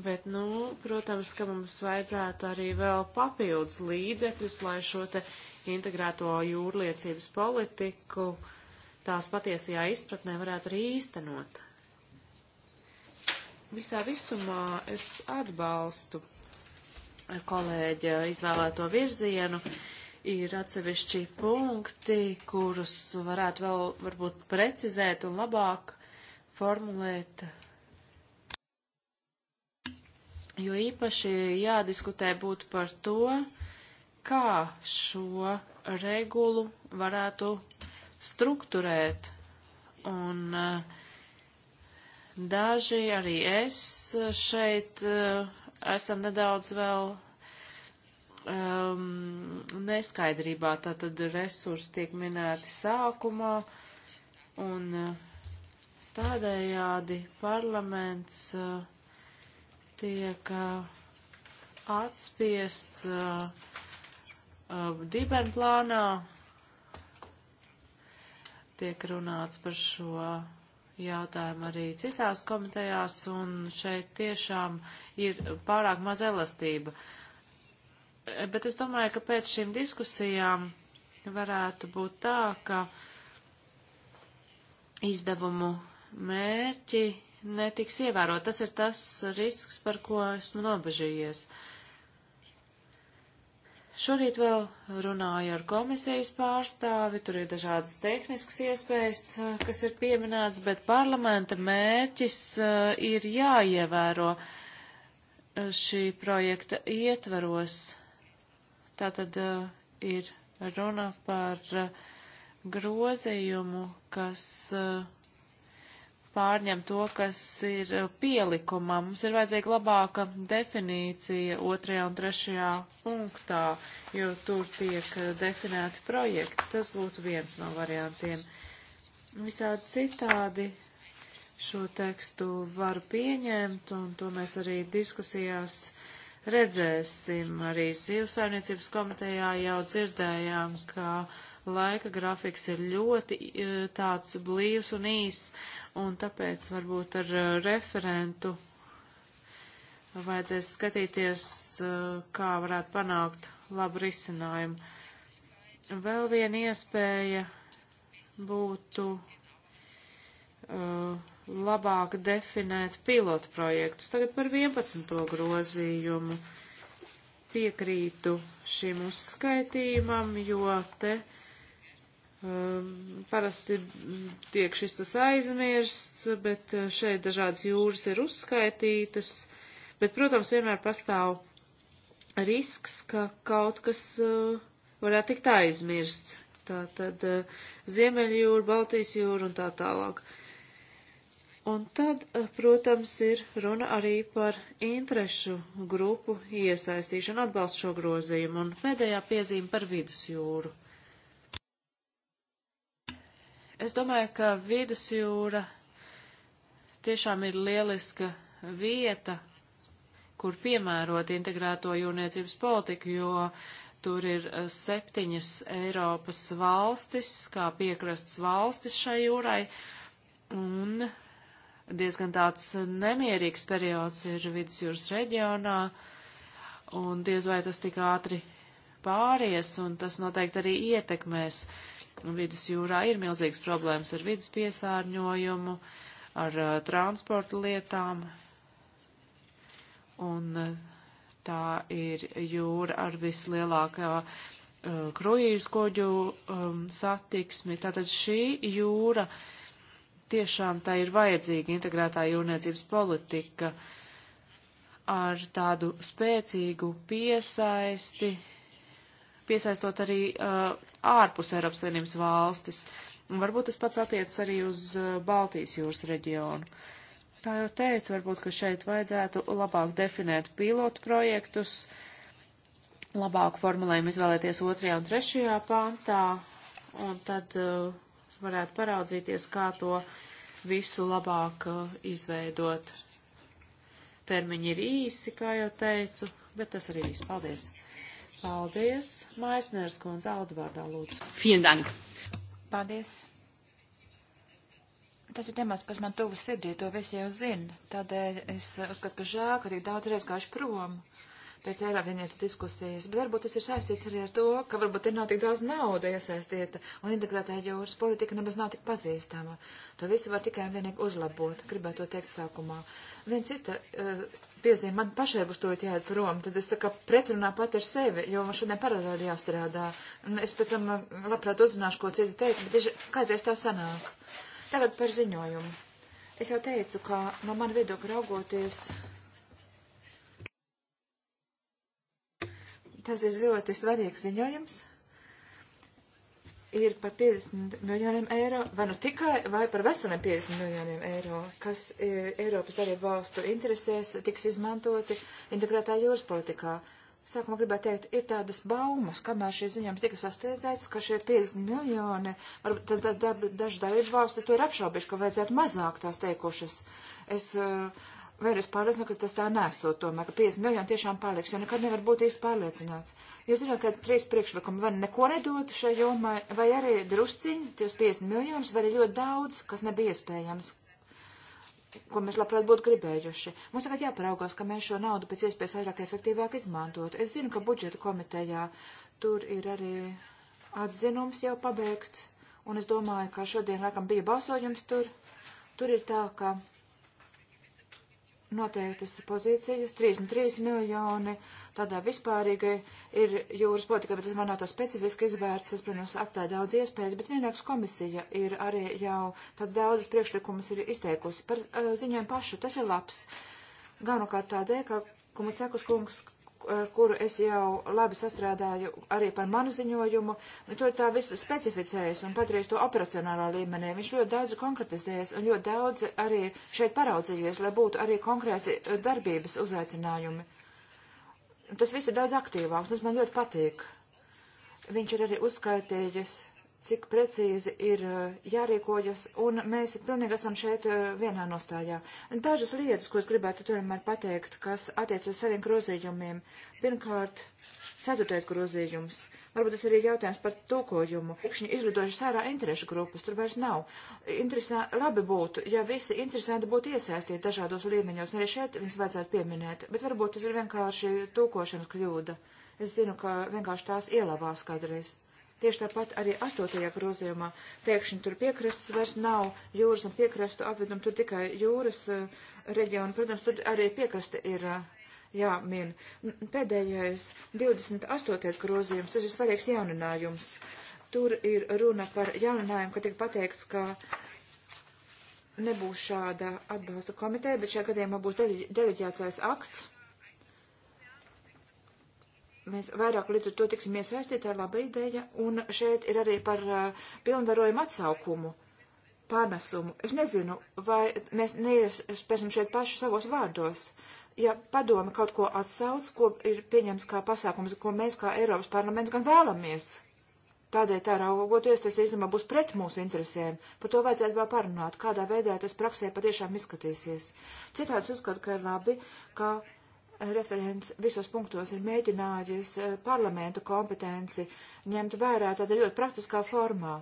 Speaker 3: Bet, nu, protams, ka mums vajadzētu arī vēl papildus līdzekļus, lai šo te uh, integrēto jūrniecības politiku tās patiesajā izpratnē varētu arī īstenot. Visā visumā es atbalstu kolēģa izvēlēto virzienu. Ir atsevišķi punkti, kurus varētu vēl varbūt precizēt un labāk formulēt jo īpaši jādiskutē būtu par to, kā šo regulu varētu strukturēt. Un eh, daži arī es šeit eh, esam nedaudz vēl um, neskaidrībā. Tātad resursi tiek minēti sākumā un eh, tādējādi parlaments tiek atspiests uh, uh, dibenu plānā tiek runāts par šo jautājumu arī citās komitejās, un šeit tiešām ir pārāk maz elastība. Bet es domāju, ka pēc šīm diskusijām varētu būt tā, ka izdevumu mērķi netiks ievērot. Tas ir tas risks, par ko esmu nobežījies. Uh, Šorīt vēl runāju ar komisijas pārstāvi, tur ir dažādas tehniskas iespējas, eh, kas ir pieminēts, bet parlamenta mērķis eh, ir jāievēro eh, šī projekta ietvaros. Tātad ir runa par grozījumu, kas uh, pārņem to, kas ir pielikumā. Mums ir vajadzīga labāka definīcija otrajā un trešajā punktā, jo tur tiek definēti projekti. Tas būtu viens no variantiem. Visādi citādi šo tekstu var pieņemt, un to mēs arī diskusijās redzēsim. Arī Zīvesaimniecības komitejā jau dzirdējām, ka laika grafiks ir ļoti eh, tāds blīvs un īs, un tāpēc varbūt ar eh, referentu vajadzēs skatīties, eh, kā varētu panākt labu risinājumu. Vēl viena iespēja būtu uh, labāk definēt pilotu projektus. Tagad par 11. grozījumu piekrītu šim uzskaitījumam, jo te uh, Um, parasti tiek šis tas aizmirsts, bet uh, šeit dažādas jūras ir uzskaitītas, bet, protams, vienmēr pastāv risks, ka kaut kas uh, varētu tikt aizmirsts. Tā tad uh, Ziemeļjūra, Baltijas jūra un tā tālāk. Un tad, protams, ir runa arī par interešu grupu iesaistīšanu atbalstu šo grozījumu un pēdējā piezīme par vidusjūru. Es domāju, ka vidusjūra tiešām ir lieliska vieta, kur piemērot integrēto jūrniecības politiku, jo tur ir eh, septiņas Eiropas valstis, kā piekrasts valstis šai jūrai, un diezgan tāds nemierīgs periods ir vidusjūras reģionā, un diez vai tas tik ātri pāries, un tas noteikti arī ietekmēs uh, Vidus jūrā ir milzīgas problēmas ar vidus piesārņojumu, ar uh, transporta lietām, un uh, tā ir jūra ar vislielākā uh, kruīzu kuģu um, satiksmi. Tātad šī jūra tiešām tā ir vajadzīga integrētā jūrniecības politika ar tādu spēcīgu piesaisti piesaistot arī uh, ārpus Eiropas Savienības valstis. Un varbūt tas pats attiecas arī uz uh, Baltijas jūras reģionu. Kā jau teicu, varbūt, ka šeit vajadzētu labāk definēt pilotu projektus, labāku formulējumu izvēlēties otrajā un trešajā pantā, un tad uh, varētu paraudzīties, kā to visu labāk uh, izveidot. Termiņi ir īsi, kā jau teicu, bet tas arī
Speaker 4: viss. Paldies! Paldies. Maisners kundze Aldvārdā lūdzu. Vielen dank. Paldies. Tas ir temats, kas man tuvu sirdī, to visi jau zina. Tādēļ es uzskatu, ka žēl, ka tik daudz reiz gājuši prom pēc Eirovienietas diskusijas, bet varbūt tas ir saistīts arī ar to, ka varbūt ir nav tik daudz nauda iesaistīta un integrētā jūras politika nemaz nav tik pazīstama. To visu var tikai un vienīgi uzlabot, gribētu to teikt sākumā. Viens cita uh, piezīme, man pašai būs to jāiet prom, tad es tā kā pretrunā pat ar sevi, jo man šodien paralēli jāstrādā. Un es pēc tam eh, labprāt uzzināšu, ko citi teica, bet kādreiz tā sanāk. Tagad par ziņojumu. Es jau teicu, ka no man viedokļa raugoties Tas ir ļoti svarīgs ziņojums. Ir par 50 miljoniem eiro, vai nu tikai, vai par veseliem 50 miljoniem eiro, kas e, Eiropas darību valstu interesēs tiks izmantoti integrētā jūras politikā. Sākumā gribētu teikt, ir tādas baumas, kamēr šī ziņojums tika sastādīts, ka šie 50 miljoni, varbūt tad da, da, daži dalību valsti to ir apšaubījuši, ka vajadzētu mazāk tās teikušas. Es uh, vēlreiz pārliecinu, ka tas tā nesot tomēr, ka 50 miljoni tiešām paliks, jo nekad nevar būt īsti pārliecināts. Jūs zināt, ka trīs priekšlikumi var neko nedot šai jomai, vai arī drusciņi, tos 50 miljonus, vai arī ļoti daudz, kas nebija iespējams, ko mēs labprāt būtu gribējuši. Mums tagad jāparaugās, ka mēs šo naudu pēc iespējas vairāk efektīvāk izmantot. Es zinu, ka budžeta komitejā tur ir arī atzinums jau pabeigts, un es domāju, ka šodien, laikam, bija balsojums tur. Tur ir tā, ka noteiktas pozīcijas, 33 miljoni tādā vispārīgai ir jūras politika, bet tas man nav tā specifiski izvērts, tas, protams, atstāja daudz iespējas, bet vienlaikus komisija ir arī jau tad daudzas priekšlikumus ir izteikusi par uh, ziņojumu pašu, tas ir labs. Galvenokārt tādēļ, ka Kumucekus kungs ar kuru es jau labi sastrādāju arī par manu ziņojumu, nu, to ir tā visu specificējis un patreiz to operacionālā līmenī. Viņš ļoti daudz konkretizējies un ļoti daudz arī šeit paraudzījies, lai būtu arī konkrēti eh, darbības uzaicinājumi. Tas viss ir daudz aktīvāks, tas man ļoti patīk. Viņš ir arī uzskaitījis cik precīzi ir eh, jārīkojas, un mēs pilnīgi esam šeit eh, vienā nostājā. Dažas lietas, ko es gribētu tomēr pateikt, kas attiecas uz saviem grozījumiem. Pirmkārt, ceturtais grozījums. Varbūt tas ir arī jautājums par tūkojumu. Pēkšņi izlidojušas ārā interešu grupas, tur vairs nav. Interesā, labi būtu, ja visi interesanti būtu iesaistīti dažādos līmeņos, un arī šeit viņus vajadzētu pieminēt, bet varbūt tas ir vienkārši tūkošanas kļūda. Es zinu, ka vienkārši tās ielavās kādreiz. Tieši tāpat arī astotajā grozījumā pēkšņi tur piekrastes vairs nav jūras un piekrastu apvidumu, tur tikai jūras uh, eh, reģionu. Protams, tur arī piekraste ir uh, jāmin. Pēdējais 28. grozījums, tas ir svarīgs jauninājums. Tur ir runa par jauninājumu, ka tiek pateikts, ka nebūs šāda atbalsta komiteja, bet šajā gadījumā būs deleģētais akts mēs vairāk līdz ar to tiksim iesaistīti, tā ir laba ideja, un šeit ir arī par uh, pilnvarojumu atsaukumu, pārnesumu. Es nezinu, vai mēs neiespēsim šeit paši savos vārdos. Ja padome kaut ko atsauc, ko ir pieņems kā pasākums, ko mēs kā Eiropas parlaments gan vēlamies, tādēļ tā raugoties, tas īstenībā būs pret mūsu interesēm. Par to vajadzētu vēl parunāt, kādā veidā tas praksē patiešām izskatīsies. Citāds uzskatu, ka ir labi, ka. Kā referents visos punktos ir mēģinājis eh, parlamentu kompetenci ņemt vērā tādā ļoti praktiskā formā.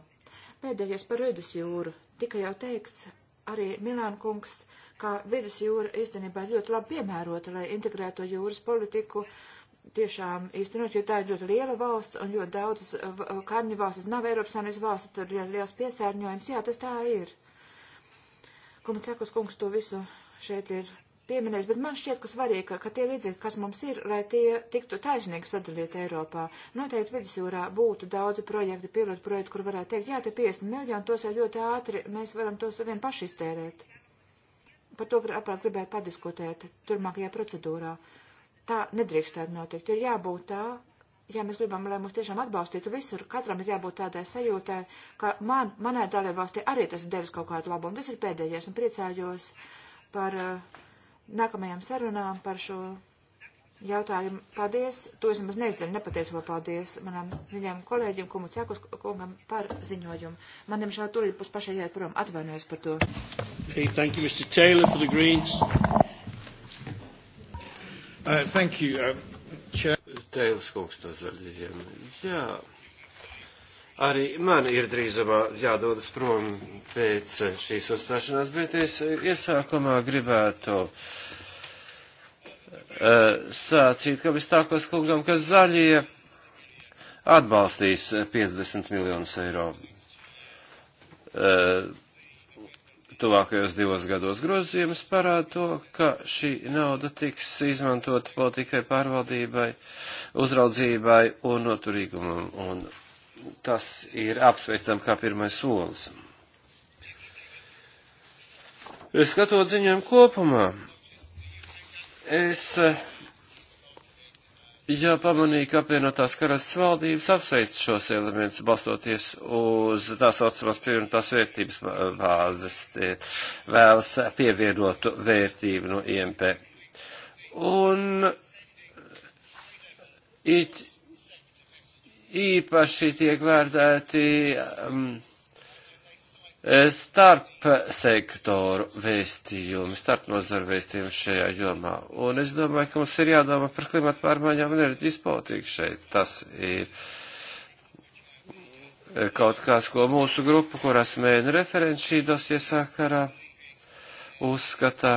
Speaker 4: Pēdējais par vidusjūru. Tika jau teikts, arī Milāna kungs, ka vidusjūra īstenībā ir ļoti labi piemērota, lai integrēto jūras politiku tiešām īstenot, jo tā ir ļoti liela valsts un ļoti daudzas eh, eh, kaimiņu valstis nav Eiropas Savienības valsts, tur ir liels piesārņojums. Jā, tas tā ir. Komisākos kungs to visu šeit ir pieminēs, bet man šķiet, ka svarīgi, ka, ka tie līdzekļi, kas mums ir, lai tie tiktu taisnīgi sadalīti Eiropā. Noteikti vidusjūrā būtu daudzi projekti, pilotu projekti, kur varētu teikt, jā, tie 50 miljoni, tos jau ļoti ātri mēs varam tos vien paši iztērēt. Par to, apkārt, gribētu padiskutēt turmākajā procedūrā. Tā nedrīkstētu notikt. Ir jābūt tā, ja mēs gribam, lai mūs tiešām atbalstītu visur, katram ir jābūt tādai sajūtai, ka man, manai dalībvalstī arī tas ir devis kaut kādu labumu. Tas ir pēdējais un priecājos par uh, nākamajām sarunām par šo jautājumu. Paldies, to es nemaz neizdaru, nepatiesībā paldies manam viņam kolēģim, kumu Cēkus kungam par ziņojumu. Man, diemžēl, tur ir pus pašai jāiet prom. Atvainojos par to.
Speaker 1: Okay, thank you, Mr. Taylor, for the Greens. Uh, thank you, um, Chair.
Speaker 6: Tails kungs no zaļajiem. Jā. Yeah. Arī man ir drīzumā jādodas prom pēc šīs uzstāšanās, bet es iesākumā gribētu uh, sācīt, ka bez tākos kungam, ka zaļie atbalstīs 50 miljonus eiro uh, tuvākajos divos gados grozījums parāda to, ka šī nauda tiks izmantota politikai pārvaldībai, uzraudzībai un noturīgumam. Un tas ir apsveicam kā pirmais solis. Skatot ziņojumu kopumā, es Jā, pamanīja, ka apvienotās karalists valdības apsveic šos elementus, balstoties uz tā saucamās pievienotās vērtības bāzes, vēlas pievienot vērtību no IMP. Un it īpaši tiek vērtēti um, eh, starp sektoru vēstījumi, starp nozaru vēstījumi šajā jomā. Un es domāju, ka mums ir jādomā par klimatu pārmaiņām un enerģijas politiku šeit. Tas ir kaut kāds, ko mūsu grupa, kur esmu mēģina referents šī dosie sakarā, uzskata,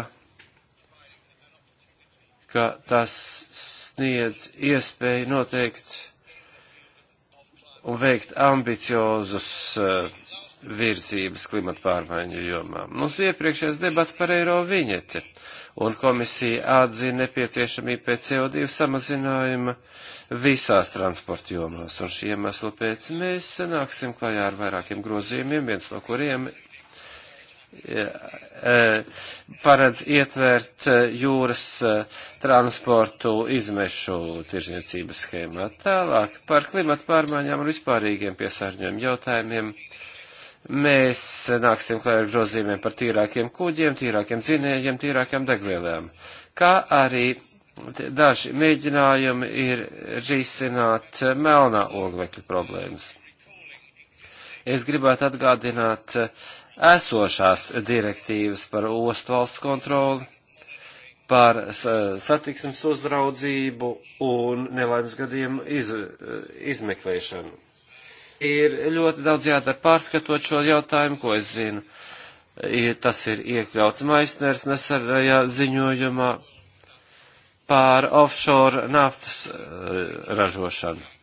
Speaker 6: ka tas sniedz iespēju noteikt un veikt ambiciozus eh, virzības klimata pārmaiņu jomā. Mums bija iepriekšējais debats par eiro viņeti, un komisija atzina nepieciešamību pēc CO2 samazinājuma visās transporta jomās, un šī iemesla pēc mēs nāksim klajā ar vairākiem grozījumiem, viens no kuriem E, paredz ietvērt e, jūras e, transportu izmešu tirzniecības schēmā. Tālāk par klimatu pārmaiņām un vispārīgiem piesārņojumu jautājumiem. Mēs nāksim klāt ar grozījumiem par tīrākiem kuģiem, tīrākiem dzinējiem, tīrākiem degvielām. Kā arī daži mēģinājumi ir risināt melnā oglekļa problēmas. Es gribētu atgādināt uh, esošās direktīvas par ostu valsts kontroli, par eh, satiksmes uzraudzību un nelaimes gadījumu iz, eh, izmeklēšanu. Ir ļoti daudz jādara pārskatot šo jautājumu, ko es zinu. Ir, tas ir iekļauts Maisners nesarajā ziņojumā pār offshore naftas eh, ražošanu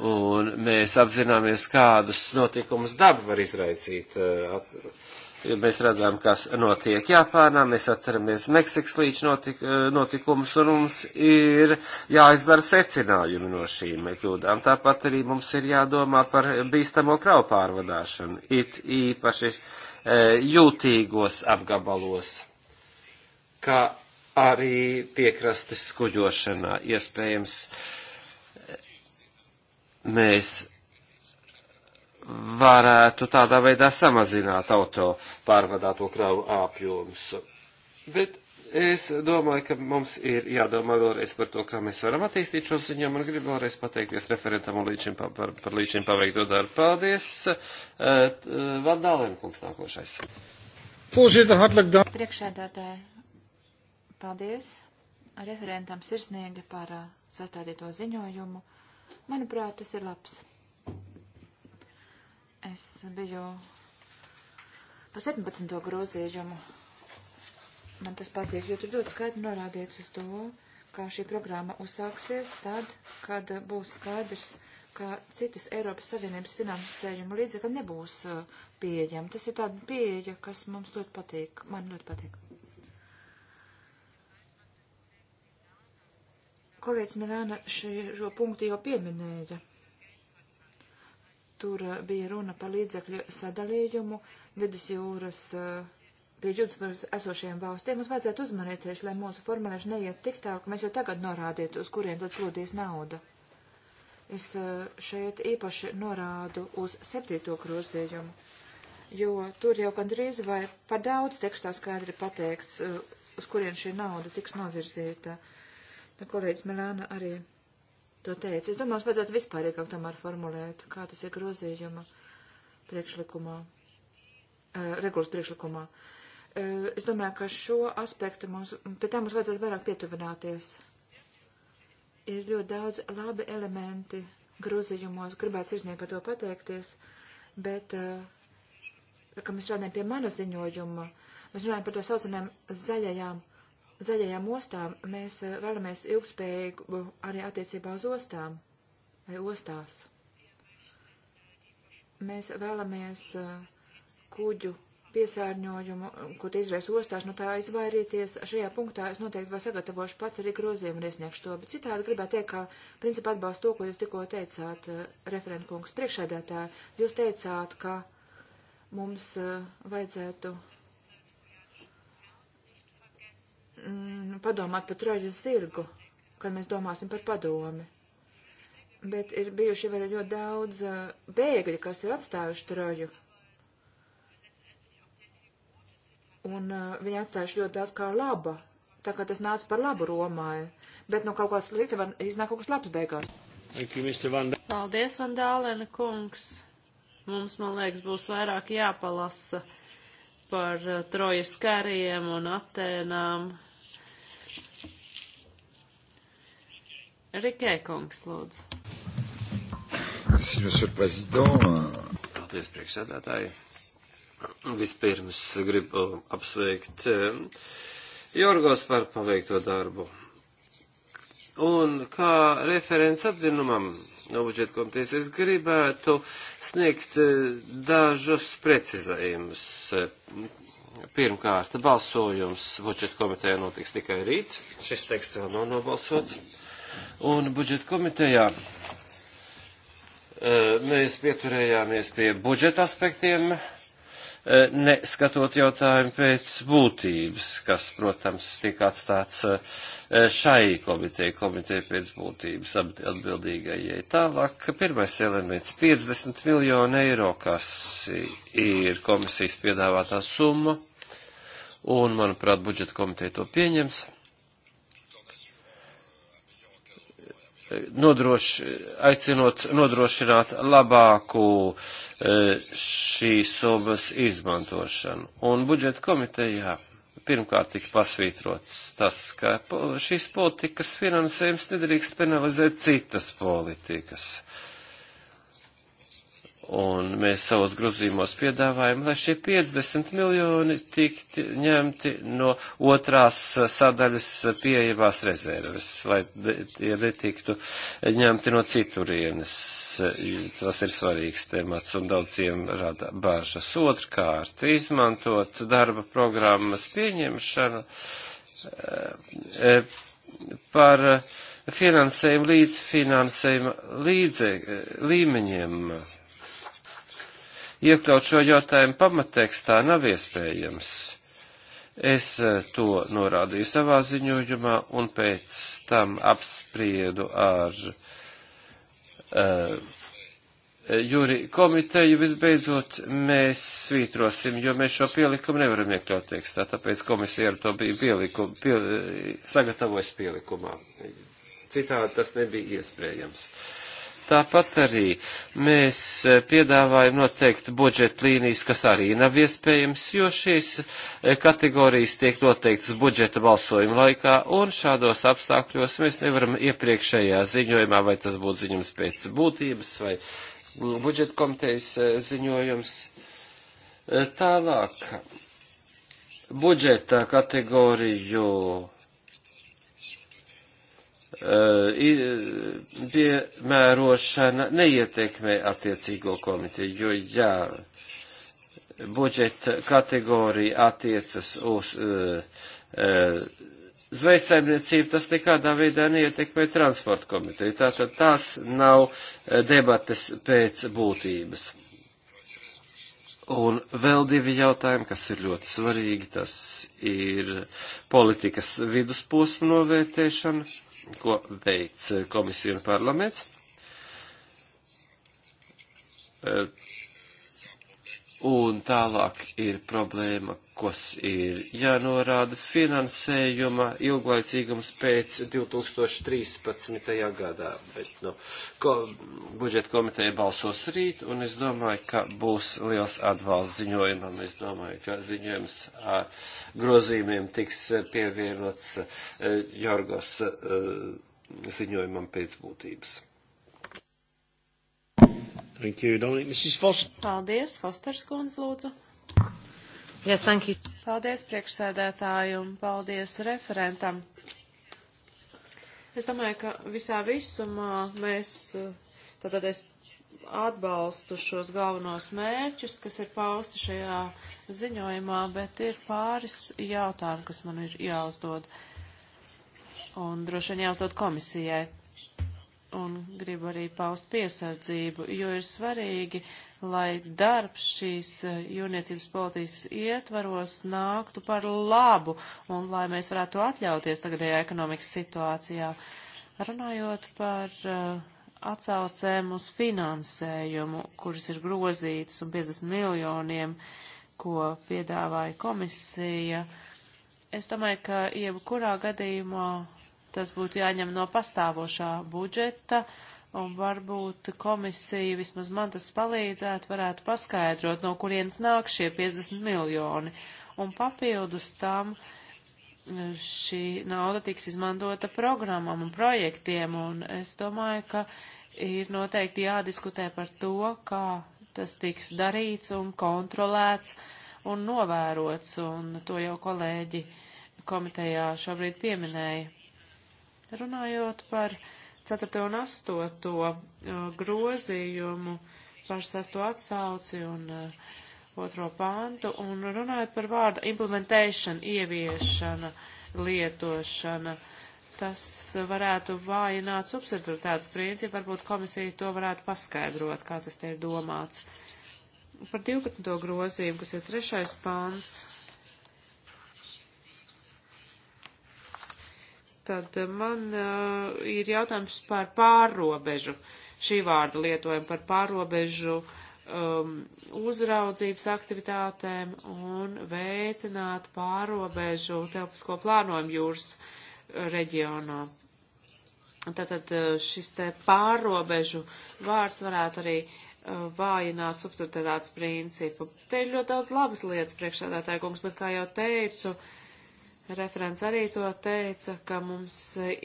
Speaker 6: Un mēs apzināmies, kādus notikumus daba var izraicīt. Eh, mēs redzam, kas notiek Japānā, mēs atceramies Meksikas līča notik eh, notikumus, un mums ir jāizdara secinājumi no šīm kļūdām. Tāpat arī mums ir jādomā par bīstamo kravu pārvadāšanu, it īpaši e, jūtīgos apgabalos, kā arī piekrastes kuģošanā iespējams. E, mēs varētu tādā veidā samazināt auto pārvadāto kravu apjomus. Bet es domāju, ka mums ir jādomā vēlreiz par to, kā mēs varam attīstīt šo ziņu, un gribu vēlreiz pateikties referentam un līdz šim pa, par, par līdz šim paveikto darbu. Paldies! Uh, eh, Vandālēm kungs nākošais. Priekšēdētāji,
Speaker 4: paldies referentam sirsnīgi par eh, sastādīto ziņojumu Manuprāt, tas ir labs. Es biju par 17. grozījumu. Man tas patīk, jo tur ļoti skaidri norādīts uz to, kā šī programma uzsāksies tad, kad būs skaidrs, ka citas Eiropas Savienības finansējuma līdzekļi nebūs uh, pieejama. Tas ir tāda pieeja, kas mums ļoti patīk. Man ļoti patīk. Kolēģis Mirāna šo punktu jau pieminēja. Tur uh, bija runa par līdzekļu sadalījumu vidusjūras uh, pie jūdzvaras esošajiem valstiem. Mums vajadzētu uzmanīties, lai mūsu formulēšana neiet tik tālu, ka mēs jau tagad norādītu, uz kuriem tad plūdīs nauda. Es uh, šeit īpaši norādu uz septīto grozījumu, jo tur jau gandrīz vai par daudz tekstā skaidri pateikts, uz kurien šī nauda tiks novirzīta. Uh, Nu, kolēģis Melāna arī to teica. Es domāju, vajadzētu vispārīgāk tomēr formulēt, kā tas ir grozījuma priekšlikumā, eh, regulas priekšlikumā. Eh, es domāju, ka šo aspektu mums, pie tā mums vajadzētu vairāk pietuvināties. Ir ļoti daudz labi elementi grozījumos, gribētu sirsnīgi par to pateikties, bet, eh, kad mēs strādājam pie mana ziņojuma, mēs runājam par tā saucamajām zaļajām zaļajām ostām mēs eh, vēlamies ilgspējīgu eh, arī attiecībā uz ostām vai ostās. Mēs vēlamies eh, kuģu piesārņojumu, ko te izraisa ostās, no tā izvairīties. Šajā punktā es noteikti vēl sagatavošu pats arī grozījumu un iesniegšu to, bet citādi gribētu teikt, ka principā atbalstu to, ko jūs tikko teicāt, referentkungs priekšēdētāji. Jūs teicāt, ka mums vajadzētu mm, padomāt par troļas zirgu, kad mēs domāsim par padomi. Bet ir bijuši vēl ļoti daudz uh, bēgļi, kas ir atstājuši troļu. Un uh, viņi atstājuši ļoti daudz kā laba. Tā kā tas nāca par labu Romai. Bet no nu, kaut kā slikta var iznāk kaut kas labs beigās. Paldies, Vandālēna
Speaker 3: kungs. Mums, man liekas, būs vairāk jāpalasa par uh, trojas kariem un Atēnām. Rikē kungs, lūdzu.
Speaker 6: Merci, monsieur le président. Paldies, priekšsēdētāji. Vispirms gribu apsveikt eh, Jorgos par paveikto darbu. Un kā referents atzinumam no budžeta komitejas es gribētu sniegt eh, dažus precizējumus. Pirmkārt, balsojums budžeta komitejā notiks tikai rīt. Šis teksts vēl nav nobalsots. Un budžeta komitejā eh, mēs pieturējāmies pie budžeta aspektiem, eh, neskatot jautājumu pēc būtības, kas, protams, tika atstāts eh, šai komitejai, komiteja pēc būtības atbildīgajai. Tālāk, pirmais elements - 50 miljonu eiro, kas ir komisijas piedāvātā summa, un, manuprāt, budžeta komiteja to pieņems. nodroš, aicinot nodrošināt labāku e, šīs summas izmantošanu. Un budžeta komitejā pirmkārt tika pasvītrots tas, ka šīs politikas finansējums nedrīkst penalizēt citas politikas. Uh, Un mēs savos grozījumos piedāvājam, lai šie 50 miljoni tiktu ņemti no otrās sadaļas pieejamās rezerves, lai tie netiktu ņemti no citurienes. Tas ir svarīgs temats un daudziem rada bāžas. Otrkārt, izmantot darba programmas pieņemšanu e, e, par finansējumu līdz finansējuma līdze, e, līmeņiem iekļaut šo jautājumu pamattekstā nav iespējams. Es eh, to norādīju savā ziņojumā un pēc tam apspriedu ar uh, eh, jūri komiteju. Visbeidzot, mēs svītrosim, jo mēs šo pielikumu nevaram iekļaut tekstā, tāpēc komisija ar to bija pielikum, piel, eh, sagatavojas pielikumā. Citādi tas nebija iespējams. Uh, Tāpat arī mēs eh, piedāvājam noteikti budžeta līnijas, kas arī nav iespējams, jo šīs eh, kategorijas tiek noteiktas budžeta balsojuma laikā, un šādos apstākļos mēs nevaram iepriekšējā ziņojumā, vai tas būtu ziņojums pēc būtības vai budžeta komitejas eh, ziņojums. Tālāk, budžeta kategoriju Uh, uh, piemērošana neietekmē attiecīgo komiteju, jo jā, budžeta kategorija attiecas uz uh, uh, zvejsaimniecību, tas nekādā veidā neietekmē transporta komiteju. Tātad tās nav uh, debates pēc būtības. Un vēl divi jautājumi, kas ir ļoti svarīgi. Tas ir politikas vidusposma novērtēšana, ko veic komisija un parlaments. Un tālāk ir problēma, kas ir jānorāda finansējuma ilglaicīgums pēc 2013. gadā. Bet, nu, ko, budžeta komiteja balsos rīt, un es domāju, ka būs liels atbalsts ziņojumam. Es domāju, ka ziņojums ar grozījumiem tiks pievienots eh, Jorgos eh, ziņojumam pēc būtības.
Speaker 1: Thank you, Dominic. Mrs. Foster.
Speaker 3: Paldies, Fosters kundze, lūdzu. Yes, thank you. Paldies priekšsēdētāju un paldies referentam. Es domāju, ka visā visumā mēs, tātad es atbalstu šos galvenos mērķus, kas ir pausti šajā ziņojumā, bet ir pāris jautājumu, kas man ir jāuzdod. Un droši vien jāuzdod komisijai un gribu arī paust piesardzību, jo ir svarīgi, lai darbs šīs eh, jūrniecības politijas ietvaros nāktu par labu un lai mēs varētu atļauties tagadējā ekonomikas situācijā. Runājot par uh, atsaucēm uz finansējumu, kuras ir grozītas un 50 miljoniem, ko piedāvāja komisija, es domāju, ka jebkurā gadījumā Tas būtu jāņem no pastāvošā budžeta, un varbūt komisija, vismaz man tas palīdzētu, varētu paskaidrot, no kurienes nāk šie 50 miljoni. Un papildus tam šī nauda tiks izmantota programmam un projektiem, un es domāju, ka ir noteikti jādiskutē par to, kā tas tiks darīts un kontrolēts un novērots, un to jau kolēģi komitejā šobrīd pieminēja. Runājot par 4. un 8. Uh, grozījumu par 6. atsauci un 2. Uh, pāntu, un runājot par vārdu implementation, ieviešana, lietošana tas varētu vājināt subsidiaritātes principu, varbūt komisija to varētu paskaidrot, kā tas te ir domāts. Par 12. grozījumu, kas ir trešais pants, Tad eh, man uh, ir jautājums par pārrobežu, šī vārda lietojumu par pārrobežu um, uzraudzības aktivitātēm un veicināt pārrobežu telpisko plānojumu jūras reģionā. Tātad eh, šis te pārrobežu vārds varētu arī uh, vājināt subsidiarāts principu. Te ir ļoti daudz labas lietas priekšsādātāja kungs, bet kā jau teicu, uh, Referents arī to teica, ka mums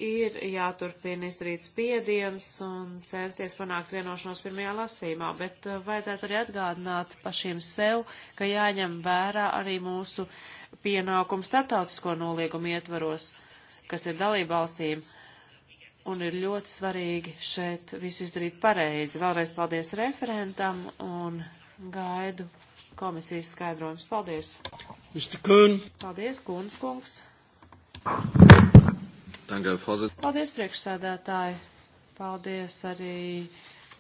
Speaker 3: ir jāturpina izdarīt spiediens un censties panākt vienošanos pirmajā lasīmā, bet uh, vajadzētu arī atgādināt pašiem sev, ka jāņem vērā arī mūsu pienākumu starptautisko noliegumu ietvaros, kas ir dalību valstīm un ir ļoti svarīgi šeit visu izdarīt pareizi. Vēlreiz paldies referentam un gaidu komisijas skaidrojums. Paldies! Mr. Kuhn. Paldies, Kunis kungs. Danke, Paldies, priekšsēdētāji. Paldies arī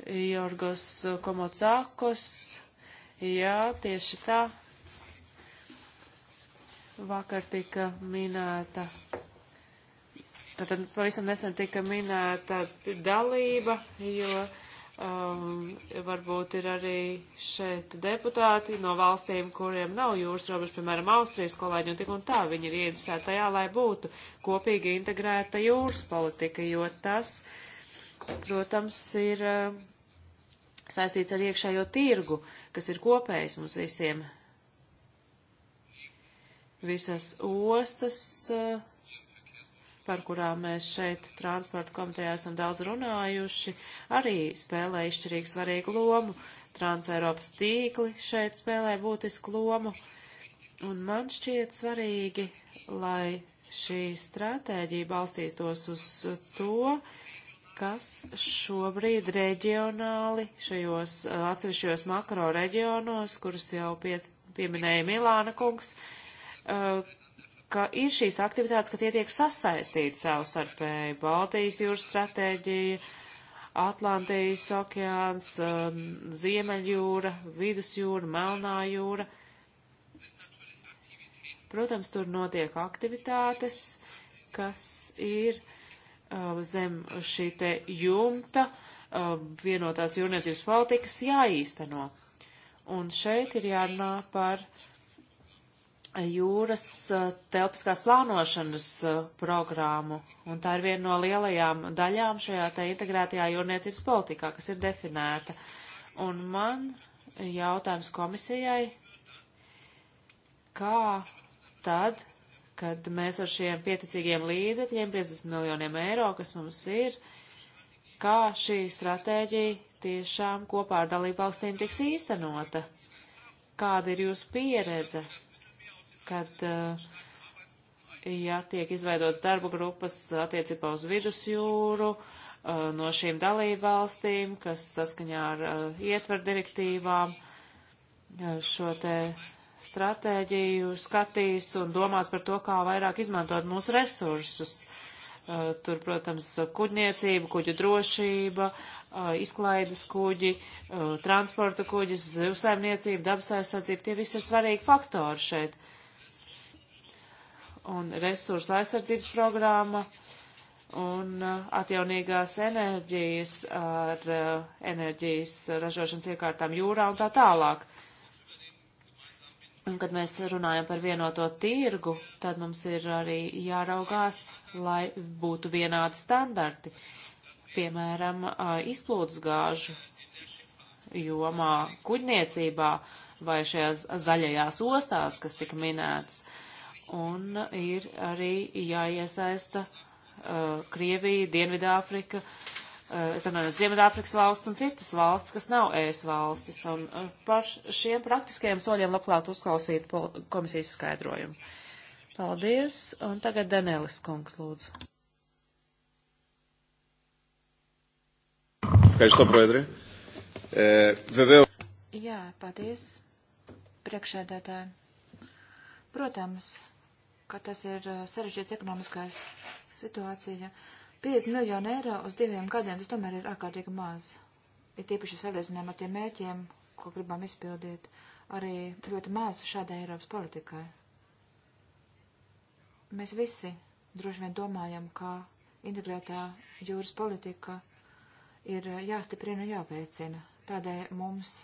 Speaker 3: Jorgos Komocākos. Jā, tieši tā. Vakar tika minēta Tātad pavisam nesen tika minēta dalība, jo Um, varbūt ir arī šeit deputāti no valstīm, kuriem nav jūras robežas, piemēram, Austrijas kolēģi, un tik un tā viņi ir ieinteresēti tajā, lai būtu kopīgi integrēta jūras politika, jo tas, protams, ir uh, saistīts ar iekšējo tirgu, kas ir kopējs mums visiem. Visas ostas. Uh, par kurām mēs šeit transporta komitejā esam daudz runājuši, arī spēlē izšķirīgi svarīgu lomu. Transeiropas tīkli šeit spēlē būtisku lomu. Un man šķiet svarīgi, lai šī stratēģija balstītos uz to, kas šobrīd reģionāli šajos eh, atsevišķos makro reģionos, kurus jau pie, pieminēja Milāna kungs, eh, ka ir šīs aktivitātes, ka tie tiek sasaistīti savstarpēji. Baltijas jūras stratēģija, Atlantijas okeāns, um, Ziemeļjūra, Vidusjūra, Melnā jūra. Protams, tur notiek aktivitātes, kas ir um, zem šī te jumta um, vienotās jūrniecības politikas jāīsteno. Un šeit ir jārunā par jūras eh, telpiskās plānošanas eh, programmu, un tā ir viena no lielajām daļām šajā te integrētajā jūrniecības politikā, kas ir definēta. Un man jautājums komisijai, kā tad, kad mēs ar šiem pieticīgiem līdzekļiem, 50 miljoniem eiro, kas mums ir, kā šī stratēģija tiešām kopā ar dalību valstīm tiks īstenota? Kāda ir jūsu pieredze? kad, eh, ja tiek izveidots darba grupas attiecībā uz vidusjūru eh, no šīm dalībvalstīm, kas saskaņā ar eh, ietver direktīvām šo te stratēģiju skatīs un domās par to, kā vairāk izmantot mūsu resursus. Tur, protams, kuģniecība, kuģu drošība, izklaides kuģi, transporta kuģis, zivsaimniecība, dabas aizsardzība, tie visi ir svarīgi faktori šeit. Uh, un resursu aizsardzības programma un uh, atjaunīgās enerģijas ar uh, enerģijas ražošanas iekārtām jūrā un tā tālāk. Un, kad mēs runājam par vienoto tirgu, tad mums ir arī jāraugās, lai būtu vienādi standarti. Piemēram, uh, izplūdes gāžu jomā, kuģniecībā vai šajās zaļajās ostās, kas tika minētas. Uh, un ir arī jāiesaista uh, Krievija, Dienvidāfrika, uh, es runāju, Ziemeļāfrikas valsts un citas valsts, kas nav ES valstis, un uh, par šiem praktiskajiem soļiem labklāt uzklausīt komisijas skaidrojumu. Paldies, un tagad Danelis Kungs, lūdzu.
Speaker 6: Ευχαριστώ, Πρόεδρε. Ε, βεβαίω.
Speaker 4: Jā, paldies, priekšēdētāji. Protams, ka tas ir uh, sarežģīts ekonomiskais situācija. 50 miljonu eiro uz diviem gadiem tas tomēr ir ārkārtīgi maz. Ir tiepaši salīdzinājumā ar tiem mērķiem, ko gribam izpildīt, arī ļoti maz šādai Eiropas politikai. Mēs visi droši vien domājam, ka integrētā jūras politika ir jāstiprina un jāveicina. Tādēļ mums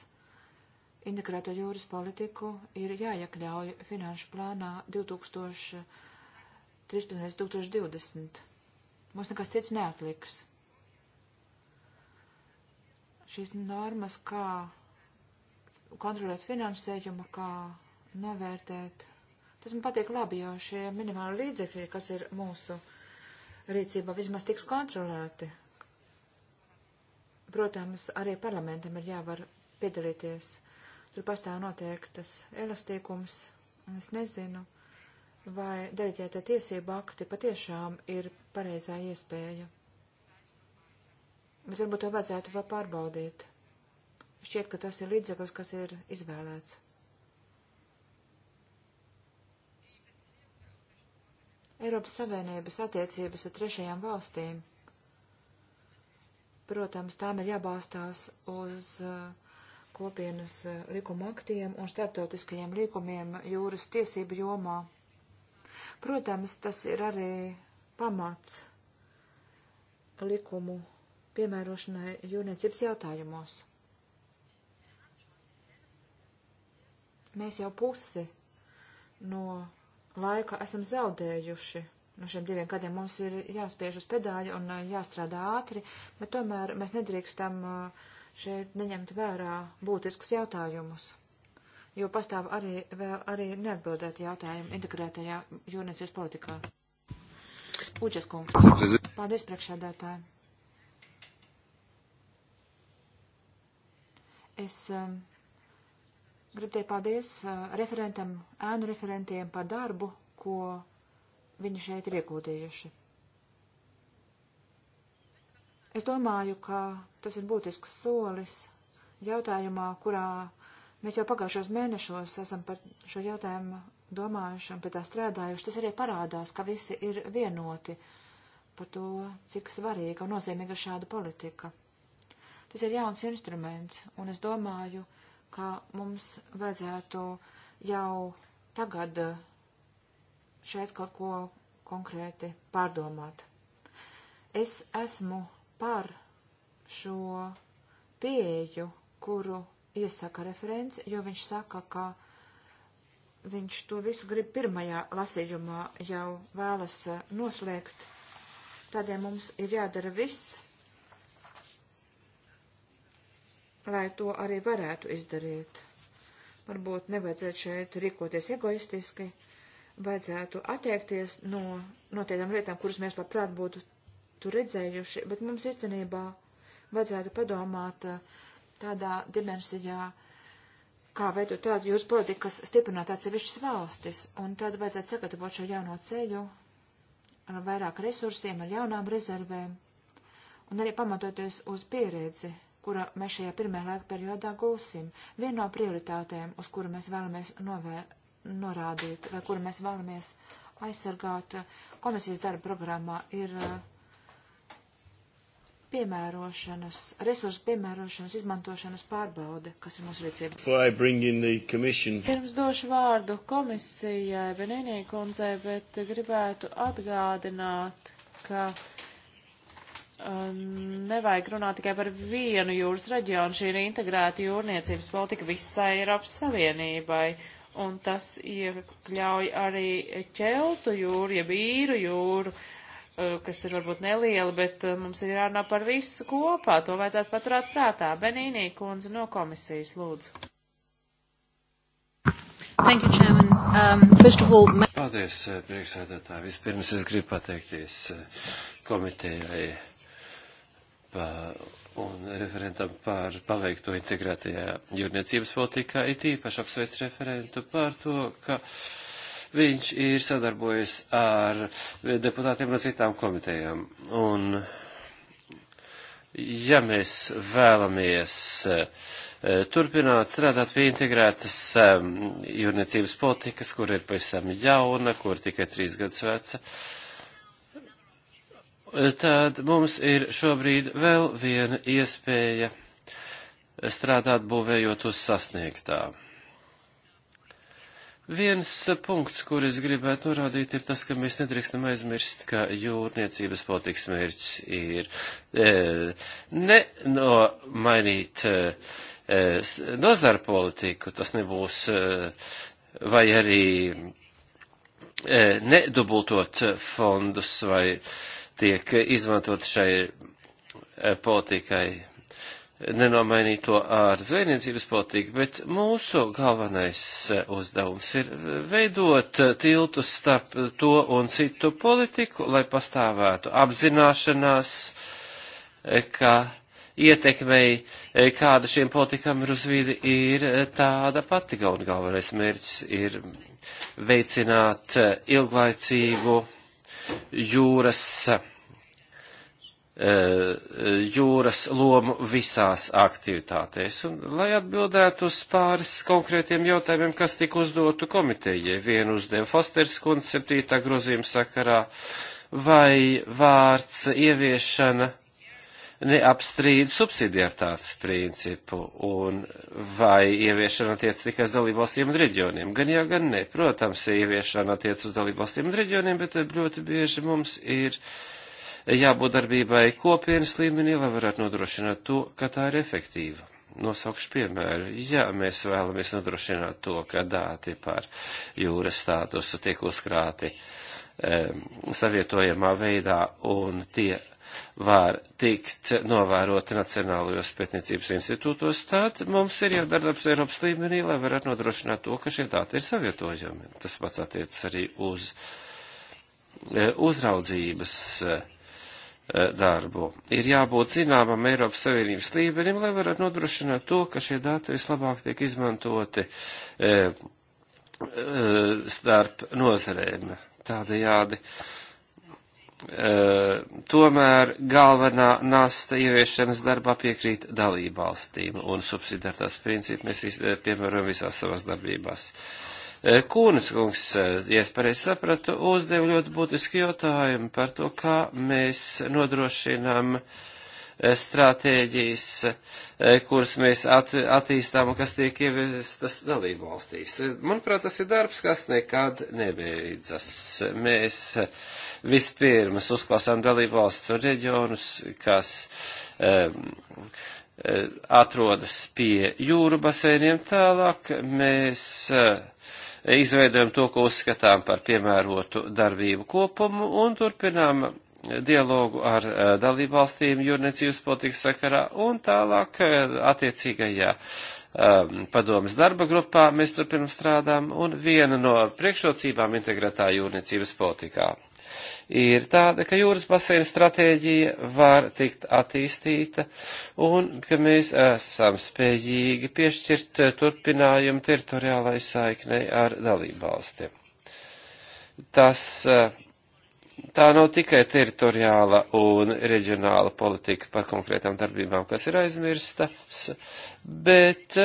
Speaker 4: integrēto jūras politiku ir jāiekļauj finanšu plānā 2013-2020. Mums nekas cits neatliks. Šīs normas, kā kontrolēt finansējumu, kā novērtēt, tas man patīk labi, jo šie minimāli līdzekļi, kas ir mūsu rīcībā, vismaz tiks kontrolēti. Protams, arī parlamentam ir jāvar piedalīties Tur pastāv noteiktas elastīkums, un es nezinu, vai deleģētie tiesība akti patiešām ir pareizā iespēja. Bet varbūt to vajadzētu vēl pārbaudīt. Šķiet, ka tas ir līdzeklis, kas ir izvēlēts. Eiropas Savienības attiecības ar trešajām valstīm. Protams, tām ir jābalstās uz uh, kopienas eh, likuma aktiem un starptautiskajiem likumiem jūras tiesību jomā. Protams, tas ir arī pamats likumu piemērošanai jūrniecības jautājumos. Mēs jau pusi no laika esam zaudējuši. No šiem diviem gadiem mums ir jāspiež uz pedāļa un eh, jāstrādā ātri, bet tomēr mēs nedrīkstam uh, šeit neņemt vērā būtiskus jautājumus, jo pastāv arī, vēl arī neatbildēti jautājumi integrētajā jūrniecības politikā. Uģes kungs. Paldies, priekšādātāji. Es um, gribu teikt paldies uh, referentam, ēnu referentiem par darbu, ko viņi šeit ir iegūtījuši. Es domāju, ka tas ir būtisks solis jautājumā, kurā mēs jau pagājušos mēnešos esam par šo jautājumu domājuši un pie tā strādājuši. Tas arī parādās, ka visi ir vienoti par to, cik svarīga un nozīmīga šāda politika. Tas ir jauns instruments, un es domāju, ka mums vajadzētu jau tagad šeit kaut ko konkrēti pārdomāt. Es esmu par šo pieeju, kuru iesaka referents, jo viņš saka, ka viņš to visu grib pirmajā lasījumā jau vēlas eh, noslēgt. Tādēļ mums ir jādara viss, lai to arī varētu izdarīt. Varbūt nevajadzētu šeit rīkoties egoistiski, vajadzētu attiekties no noteiktām lietām, kuras mēs labprāt būtu tur redzējuši, bet mums īstenībā vajadzētu padomāt uh, tādā dimensijā, kā veidot tādu jūras politiku, kas stiprinātu atsevišķas valstis, un tad vajadzētu sagatavot šo jauno ceļu ar vairāk resursiem, ar jaunām rezervēm, un arī pamatoties uz pieredzi, kura mēs šajā pirmajā laika periodā gūsim. Viena no prioritātēm, uz kuru mēs vēlamies novē, norādīt, vai kuru mēs vēlamies aizsargāt uh, komisijas darba programmā, ir uh, piemērošanas, resursu piemērošanas izmantošanas pārbaude, kas ir mūsu rīcība. Pirms
Speaker 3: došu vārdu komisijai Benīnī kundzei, bet gribētu atgādināt, ka um, nevajag runāt tikai par vienu jūras reģionu. Šī ir integrēta jūrniecības politika visai Eiropas Savienībai. Un tas iekļauj arī ķeltu jūru, jeb īru jūru. Uh, Eh, kas ir varbūt neliela, bet eh, mums ir jārunā par visu kopā. To vajadzētu paturēt prātā. Benīnī kundze no
Speaker 4: komisijas, lūdzu. Thank you, Chairman. Um, first of all, ma-
Speaker 6: Paldies, eh, priekšsēdētāji. Vispirms es gribu pateikties komitejai pa, un referentam par paveikto integrētajā jūrniecības politikā. It īpaši apsveic referentu par to, ka. Uh, Viņš ir sadarbojies ar deputātiem no citām komitejām. Un, ja mēs vēlamies eh, turpināt strādāt pie integrētas eh, jūrniecības politikas, kur ir pavisam jauna, kur tikai trīs gadus veca, eh, tad mums ir šobrīd vēl viena iespēja strādāt būvējot uz sasniegtām. Viens punkts, kur es gribētu norādīt, ir tas, ka mēs nedrīkstam aizmirst, ka jūrniecības politikas mērķis ir e, nenomainīt e, e nozaru politiku, tas nebūs, e, vai arī e, nedubultot fondus, vai tiek izmantot šai e, politikai nenomainīto ar zvejniecības politiku, bet mūsu galvenais eh, uzdevums ir eh, veidot eh, tiltus starp to un citu politiku, lai pastāvētu apzināšanās, ka ietekmei, kāda šiem politikam ir uz vidi, ir tāda pati, un galvenais mērķis ir veicināt ilglaicīgu jūras E, e, jūras lomu visās aktivitātēs. Un, lai atbildētu uz pāris konkrētiem jautājumiem, kas tika uzdotu komitejai, vienu uzdeva Fosters kundze 7. grozījuma sakarā, vai vārds ieviešana neapstrīd subsidiartātes principu un vai ieviešana attiec tikai uz dalībvalstīm un reģioniem. Gan jā, gan nē. Protams, ieviešana attiec uz dalībvalstīm un reģioniem, bet ļoti bieži mums ir uh, jābūt darbībai kopienas līmenī, lai varētu nodrošināt to, ka tā ir efektīva. Nosaukšu piemēru. Ja mēs vēlamies nodrošināt to, ka dāti par jūras statusu tiek uzkrāti um, savietojamā veidā un tie var tikt novēroti Nacionālajos pētniecības institūtos, tad mums ir jādara darbs Eiropas līmenī, lai varētu nodrošināt to, ka šie dati ir savietojami. Tas pats attiecas arī uz e, uzraudzības e, E, darbu. Ir jābūt zināmam Eiropas Savienības līmenim, lai varētu nodrošināt to, ka šie dati vislabāk tiek izmantoti e, e, starp nozarēm. Tādējādi. Tomēr galvenā nasta ieviešanas darbā piekrīt dalībvalstīm un subsidiartās principu mēs piemērojam visās savās darbībās. Uh, Eh, Kūnas kungs, eh, ja es pareizi sapratu, uzdev ļoti būtiski jautājumu par to, kā mēs nodrošinām eh, stratēģijas, kuras mēs at, attīstām un kas tiek ieviestas dalību valstīs. Manuprāt, tas ir darbs, kas nekad nebeidzas. Mēs vispirms uzklausām dalību valsts un reģionus, kas um, atrodas pie jūru basēniem tālāk. Mēs uh, izveidojam to, ko uzskatām par piemērotu darbību kopumu un turpinām dialogu ar eh, dalībvalstīm jūrniecības politikas sakarā un tālāk eh, attiecīgajā um, padomas darba grupā mēs turpinam strādām un viena no priekšrocībām integrētā jūrniecības politikā ir tāda, ka jūras basēna stratēģija var tikt attīstīta un ka mēs esam spējīgi piešķirt eh, turpinājumu teritoriālai saiknei ar dalībvalsti. Tas eh, tā nav tikai teritoriāla un reģionāla politika par konkrētām darbībām, kas ir aizmirstas, bet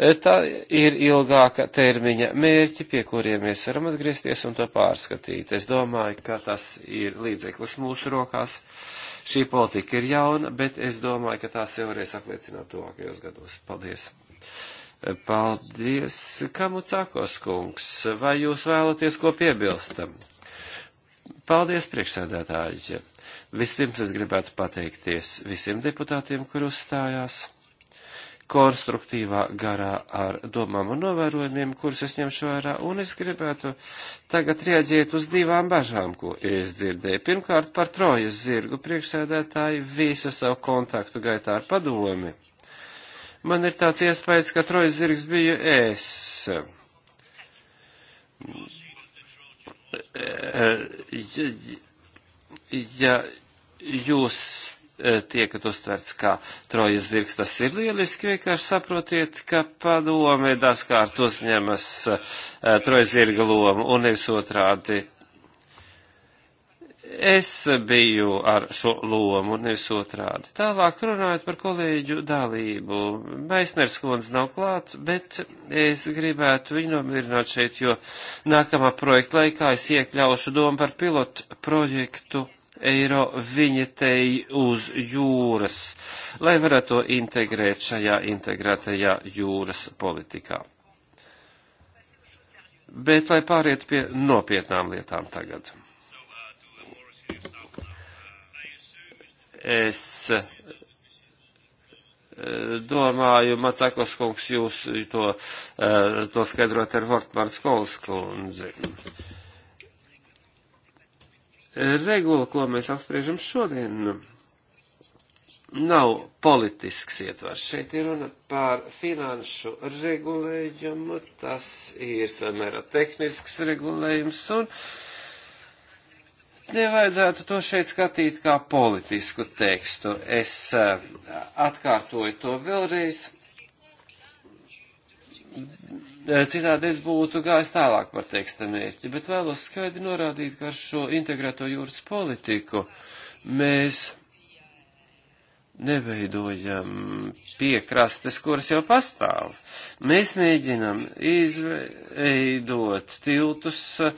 Speaker 6: E, tā ir ilgāka termiņa mērķi, pie kuriem mēs varam atgriezties un to pārskatīt. Es domāju, ka tas ir līdzeklis mūsu rokās. Šī politika ir jauna, bet es domāju, ka tā sev varēs apliecināt tuvākajos gados. Paldies! E, paldies, Kamucākos kungs! Vai jūs vēlaties ko piebilstam? Paldies, priekšsēdētāji! Vispirms es gribētu pateikties visiem deputātiem, kur uzstājās konstruktīvā garā ar domām un novērojumiem, kurus es ņemšu vērā, un es gribētu tagad rieģiet uz divām bažām, ko es dzirdēju. Pirmkārt, par trojas zirgu priekšsēdētāju visa savu kontaktu gaitā ar padomi. Man ir tāds iespējas, ka trojas zirgs biju es. E, e, ja, ja jūs Eh, tiekat uztverts kā trojas zirgs. Tas ir lieliski, vienkārši saprotiet, ka padome dažkārt uzņemas eh, trojas zirga lomu un nevis otrādi. Es biju ar šo lomu, nevis otrādi. Tālāk runājot par kolēģu dalību. Maisners kundze nav klāt, bet es gribētu viņu nomirināt šeit, jo nākamā projekta laikā es iekļaušu domu par pilotu projektu eiro viņetei uz jūras, lai varētu to integrēt šajā integrētajā jūras politikā. Bet lai pāriet pie nopietnām lietām tagad. Es eh, domāju, Macakoš kungs, jūs to, eh, to skaidrot ar Hortmārs Kols kundzi. Uh, regula, ko mēs apspriežam šodien, nu, nav politisks ietvars. Šeit ir runa par finanšu regulējumu, tas ir samērā tehnisks regulējums, un nevajadzētu to šeit skatīt kā politisku tekstu. Es eh, atkārtoju to vēlreiz Eh, citādi es būtu gājis tālāk par teksta mērķi, bet vēlos skaidri norādīt, ka ar šo integrēto jūras politiku mēs neveidojam piekrastes, kuras jau pastāv. Mēs mēģinam izveidot tiltus eh,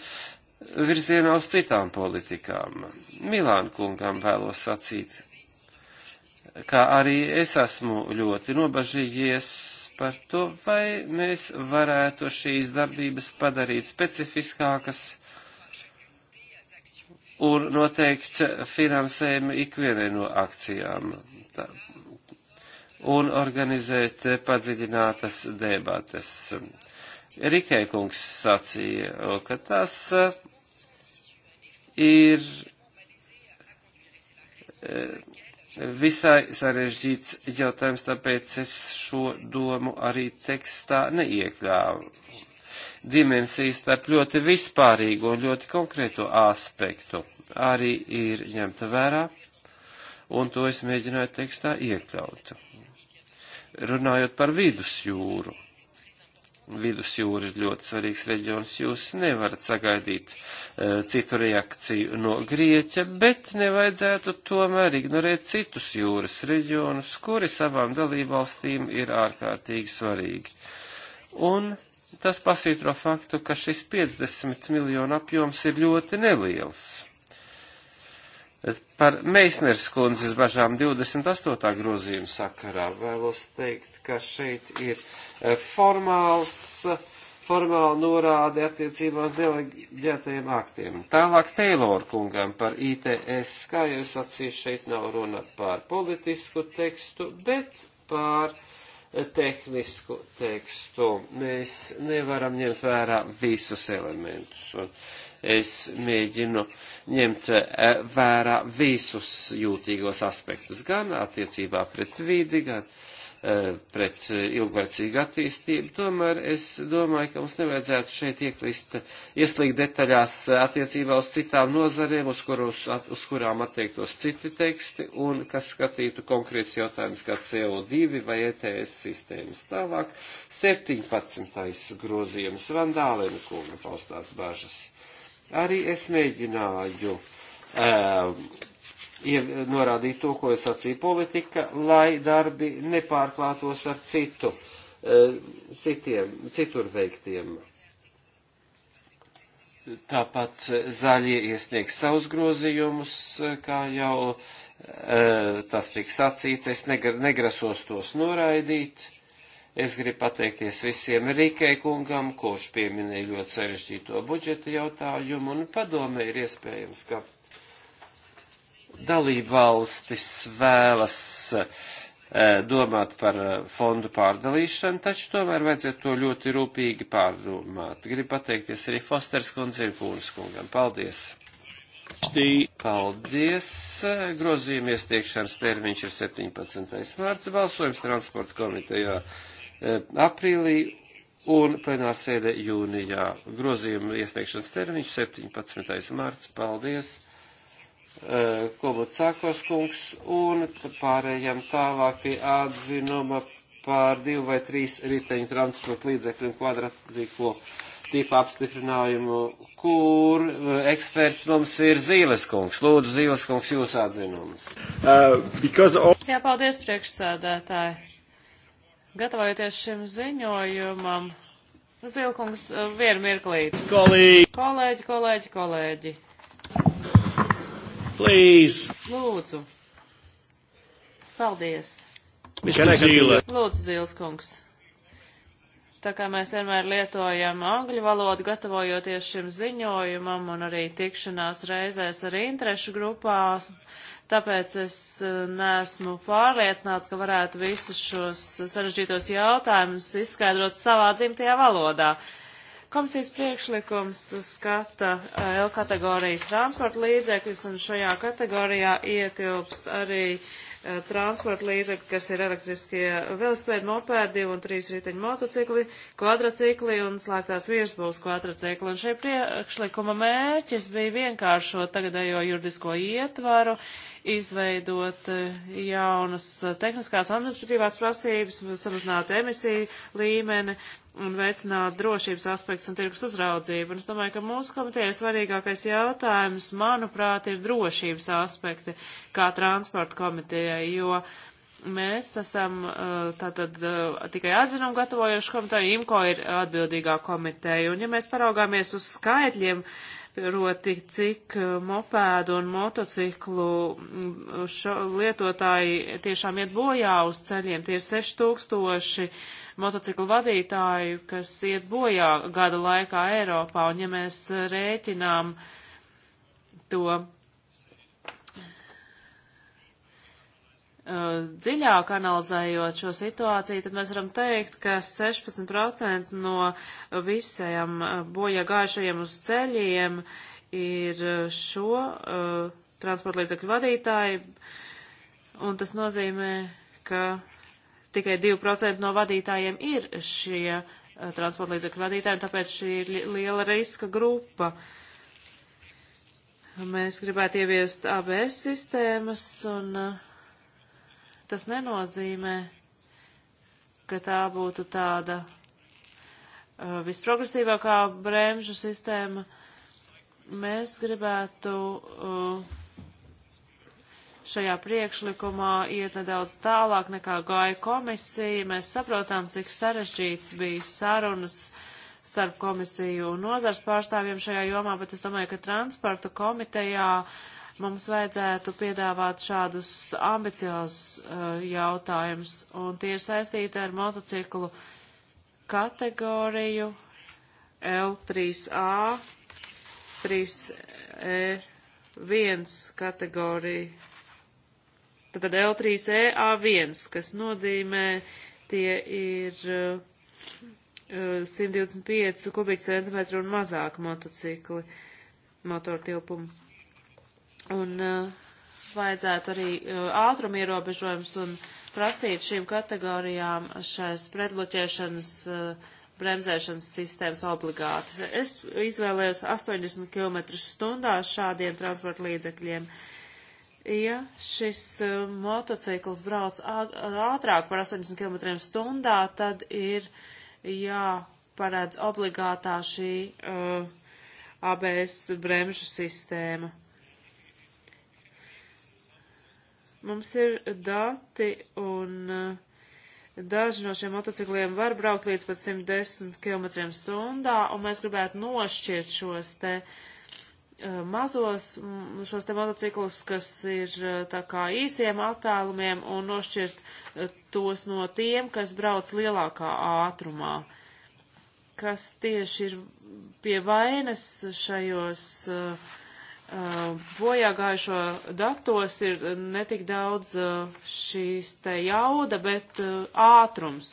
Speaker 6: virzienā uz citām politikām. Milāna kungam vēlos sacīt, kā arī es esmu ļoti nobažījies par to, vai mēs varētu šīs darbības padarīt specifiskākas un noteikt finansējumu ikvienai no akcijām tā, un organizēt padziļinātas debates. Rikē kungs sacīja, ka tas eh, ir eh, visai sarežģīts jautājums, tāpēc es šo domu arī tekstā neiekļāvu. Dimensijas starp ļoti vispārīgo un ļoti konkrēto aspektu arī ir ņemta vērā, un to es mēģināju tekstā iekļaut. Runājot par vidusjūru, Vidusjūra ir ļoti svarīgs reģions. Jūs nevarat sagaidīt uh, citu reakciju no Grieķa, bet nevajadzētu tomēr ignorēt citus jūras reģionus, kuri savām dalībvalstīm ir ārkārtīgi svarīgi. Un tas pasvītro faktu, ka šis 50 miljonu apjoms ir ļoti neliels Par Meisners kundzes bažām 28. grozījuma sakarā vēlos teikt, ka šeit ir e, formāls, formāla norāde attiecībā uz deleģētajiem aktiem. Tālāk Teilor kungam par ITS, kā jau es atsīšu, šeit nav runa par politisku tekstu, bet par e, tehnisku tekstu. Mēs nevaram ņemt vērā visus elementus. Un es mēģinu ņemt eh, vērā visus jūtīgos aspektus, gan attiecībā pret vīdi, gan eh, pret ilglaicīgu attīstību. Tomēr es domāju, ka mums nevajadzētu šeit ieklīst, ieslīgt detaļās attiecībā uz citām nozarēm, uz, kurus, uz kurām attiektos citi teksti un kas skatītu konkrēts jautājums kā CO2 vai ETS sistēmas. Tālāk 17. grozījums Vandālēnu kunga paustās bažas Arī es mēģināju um, norādīt to, ko es sacīju politika, lai darbi nepārklātos ar citu, uh, citiem, citur veiktiem. Tāpat zaļie iesniegs savus grozījumus, kā jau uh, tas tika sacīts, es negrasos tos noraidīt. Uh, Es gribu pateikties visiem Rīkai kungam, kurš pieminēja ļoti sarežģīto budžeta jautājumu, un padomē ir iespējams, ka dalībvalstis vēlas eh, domāt par eh, fondu pārdalīšanu, taču tomēr vajadzētu to ļoti rūpīgi pārdomāt. Gribu pateikties arī Fosters kundzei un Pūnas kungam. Paldies! Paldies! Grozījuma iestiekšanas termiņš ir 17. mārts, balsojums transporta komitejā. Eh, aprīlī un plenārsēdē jūnijā. Grozījuma iesniegšanas termiņš 17. marts. Paldies! Eh, Komutsākos kungs un pārējām tālāk pie atzinuma par divu vai trīs riteņu transporta līdzekļu un kvadratzīko tipu apstiprinājumu, kur eh, eksperts mums ir Zīles kungs. Lūdzu, Zīles kungs, jūs atzinums. Uh,
Speaker 5: of...
Speaker 3: Jā, paldies priekšsēdētāji. Gatavojoties šim ziņojumam, Zilkungs, eh, vienu mirklīti. Kolēģi, kolēģi, kolēģi. kolēģi.
Speaker 1: Please.
Speaker 3: Lūdzu. Paldies.
Speaker 1: Lūdzu,
Speaker 3: Zilskungs. Tā kā mēs vienmēr lietojam angļu valodu, gatavojoties šim ziņojumam un arī tikšanās reizēs ar interešu grupās, uh, tāpēc es e, neesmu pārliecināts, ka varētu visus šos sarežģītos jautājumus izskaidrot savā dzimtajā valodā. Komisijas priekšlikums skata e, L kategorijas transporta līdzekļus, un šajā kategorijā ietilpst arī uh, transporta līdzekļi, kas ir elektriskie velospēdi, mopēdi, divi un trīs riteņu motocikli, kvadracikli un slēgtās virsbūs kvadracikli. Un šī priekšlikuma mērķis bija vienkāršot tagadējo juridisko ietvaru, uh, izveidot eh, jaunas eh, tehniskās administratīvās prasības, samazināt emisiju līmeni un veicināt drošības aspekts un tirgus uzraudzību. Un es domāju, ka mūsu komitejas svarīgākais jautājums, manuprāt, ir drošības aspekti kā transporta komitejai, jo mēs esam eh, tātad tikai atzinumu gatavojuši komiteju, IMCO ir atbildīgā komiteja. Un ja mēs paraugāmies uz skaitļiem, uh, proti cik eh, mopēdu un motociklu mm, šo, lietotāji tiešām iet bojā uz ceļiem. Tie ir 6000 motociklu vadītāju, kas iet bojā gada laikā Eiropā, un ja mēs rēķinām to Uh, dziļāk analizējot šo situāciju, tad mēs varam teikt, ka 16% no visiem uh, bojā gājušajiem uz ceļiem ir uh, šo uh, transporta līdzekļu vadītāji, un tas nozīmē, ka tikai 2% no vadītājiem ir šie uh, transporta līdzekļu vadītāji, un tāpēc šī ir li liela riska grupa. Mēs gribētu ieviest ABS sistēmas un uh, Tas nenozīmē, ka tā būtu tāda uh, visprogresīvākā bremžu sistēma. Mēs gribētu uh, šajā priekšlikumā iet nedaudz tālāk nekā gāja komisija. Mēs saprotam, cik sarežģīts bija sarunas starp komisiju un nozars pārstāvjiem šajā jomā, bet es domāju, ka transporta komitejā Mums vajadzētu piedāvāt šādus ambiciozus uh, jautājumus, un tie ir saistīti ar motociklu kategoriju L3A, 3E1 kategoriju. Tātad L3E A1, kas nozīmē, tie ir uh, 125 uh, kubikcentimetru un mazāk motocikli motortilpumu. Un eh, vajadzētu arī eh, ātrumu ierobežojums un prasīt šīm kategorijām šais pretbloķēšanas eh, bremzēšanas sistēmas obligāti. Es izvēlējos 80 km stundā šādiem transporta līdzekļiem. Ja šis motocikls brauc ātrāk par 80 km stundā, tad ir jāparedz obligātā šī uh, ABS bremžu sistēma. Mums ir dati un eh, daži no šiem motocikliem var braukt līdz pat 110 km stundā, un mēs gribētu nošķirt šos te eh, mazos, mm, šos te motociklus, kas ir eh, tā kā īsiem attālumiem un nošķirt tos no tiem, kas brauc lielākā ātrumā, kas tieši ir pie vainas šajos uh, bojā gājušo datos ir netik daudz šīs te jauda, bet ātrums.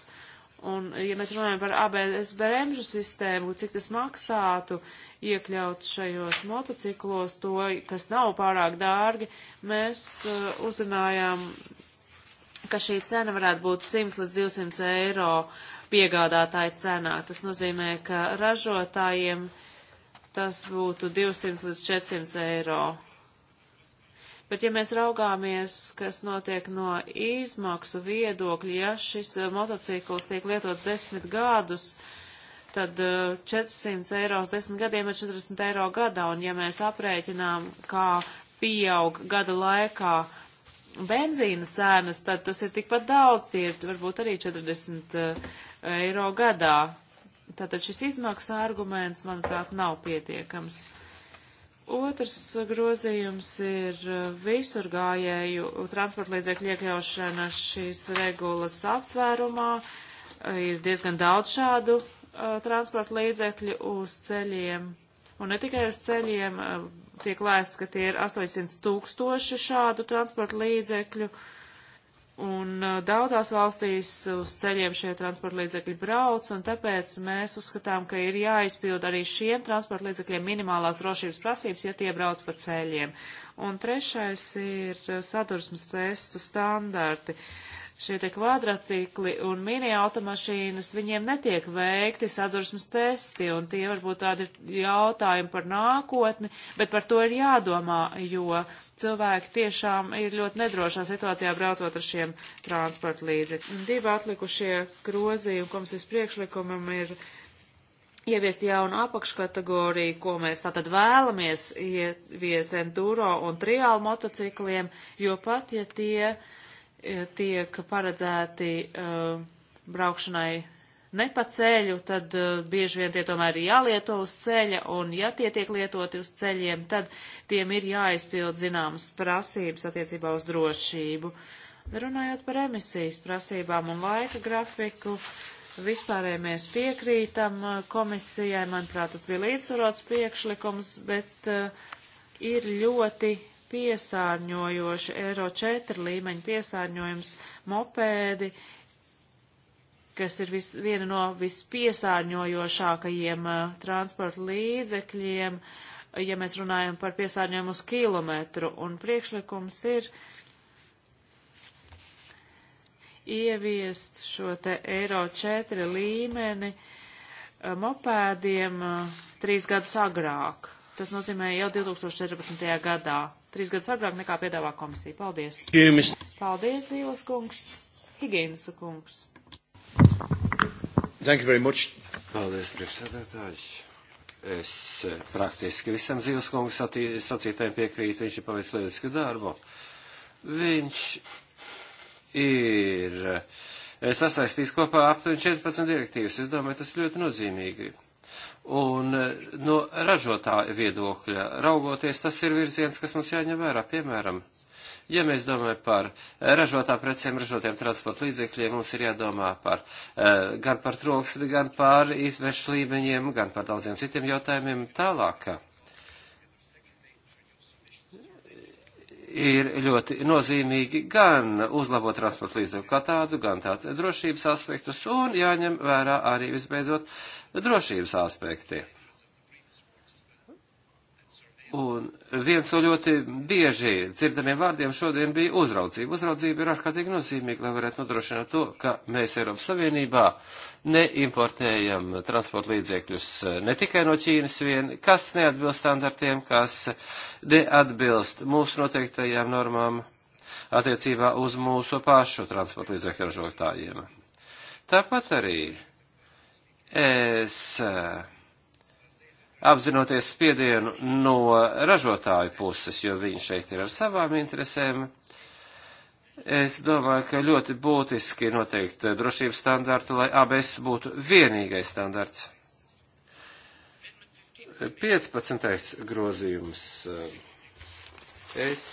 Speaker 3: Un, ja mēs runājam par ABS bremžu sistēmu, cik tas maksātu iekļaut šajos motociklos, to, kas nav pārāk dārgi, mēs uzrunājām, ka šī cena varētu būt 100 līdz 200 eiro piegādātāja cenā. Tas nozīmē, ka ražotājiem uh, tas būtu 200 līdz 400 eiro. Bet ja mēs raugāmies, kas notiek no izmaksu viedokļa, ja šis eh, motocikls tiek lietots desmit gadus, tad 400 eh, eiro uz desmit gadiem ir 40 eiro gadā, un ja mēs aprēķinām, kā pieaug gada laikā benzīna cenas, tad tas ir tikpat daudz, tie ir varbūt arī 40 eh, eiro gadā. Tātad šis izmaksu arguments, manuprāt, nav pietiekams. Otrs grozījums ir uh, visur gājēju transporta līdzekļu iekļaušana šīs regulas aptvērumā. Ir diezgan daudz šādu uh, transporta līdzekļu uz ceļiem. Un ne tikai uz ceļiem uh, tiek lēsts, ka tie ir 800 tūkstoši šādu transporta līdzekļu. Uh, Un uh, daudzās valstīs uz ceļiem šie transporta līdzekļi brauc, un tāpēc mēs uzskatām, ka ir jāizpild arī šiem transporta līdzekļiem minimālās drošības prasības, ja tie brauc pa ceļiem. Un trešais ir uh, sadursmes testu standarti. Uh, šie te kvadracikli un mini automašīnas, viņiem netiek veikti sadursmes testi, un tie varbūt tādi jautājumi par nākotni, bet par to ir jādomā, jo cilvēki tiešām ir ļoti nedrošā situācijā braucot ar šiem transporta līdzekļiem. Divi atlikušie grozījumi komisijas priekšlikumam ir ieviest jaunu apakškategoriju, ko mēs tātad vēlamies ievies enduro un triālu motocikliem, jo pat ja tie uh, E, tiek paredzēti uh, braukšanai ne pa ceļu, tad uh, bieži vien tie tomēr ir jālieto uz ceļa, un ja tie tiek lietoti uz ceļiem, tad tiem ir jāizpild zināmas prasības attiecībā uz drošību. Runājot par emisijas prasībām un laika grafiku, vispārēji mēs piekrītam komisijai, manuprāt, tas bija līdzsvarots priekšlikums, bet uh, ir ļoti piesārņojoši, eiro 4 līmeņa piesārņojums mopēdi, kas ir vis, viena no vispiesārņojošākajiem uh, transporta līdzekļiem, ja mēs runājam par piesārņojumu uz kilometru. Un priekšlikums ir ieviest šo te eiro 4 līmeni uh, mopēdiem uh, trīs gadus agrāk Tas nozīmē jau 2014. gadā. Trīs gadus agrāk nekā piedāvā komisija. Paldies. Kīmis. Paldies, Zīles kungs. Higienas kungs.
Speaker 6: Thank you very much. Paldies, priekšsēdētājs. Es eh, praktiski visam Zīles kungs sacītēm piekrītu. Viņš ir paveicis lielisku darbu. Viņš ir eh, sasaistījis kopā aptuveni 14 direktīvas. Es domāju, tas ļoti nozīmīgi. Un eh, no ražotāja viedokļa raugoties, tas ir virziens, kas mums jāņem vērā. Piemēram, ja mēs domājam par eh, ražotā precēm, ražotiem transporta līdzekļiem, mums ir jādomā par, eh, gan par troksni, gan par izmešu līmeņiem, gan par daudziem citiem jautājumiem tālāk. ir ļoti nozīmīgi gan uzlabot transporta līdzekļu kā tādu, gan tāds drošības aspektus, un jāņem vērā arī visbeidzot drošības aspekti. Un viens no ļoti bieži dzirdamiem vārdiem šodien bija uzraudzība. Uzraudzība ir ārkārtīgi nozīmīga, lai varētu nodrošināt to, ka mēs Eiropas Savienībā neimportējam transporta līdzekļus eh, ne tikai no Ķīnas vien, kas neatbilst standartiem, kas neatbilst mūsu noteiktajām normām attiecībā uz mūsu pašu transporta līdzekļu ražotājiem. Tāpat arī es. Uh, apzinoties spiedienu no ražotāju puses, jo viņi šeit ir ar savām interesēm. Es domāju, ka ļoti būtiski noteikti drošības standārtu, lai ABS būtu vienīgais standārts. 15. grozījums. Es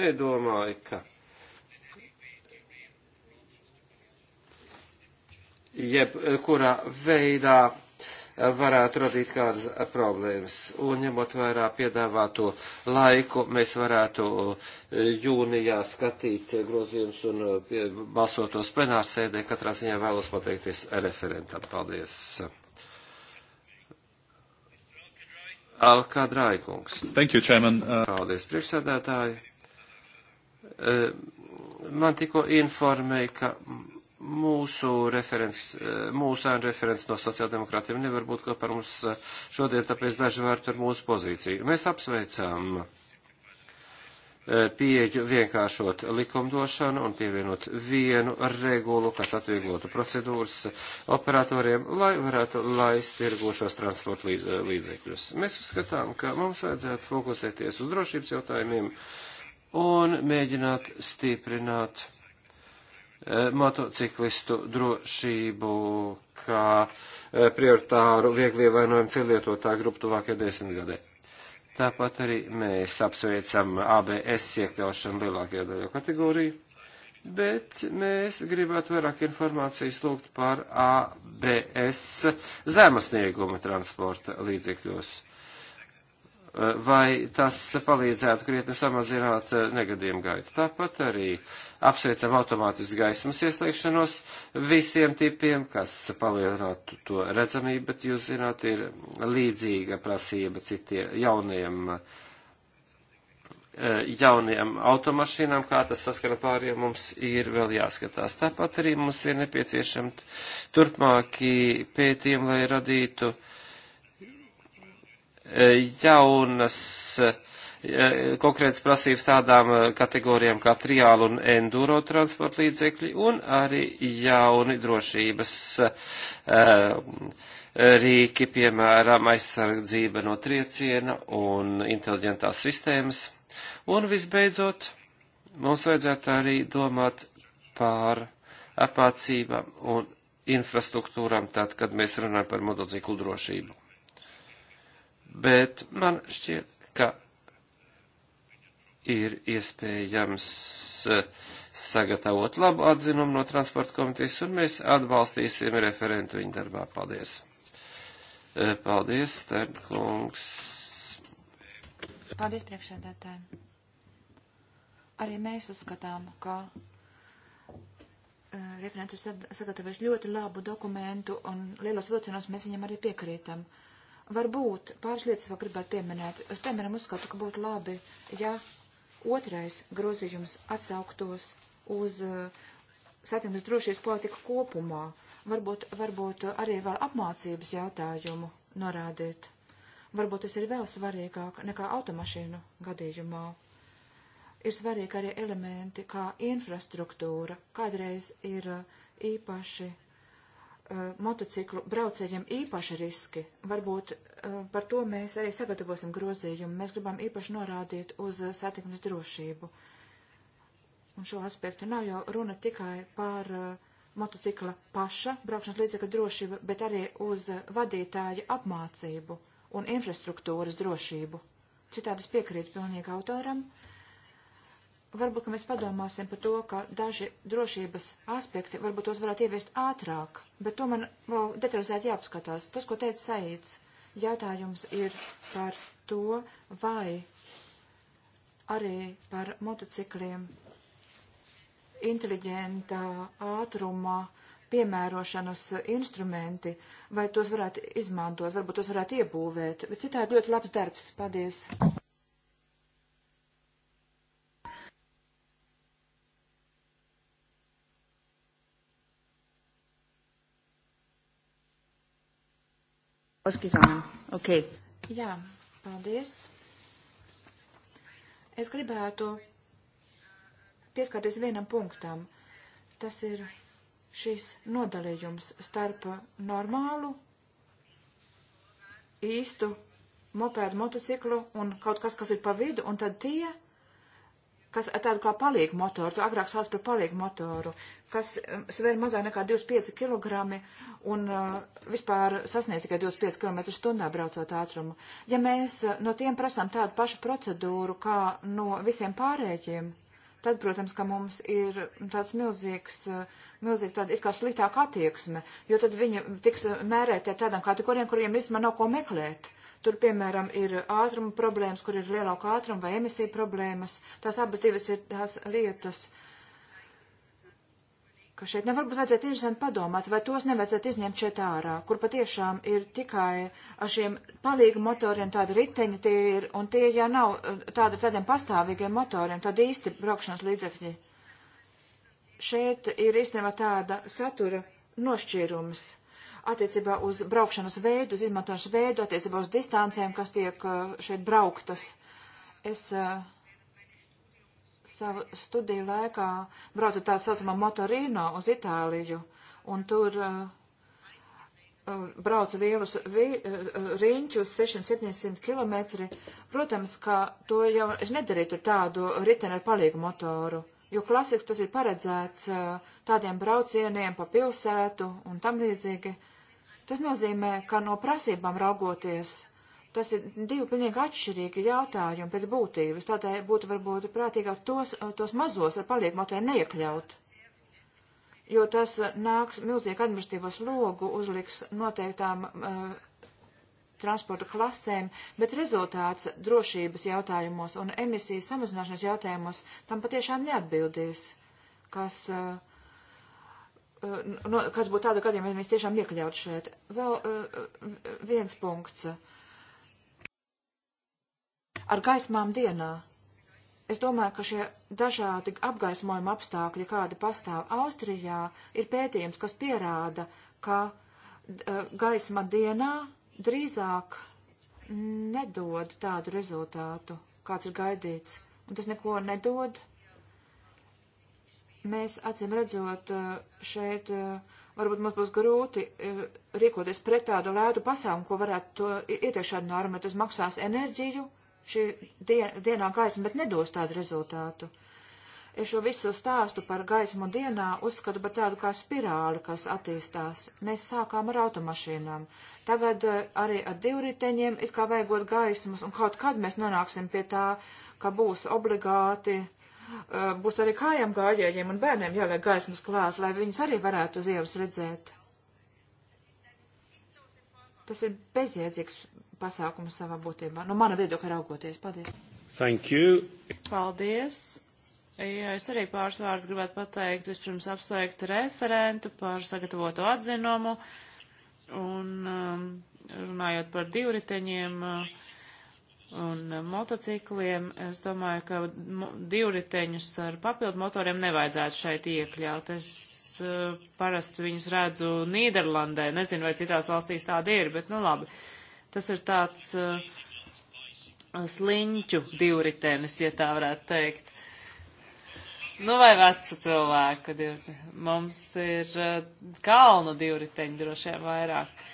Speaker 6: nedomāju, ka. jebkurā veidā varētu radīt kādas problēmas. Un ņemot vērā piedāvāto laiku, mēs varētu e, jūnijā skatīt grozījumus un e, balsot uz plenārsēdē. Katrā ziņā vēlos pateikties referentam. Paldies. Alkādrāj kungs.
Speaker 2: Thank you, Chairman. Uh... Paldies,
Speaker 6: priekšsēdētāji. Uh, man tikko informēja, ka mūsu referents, eh, mūsu ēnu referents no sociāldemokrātiem nevar būt kopā ar mums eh, šodien, tāpēc daži vārti par mūsu pozīciju. Mēs apsveicām eh, pieeju vienkāršot likumdošanu un pievienot vienu regulu, kas atvieglotu procedūras operatoriem, lai varētu laist tirgošos transporta līdzekļus. Mēs uzskatām, ka mums vajadzētu fokusēties uz drošības jautājumiem un mēģināt stiprināt Eh, motociklistu drošību kā eh, prioritāru viegli ievainojumu cilvētotā grupu tuvākajā desmitgadē. Tāpat arī mēs apsveicam ABS iekļaušanu lielākajā daļā kategoriju, bet mēs gribētu vairāk informācijas lūgt par ABS zemasnieguma transporta līdzekļos. Uh, vai tas palīdzētu krietni samazināt eh, negadījumu gaitu. Tāpat arī apsveicam automātisku gaismas ieslēgšanos visiem tipiem, kas palielinātu to redzamību, bet jūs zināt, ir līdzīga prasība citiem jauniem, eh, jauniem automašīnām, kā tas saskana pāriem mums ir vēl jāskatās. Tāpat arī mums ir nepieciešami turpmāki pētījumi, lai radītu uh, jaunas eh, konkrētas prasības tādām eh, kategorijām kā triālu un enduro transporta līdzekļi un arī jauni drošības eh, rīki, piemēram, aizsardzība no trieciena un inteliģentās sistēmas. Un visbeidzot, mums vajadzētu arī domāt par apācībām un infrastruktūrām, tad, kad mēs runājam par motociklu drošību bet man šķiet, ka ir iespējams eh, sagatavot labu atzinumu no transporta komitejas, un mēs atbalstīsim referentu viņa darbā. Paldies! Eh, paldies, Sternkungs!
Speaker 4: Paldies, priekšsēdētāji! Arī mēs uzskatām, ka eh, referents ir sagatavojis ļoti labu dokumentu, un lielos vilcienos mēs viņam arī piekrītam. Uh, Varbūt pāris lietas vēl gribētu pieminēt. Es, piemēram, uzskatu, ka būtu labi, ja otrais grozījums atsauktos uz uh, satiksmes drošības politiku kopumā. Varbūt, varbūt arī vēl apmācības jautājumu norādīt. Varbūt tas ir vēl svarīgāk nekā automašīnu gadījumā. Ir svarīgi arī elementi kā infrastruktūra. Kādreiz ir uh, īpaši Eh, motociklu braucējiem īpaši riski. Varbūt uh, par to mēs arī sagatavosim grozījumu. Mēs gribam īpaši norādīt uz uh, satiknes drošību. Un šo aspektu nav jau runa tikai par uh, motocikla paša braukšanas līdzekļa drošību, bet arī uz vadītāja apmācību un infrastruktūras drošību. Citādi es piekrītu pilnīgi autoram. Uh, varbūt, ka mēs padomāsim par to, ka daži drošības aspekti, varbūt tos varētu ieviest ātrāk, bet to man vēl detalizēti jāapskatās. Tas, ko teica Saīts, jautājums ir par to, vai arī par motocikliem inteliģenta ātruma piemērošanas instrumenti, vai tos varētu izmantot, varbūt tos varētu iebūvēt, bet citādi ļoti labs darbs. Paldies! Uzskatām. Okay. Jā, paldies. Es gribētu pieskarties vienam punktam. Tas ir šis nodalījums starp normālu, īstu mopēdu, motociklu un kaut kas, kas ir pa vidu, un tad tie, kas tādu kā palīgu motoru, to agrāk sauc par palīgu motoru, kas um, svēr mazāk nekā 25 kg un uh, vispār sasniedz tikai 25 km stundā braucot ātrumu. Ja mēs uh, no tiem prasām tādu pašu procedūru kā no visiem pārējiem, tad, protams, ka mums ir tāds milzīgs, uh, milzīgi tāda ir kā sliktāka attieksme, jo tad viņi tiks uh, mērētie tādam kategorijam, kuriem īstenībā nav ko meklēt. Uh, Tur, piemēram, ir ātruma problēmas, kur ir lielāka ātruma vai emisija problēmas. Tās abas divas ir tās lietas, ka šeit nevar būt vajadzētu interesanti padomāt, vai tos nevajadzētu izņemt šeit ārā, kur patiešām ir tikai ar šiem palīgu motoriem tādi riteņi tie ir, un tie, ja nav eh, tāda, tādiem pastāvīgiem motoriem, tad īsti braukšanas līdzekļi. Šeit ir īstenībā tāda satura nošķīrums attiecībā uz braukšanas veidu, uz izmantošanas veidu, attiecībā uz distancēm, kas tiek eh, šeit brauktas. Es eh, savu studiju laikā braucu tā saucamā motorīno uz Itāliju, un tur eh, braucu lielus vi, riņķus 600-700 km. Protams, ka to jau es nedarītu tādu riteni ar palīgu motoru, jo klasiks tas ir paredzēts tādiem braucieniem pa pilsētu un tam līdzīgi. Tas nozīmē, ka no prasībām raugoties, tas ir divi pilnīgi atšķirīgi jautājumi pēc būtības. Tādēļ būtu varbūt prātīgāk tos, tos mazos ar palieku motēm neiekļaut, jo tas uh, nāks milzīgu administratīvo slogu, uzliks noteiktām uh, transporta klasēm, bet rezultāts drošības jautājumos un emisijas samazināšanas jautājumos tam patiešām neatbildīs, kas uh, Eh, no, kas būtu tāda gadījuma, ja mēs tiešām iekļaut šeit. Vēl uh, viens punkts. Ar gaismām dienā. Es domāju, ka šie dažādi apgaismojuma apstākļi, kādi pastāv Austrijā, ir pētījums, kas pierāda, ka uh, gaisma dienā drīzāk nedod tādu rezultātu, kāds ir gaidīts. Un tas neko nedod. Uh, mēs acīm redzot eh, šeit, eh, varbūt mums būs grūti eh, rīkoties pret tādu lētu pasākumu, ko varētu ieteikt šādu normu. Tas maksās enerģiju šī dienā gaisma, bet nedos tādu rezultātu. Es šo visu stāstu par gaismu dienā uzskatu par tādu kā spirāli, kas attīstās. Mēs sākām ar automašīnām. Tagad arī ar divriteņiem it kā vajagot gaismas, un kaut kad mēs nonāksim pie tā, ka būs obligāti būs arī kājām gājējiem un bērniem jāliek gaismas klāt, lai viņus arī varētu uz ielas redzēt. Tas ir bezjēdzīgs pasākums savā būtībā. No mana viedokļa raugoties. Paldies. Thank you. Paldies. Jā, es arī
Speaker 3: pāris vārdus gribētu pateikt. Vispirms apsveikt referentu par sagatavotu atzinumu. Un um, runājot par divriteņiem. Uh, un eh, motocikliem. Es domāju, ka divriteņus ar papildu motoriem nevajadzētu šeit iekļaut. Es uh, parasti viņus redzu Nīderlandē, nezinu, vai citās valstīs tāda ir, bet nu labi. Tas ir tāds uh, sliņķu divritenis, ja tā varētu teikt. Nu, vai vecu cilvēku divriteņu. Mums ir uh, kalnu divriteņu droši vien vairāk.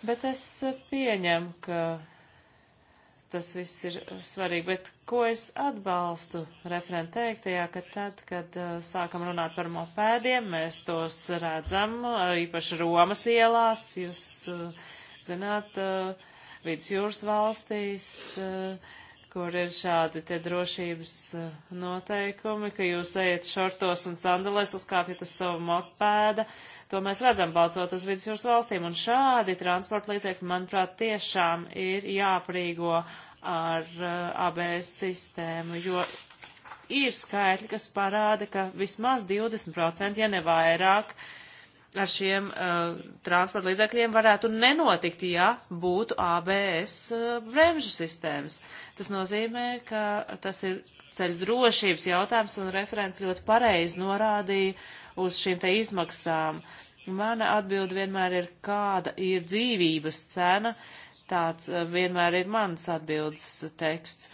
Speaker 3: Bet es pieņemu, ka tas viss ir svarīgi, bet ko es atbalstu referenta teiktajā, ka tad, kad uh, sākam runāt par mopēdiem, mēs tos redzam, uh, īpaši Romas ielās, jūs uh, zināt, uh, vidus jūras valstīs, uh, kur ir šādi tie drošības eh, noteikumi, ka jūs ejat šortos un sandalēs, uzkāpjat uz savu mopēda. To mēs redzam balsot uz vidusjūras valstīm, un šādi transporta līdzekļi, manuprāt, tiešām ir jāprīgo ar uh, eh, ABS sistēmu, jo ir skaitļi, kas parāda, ka vismaz 20%, ja ne vairāk, uh, ar šiem uh, transporta līdzekļiem varētu nenotikt, ja būtu ABS uh, bremžu sistēmas. Tas nozīmē, ka tas ir ceļu drošības jautājums, un referents ļoti pareizi norādīja uz šīm te izmaksām. Mana atbilde vienmēr ir, kāda ir dzīvības cena, tāds uh, vienmēr ir mans atbildes teksts.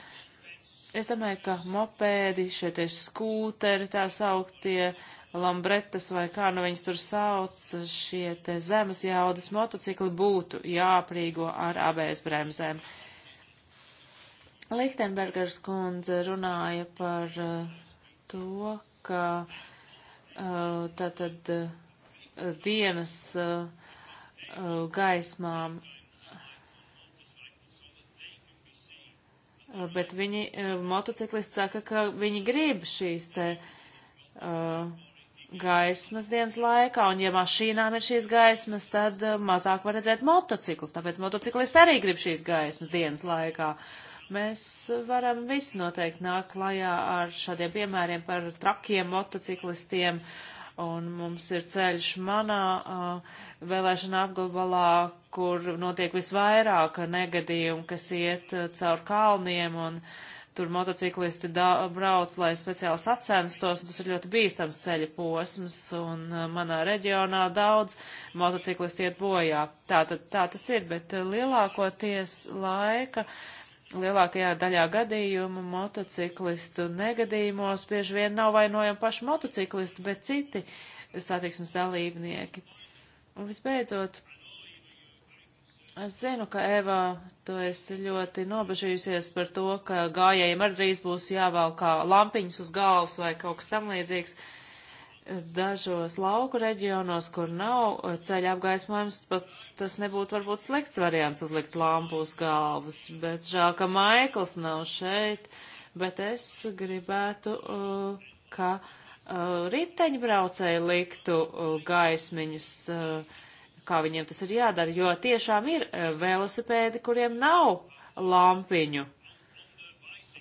Speaker 3: Es domāju, ka mopēdi, šie tie skūteri, tā sauktie, uh, lambretas vai kā nu viņas tur sauc, šie te zemes jaudas motocikli būtu jāprīgo ar ABS bremzēm. Lichtenbergers kundze runāja par eh, to, ka eh, tātad eh, dienas gaismām bet viņi, motociklisti saka, ka viņi grib šīs te uh, gaismas dienas laikā, un ja mašīnām ir šīs gaismas, tad eh, mazāk var redzēt motociklus, tāpēc motociklisti arī grib šīs gaismas dienas laikā. Mēs varam visi noteikti nākt klajā ar šādiem piemēriem par trakiem motociklistiem, un mums ir ceļš manā uh, vēlēšana apgabalā, kur notiek visvairāk negadījumu, kas iet uh, caur kalniem un uh, tur motociklisti da, brauc, lai speciāli sacenstos, un tas ir ļoti bīstams ceļa posms, un uh, manā reģionā daudz motociklisti iet bojā. Tā, tā, tā tas ir, bet uh, lielākoties laika, lielākajā daļā gadījumu motociklistu negadījumos bieži vien nav vainojami paši motociklisti, bet citi satiksmes dalībnieki. Un visbeidzot, Es zinu, ka Eva, tu esi ļoti nobežījusies par to, ka gājējiem arī drīz būs jāvelkā lampiņas uz galvas vai kaut kas tam līdzīgs. Dažos lauku reģionos, kur nav ceļa apgaismojums, pat tas nebūtu varbūt slikts variants uzlikt lampu uz galvas, bet žēl, ka Maikls nav šeit, bet es gribētu, uh, ka uh, riteņbraucēji liktu uh, gaismiņas. Uh, kā viņiem tas ir jādara, jo tiešām ir e, velosipēdi, kuriem nav lampiņu,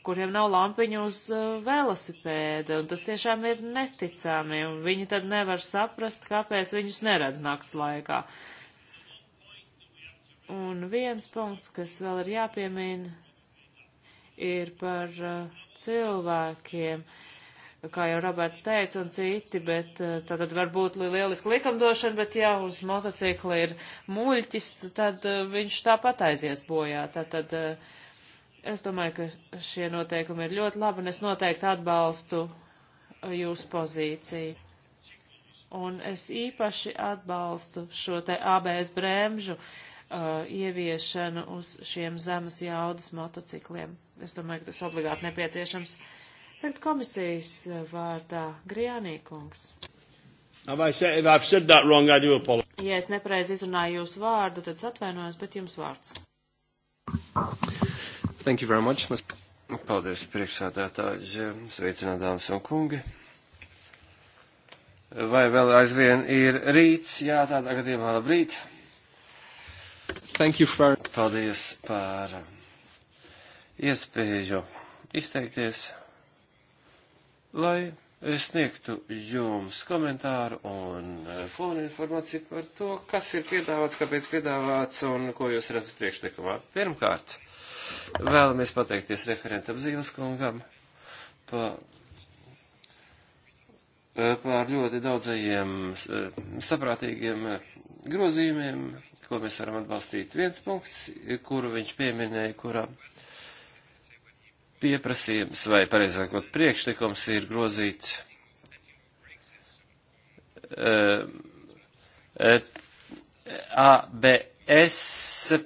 Speaker 3: kuriem nav lampiņu uz e, velosipēda, un tas tiešām ir neticami, un viņi tad nevar saprast, kāpēc viņus neredz nakts laikā. Un viens punkts, kas vēl ir jāpiemina, ir par e, cilvēkiem. Uh, kā jau Roberts teica, un citi, bet eh, tātad var būt lieliska likumdošana, bet ja uz motocikla ir muļķis, tad eh, viņš tāpat aizies bojā. Tātad eh, es domāju, ka šie noteikumi ir ļoti labi, un es noteikti atbalstu jūsu pozīciju. Un es īpaši atbalstu šo te ABS bremžu uh, ieviešanu uz šiem zemes jaudas motocikliem. Es domāju, ka tas obligāti nepieciešams. Uh, Tagad komisijas vārdā Grijānī kungs.
Speaker 1: Wrong,
Speaker 3: ja es nepareizi izrunāju jūsu vārdu, tad atvainojos, bet jums vārds.
Speaker 6: Thank you very much. Paldies, priekšsādātāji, sveicinātāms un kungi. Vai vēl aizvien ir rīts? Jā, tādā gadījumā labrīt. Thank you for... Paldies par iespēju izteikties lai sniegtu jums komentāru un eh, fonu informāciju par to, kas ir piedāvāts, kāpēc piedāvāts un ko jūs redzat priekšlikumā. Pirmkārt, vēlamies pateikties referentam Zīleskungam eh, par pār ļoti daudzajiem eh, saprātīgiem grozījumiem, ko mēs varam atbalstīt. Viens punkts, kuru viņš pieminēja, kurā uh, pieprasījums, vai pareizākot priekšlikums ir grozīt uh, eh, uh, eh, ABS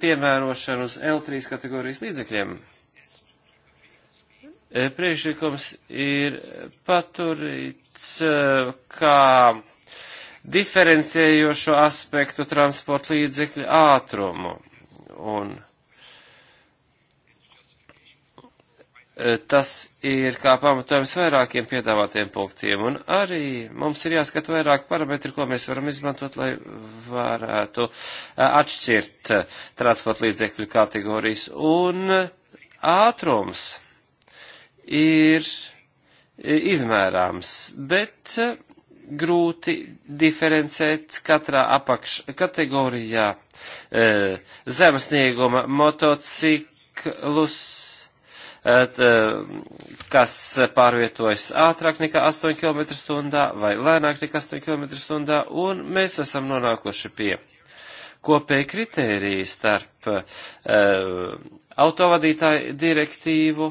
Speaker 6: piemērošanu uz L3 kategorijas līdzekļiem. Eh, priekšlikums ir paturīts uh, kā diferencējošo aspektu transporta līdzekļu ātrumu. Un Eh, tas ir kā pamatojums vairākiem piedāvātiem punktiem, un arī mums ir jāskata vairāk parametri, ko mēs varam izmantot, lai varētu eh, atšķirt eh, transporta līdzekļu kategorijas. Un ātrums ir izmērāms, bet grūti diferencēt katrā apakškategorijā zemesnieguma motociklus Eh, kas pārvietojas ātrāk nekā 8 km stundā vai lēnāk nekā 8 km stundā, un mēs esam nonākuši pie kopēja kritērija starp uh, autovadītāju direktīvu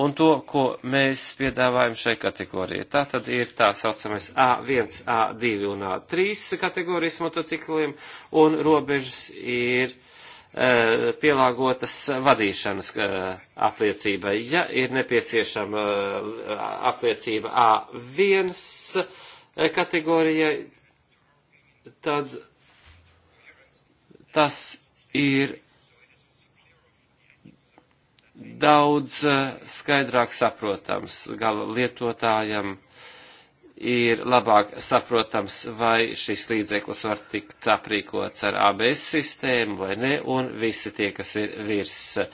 Speaker 6: un to, ko mēs piedāvājam šai kategorijai. Tā tad ir tā saucamais A1, A2 un A3 kategorijas motocikliem, un robežas ir uh, Eh, pielāgotas vadīšanas eh, apliecībai. Ja ir nepieciešama eh, apliecība A1 kategorijai, tad tas ir daudz skaidrāk saprotams gala lietotājam ir labāk saprotams, vai šis līdzeklis var tikt aprīkots ar ABS sistēmu vai ne, un visi tie, kas ir virs eh,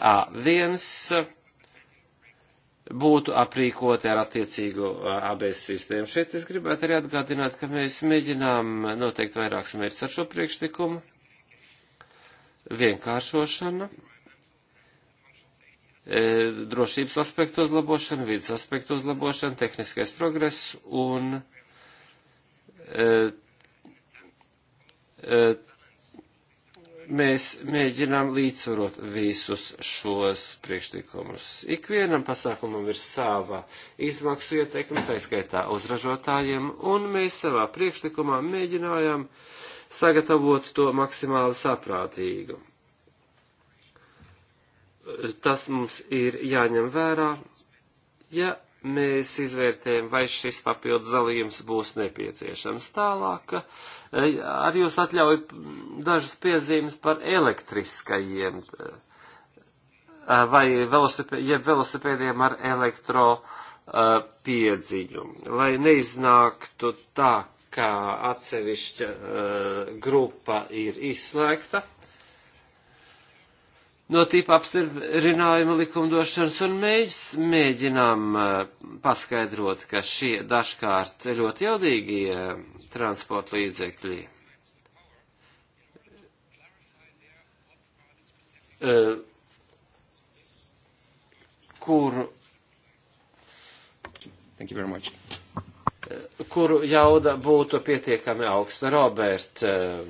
Speaker 6: A1, būtu aprīkoti ar attiecīgu eh, ABS sistēmu. Šeit es gribētu arī atgādināt, ka mēs mēģinām noteikt vairākus mērķus ar šo priekšlikumu. Vienkāršošana E, drošības aspektu uzlabošana, vidas aspektu uzlabošana, tehniskais progress un e, e, mēs mēģinām līdzsvarot visus šos priekšlikumus. Ikvienam pasākumam ir sava izmaksu ietekme, tā skaitā uzražotājiem, un mēs savā priekšlikumā mēģinājām sagatavot to maksimāli saprātīgu tas mums ir jāņem vērā, ja mēs izvērtējam, vai šis papildus dalījums būs nepieciešams. Tālāk eh, ar jūs atļauju dažas piezīmes par elektriskajiem eh, vai velosipē, jeb velosipēdiem ar elektro eh, piedziņu, lai neiznāktu tā, ka atsevišķa grupa ir izslēgta no tīpa apstiprinājuma likumdošanas, un mēs mēģinām eh, paskaidrot, ka šie dažkārt ļoti jaudīgie eh, transporta līdzekļi eh, kur. Thank you very much kuru jauda būtu pietiekami augsta. Robert, eh,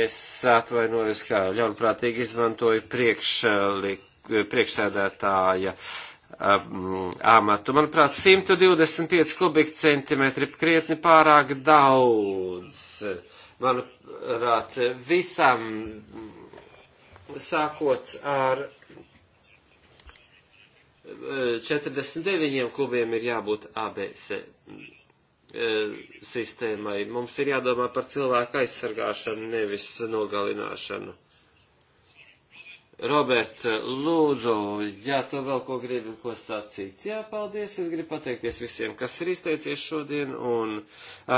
Speaker 6: es atvainojos, ka ļaunprātīgi izmantoju priekšlik, eh, priekšsēdētāja um, amatu. Manuprāt, 125 kubikcentimetri krietni pārāk daudz. Manuprāt, visam sākot ar 49 kubiem ir jābūt ABC E, sistēmai. Mums ir jādomā par cilvēku aizsargāšanu, nevis nogalināšanu. Roberts, lūdzu, ja tu vēl ko gribi, ko sacīt. Jā, paldies, es gribu pateikties visiem, kas ir izteicies šodien, un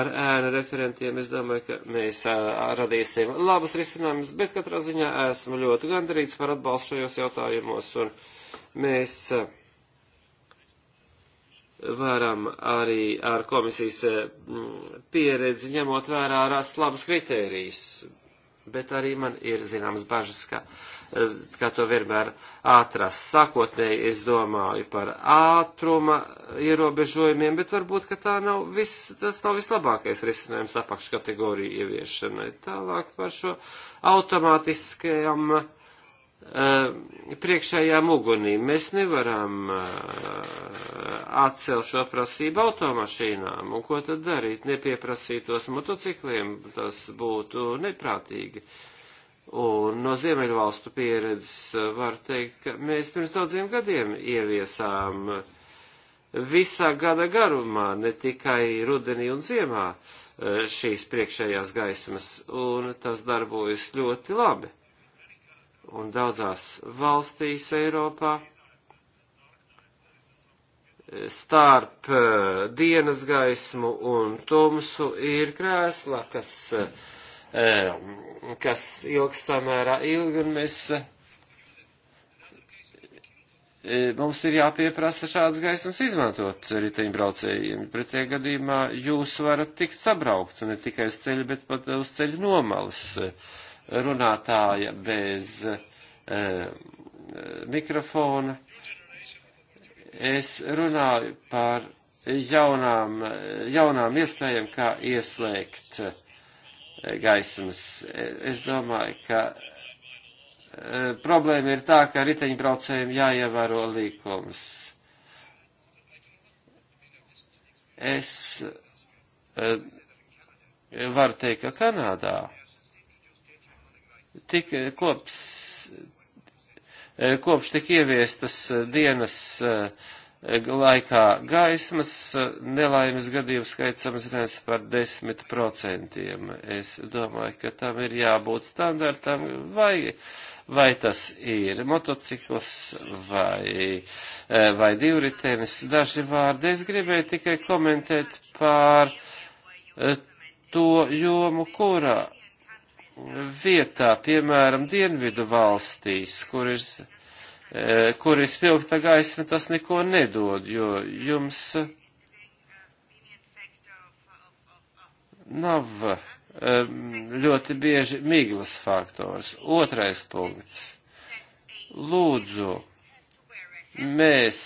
Speaker 6: ar ēnu referentiem es domāju, ka mēs ā, radīsim labus risinājumus, bet katrā ziņā esmu ļoti gandarīts par atbalstu šajos jautājumos, un mēs. A, varam arī ar komisijas eh, pieredzi ņemot vērā rast labus kritērijus. Bet arī man ir zināmas bažas, ka, eh, ka to vienmēr ātrast. Sākotnēji es domāju par ātruma ierobežojumiem, bet varbūt, ka tā nav vis, tas nav vislabākais risinājums apakškategoriju ieviešanai. Tālāk par šo automātiskajam uh, Eh, priekšējām ugunīm. Mēs nevaram eh, atcelt šo prasību automašīnām, un ko tad darīt? Nepieprasītos motocikliem tas būtu neprātīgi. Un no Ziemeļvalstu pieredzes eh, var teikt, ka mēs pirms daudziem gadiem ieviesām visā gada garumā, ne tikai rudenī un ziemā, šīs priekšējās gaismas, un tas darbojas ļoti labi un daudzās valstīs Eiropā starp eh, dienas gaismu un tumsu ir krēsla, kas, eh, kas ilgs samērā ilgi, un mēs, eh, mums ir jāpieprasa šādas gaismas izmantot riteņbraucējiem. Pretie gadījumā jūs varat tikt sabraukts ne tikai uz ceļa, bet pat uz ceļa nomalas. Uh, runātāja bez eh, mikrofona. Es runāju par jaunām, jaunām iespējām, kā ieslēgt eh, gaismas. Es domāju, ka eh, problēma ir tā, ka riteņbraucējiem jāievēro līkums. Es varu teikt, ka Kanādā tik, eh, kops, eh, kopš tik ieviestas eh, dienas laikā gaismas nelaimes gadījumu skaits samazinās par 10%. Es domāju, ka tam ir jābūt standartam vai vai tas ir motocikls vai, vai divritenis. Daži vārdi es gribēju tikai komentēt pār to jomu, kurā vietā, piemēram, Dienvidu valstīs, kur ir, e, kur ir spilgta gaisma, tas neko nedod, jo jums nav ļoti bieži miglas faktors. Otrais punkts. Lūdzu, mēs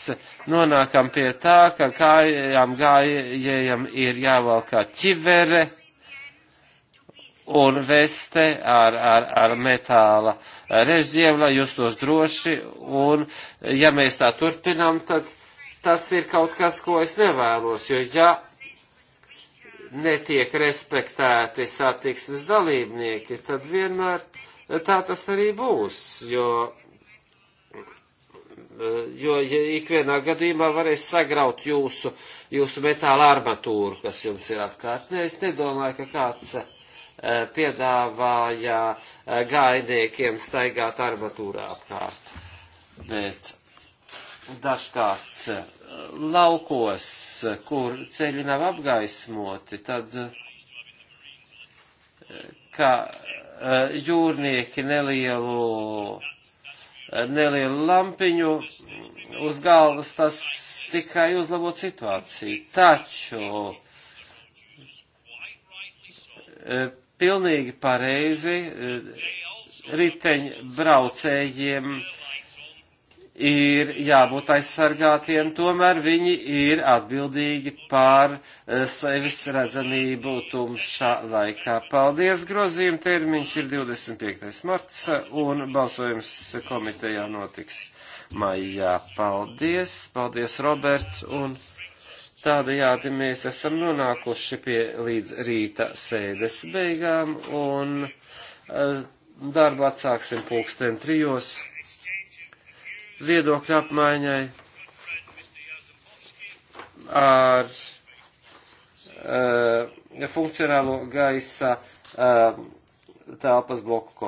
Speaker 6: nonākam pie tā, ka kājām gājējiem ir jāvalkā ķivere un veste ar, ar, ar metāla režģiem, lai justos droši, un ja mēs tā turpinām, tad tas ir kaut kas, ko es nevēlos, jo ja netiek respektēti satiksmes dalībnieki, tad vienmēr tā tas arī būs, jo, jo ja ikvienā gadījumā varēs sagraut jūsu, jūsu metāla armatūru, kas jums ir apkārt. Nē, es nedomāju, ka kāds Eh, piedāvāja eh, gaidniekiem staigāt armatūrā apkārt. Bet dažkārt eh, laukos, kur ceļi nav apgaismoti, tad kā jūrnieki nelielu, nelielu lampiņu uz galvas, tas tikai uzlabo situāciju. Taču pilnīgi pareizi eh, riteņbraucējiem ir jābūt aizsargātiem, tomēr viņi ir atbildīgi pār eh, sevis redzamību tumšā laikā. Paldies, grozījuma termiņš ir 25. marts un balsojums komitejā notiks maijā. Paldies, paldies, Roberts, un. Tādējādi mēs esam nonākuši pie līdz rīta sēdes beigām un eh, darbu atsāksim pulksten trijos viedokļu apmaiņai ar uh, funkcionālo gaisa uh, telpas bloku.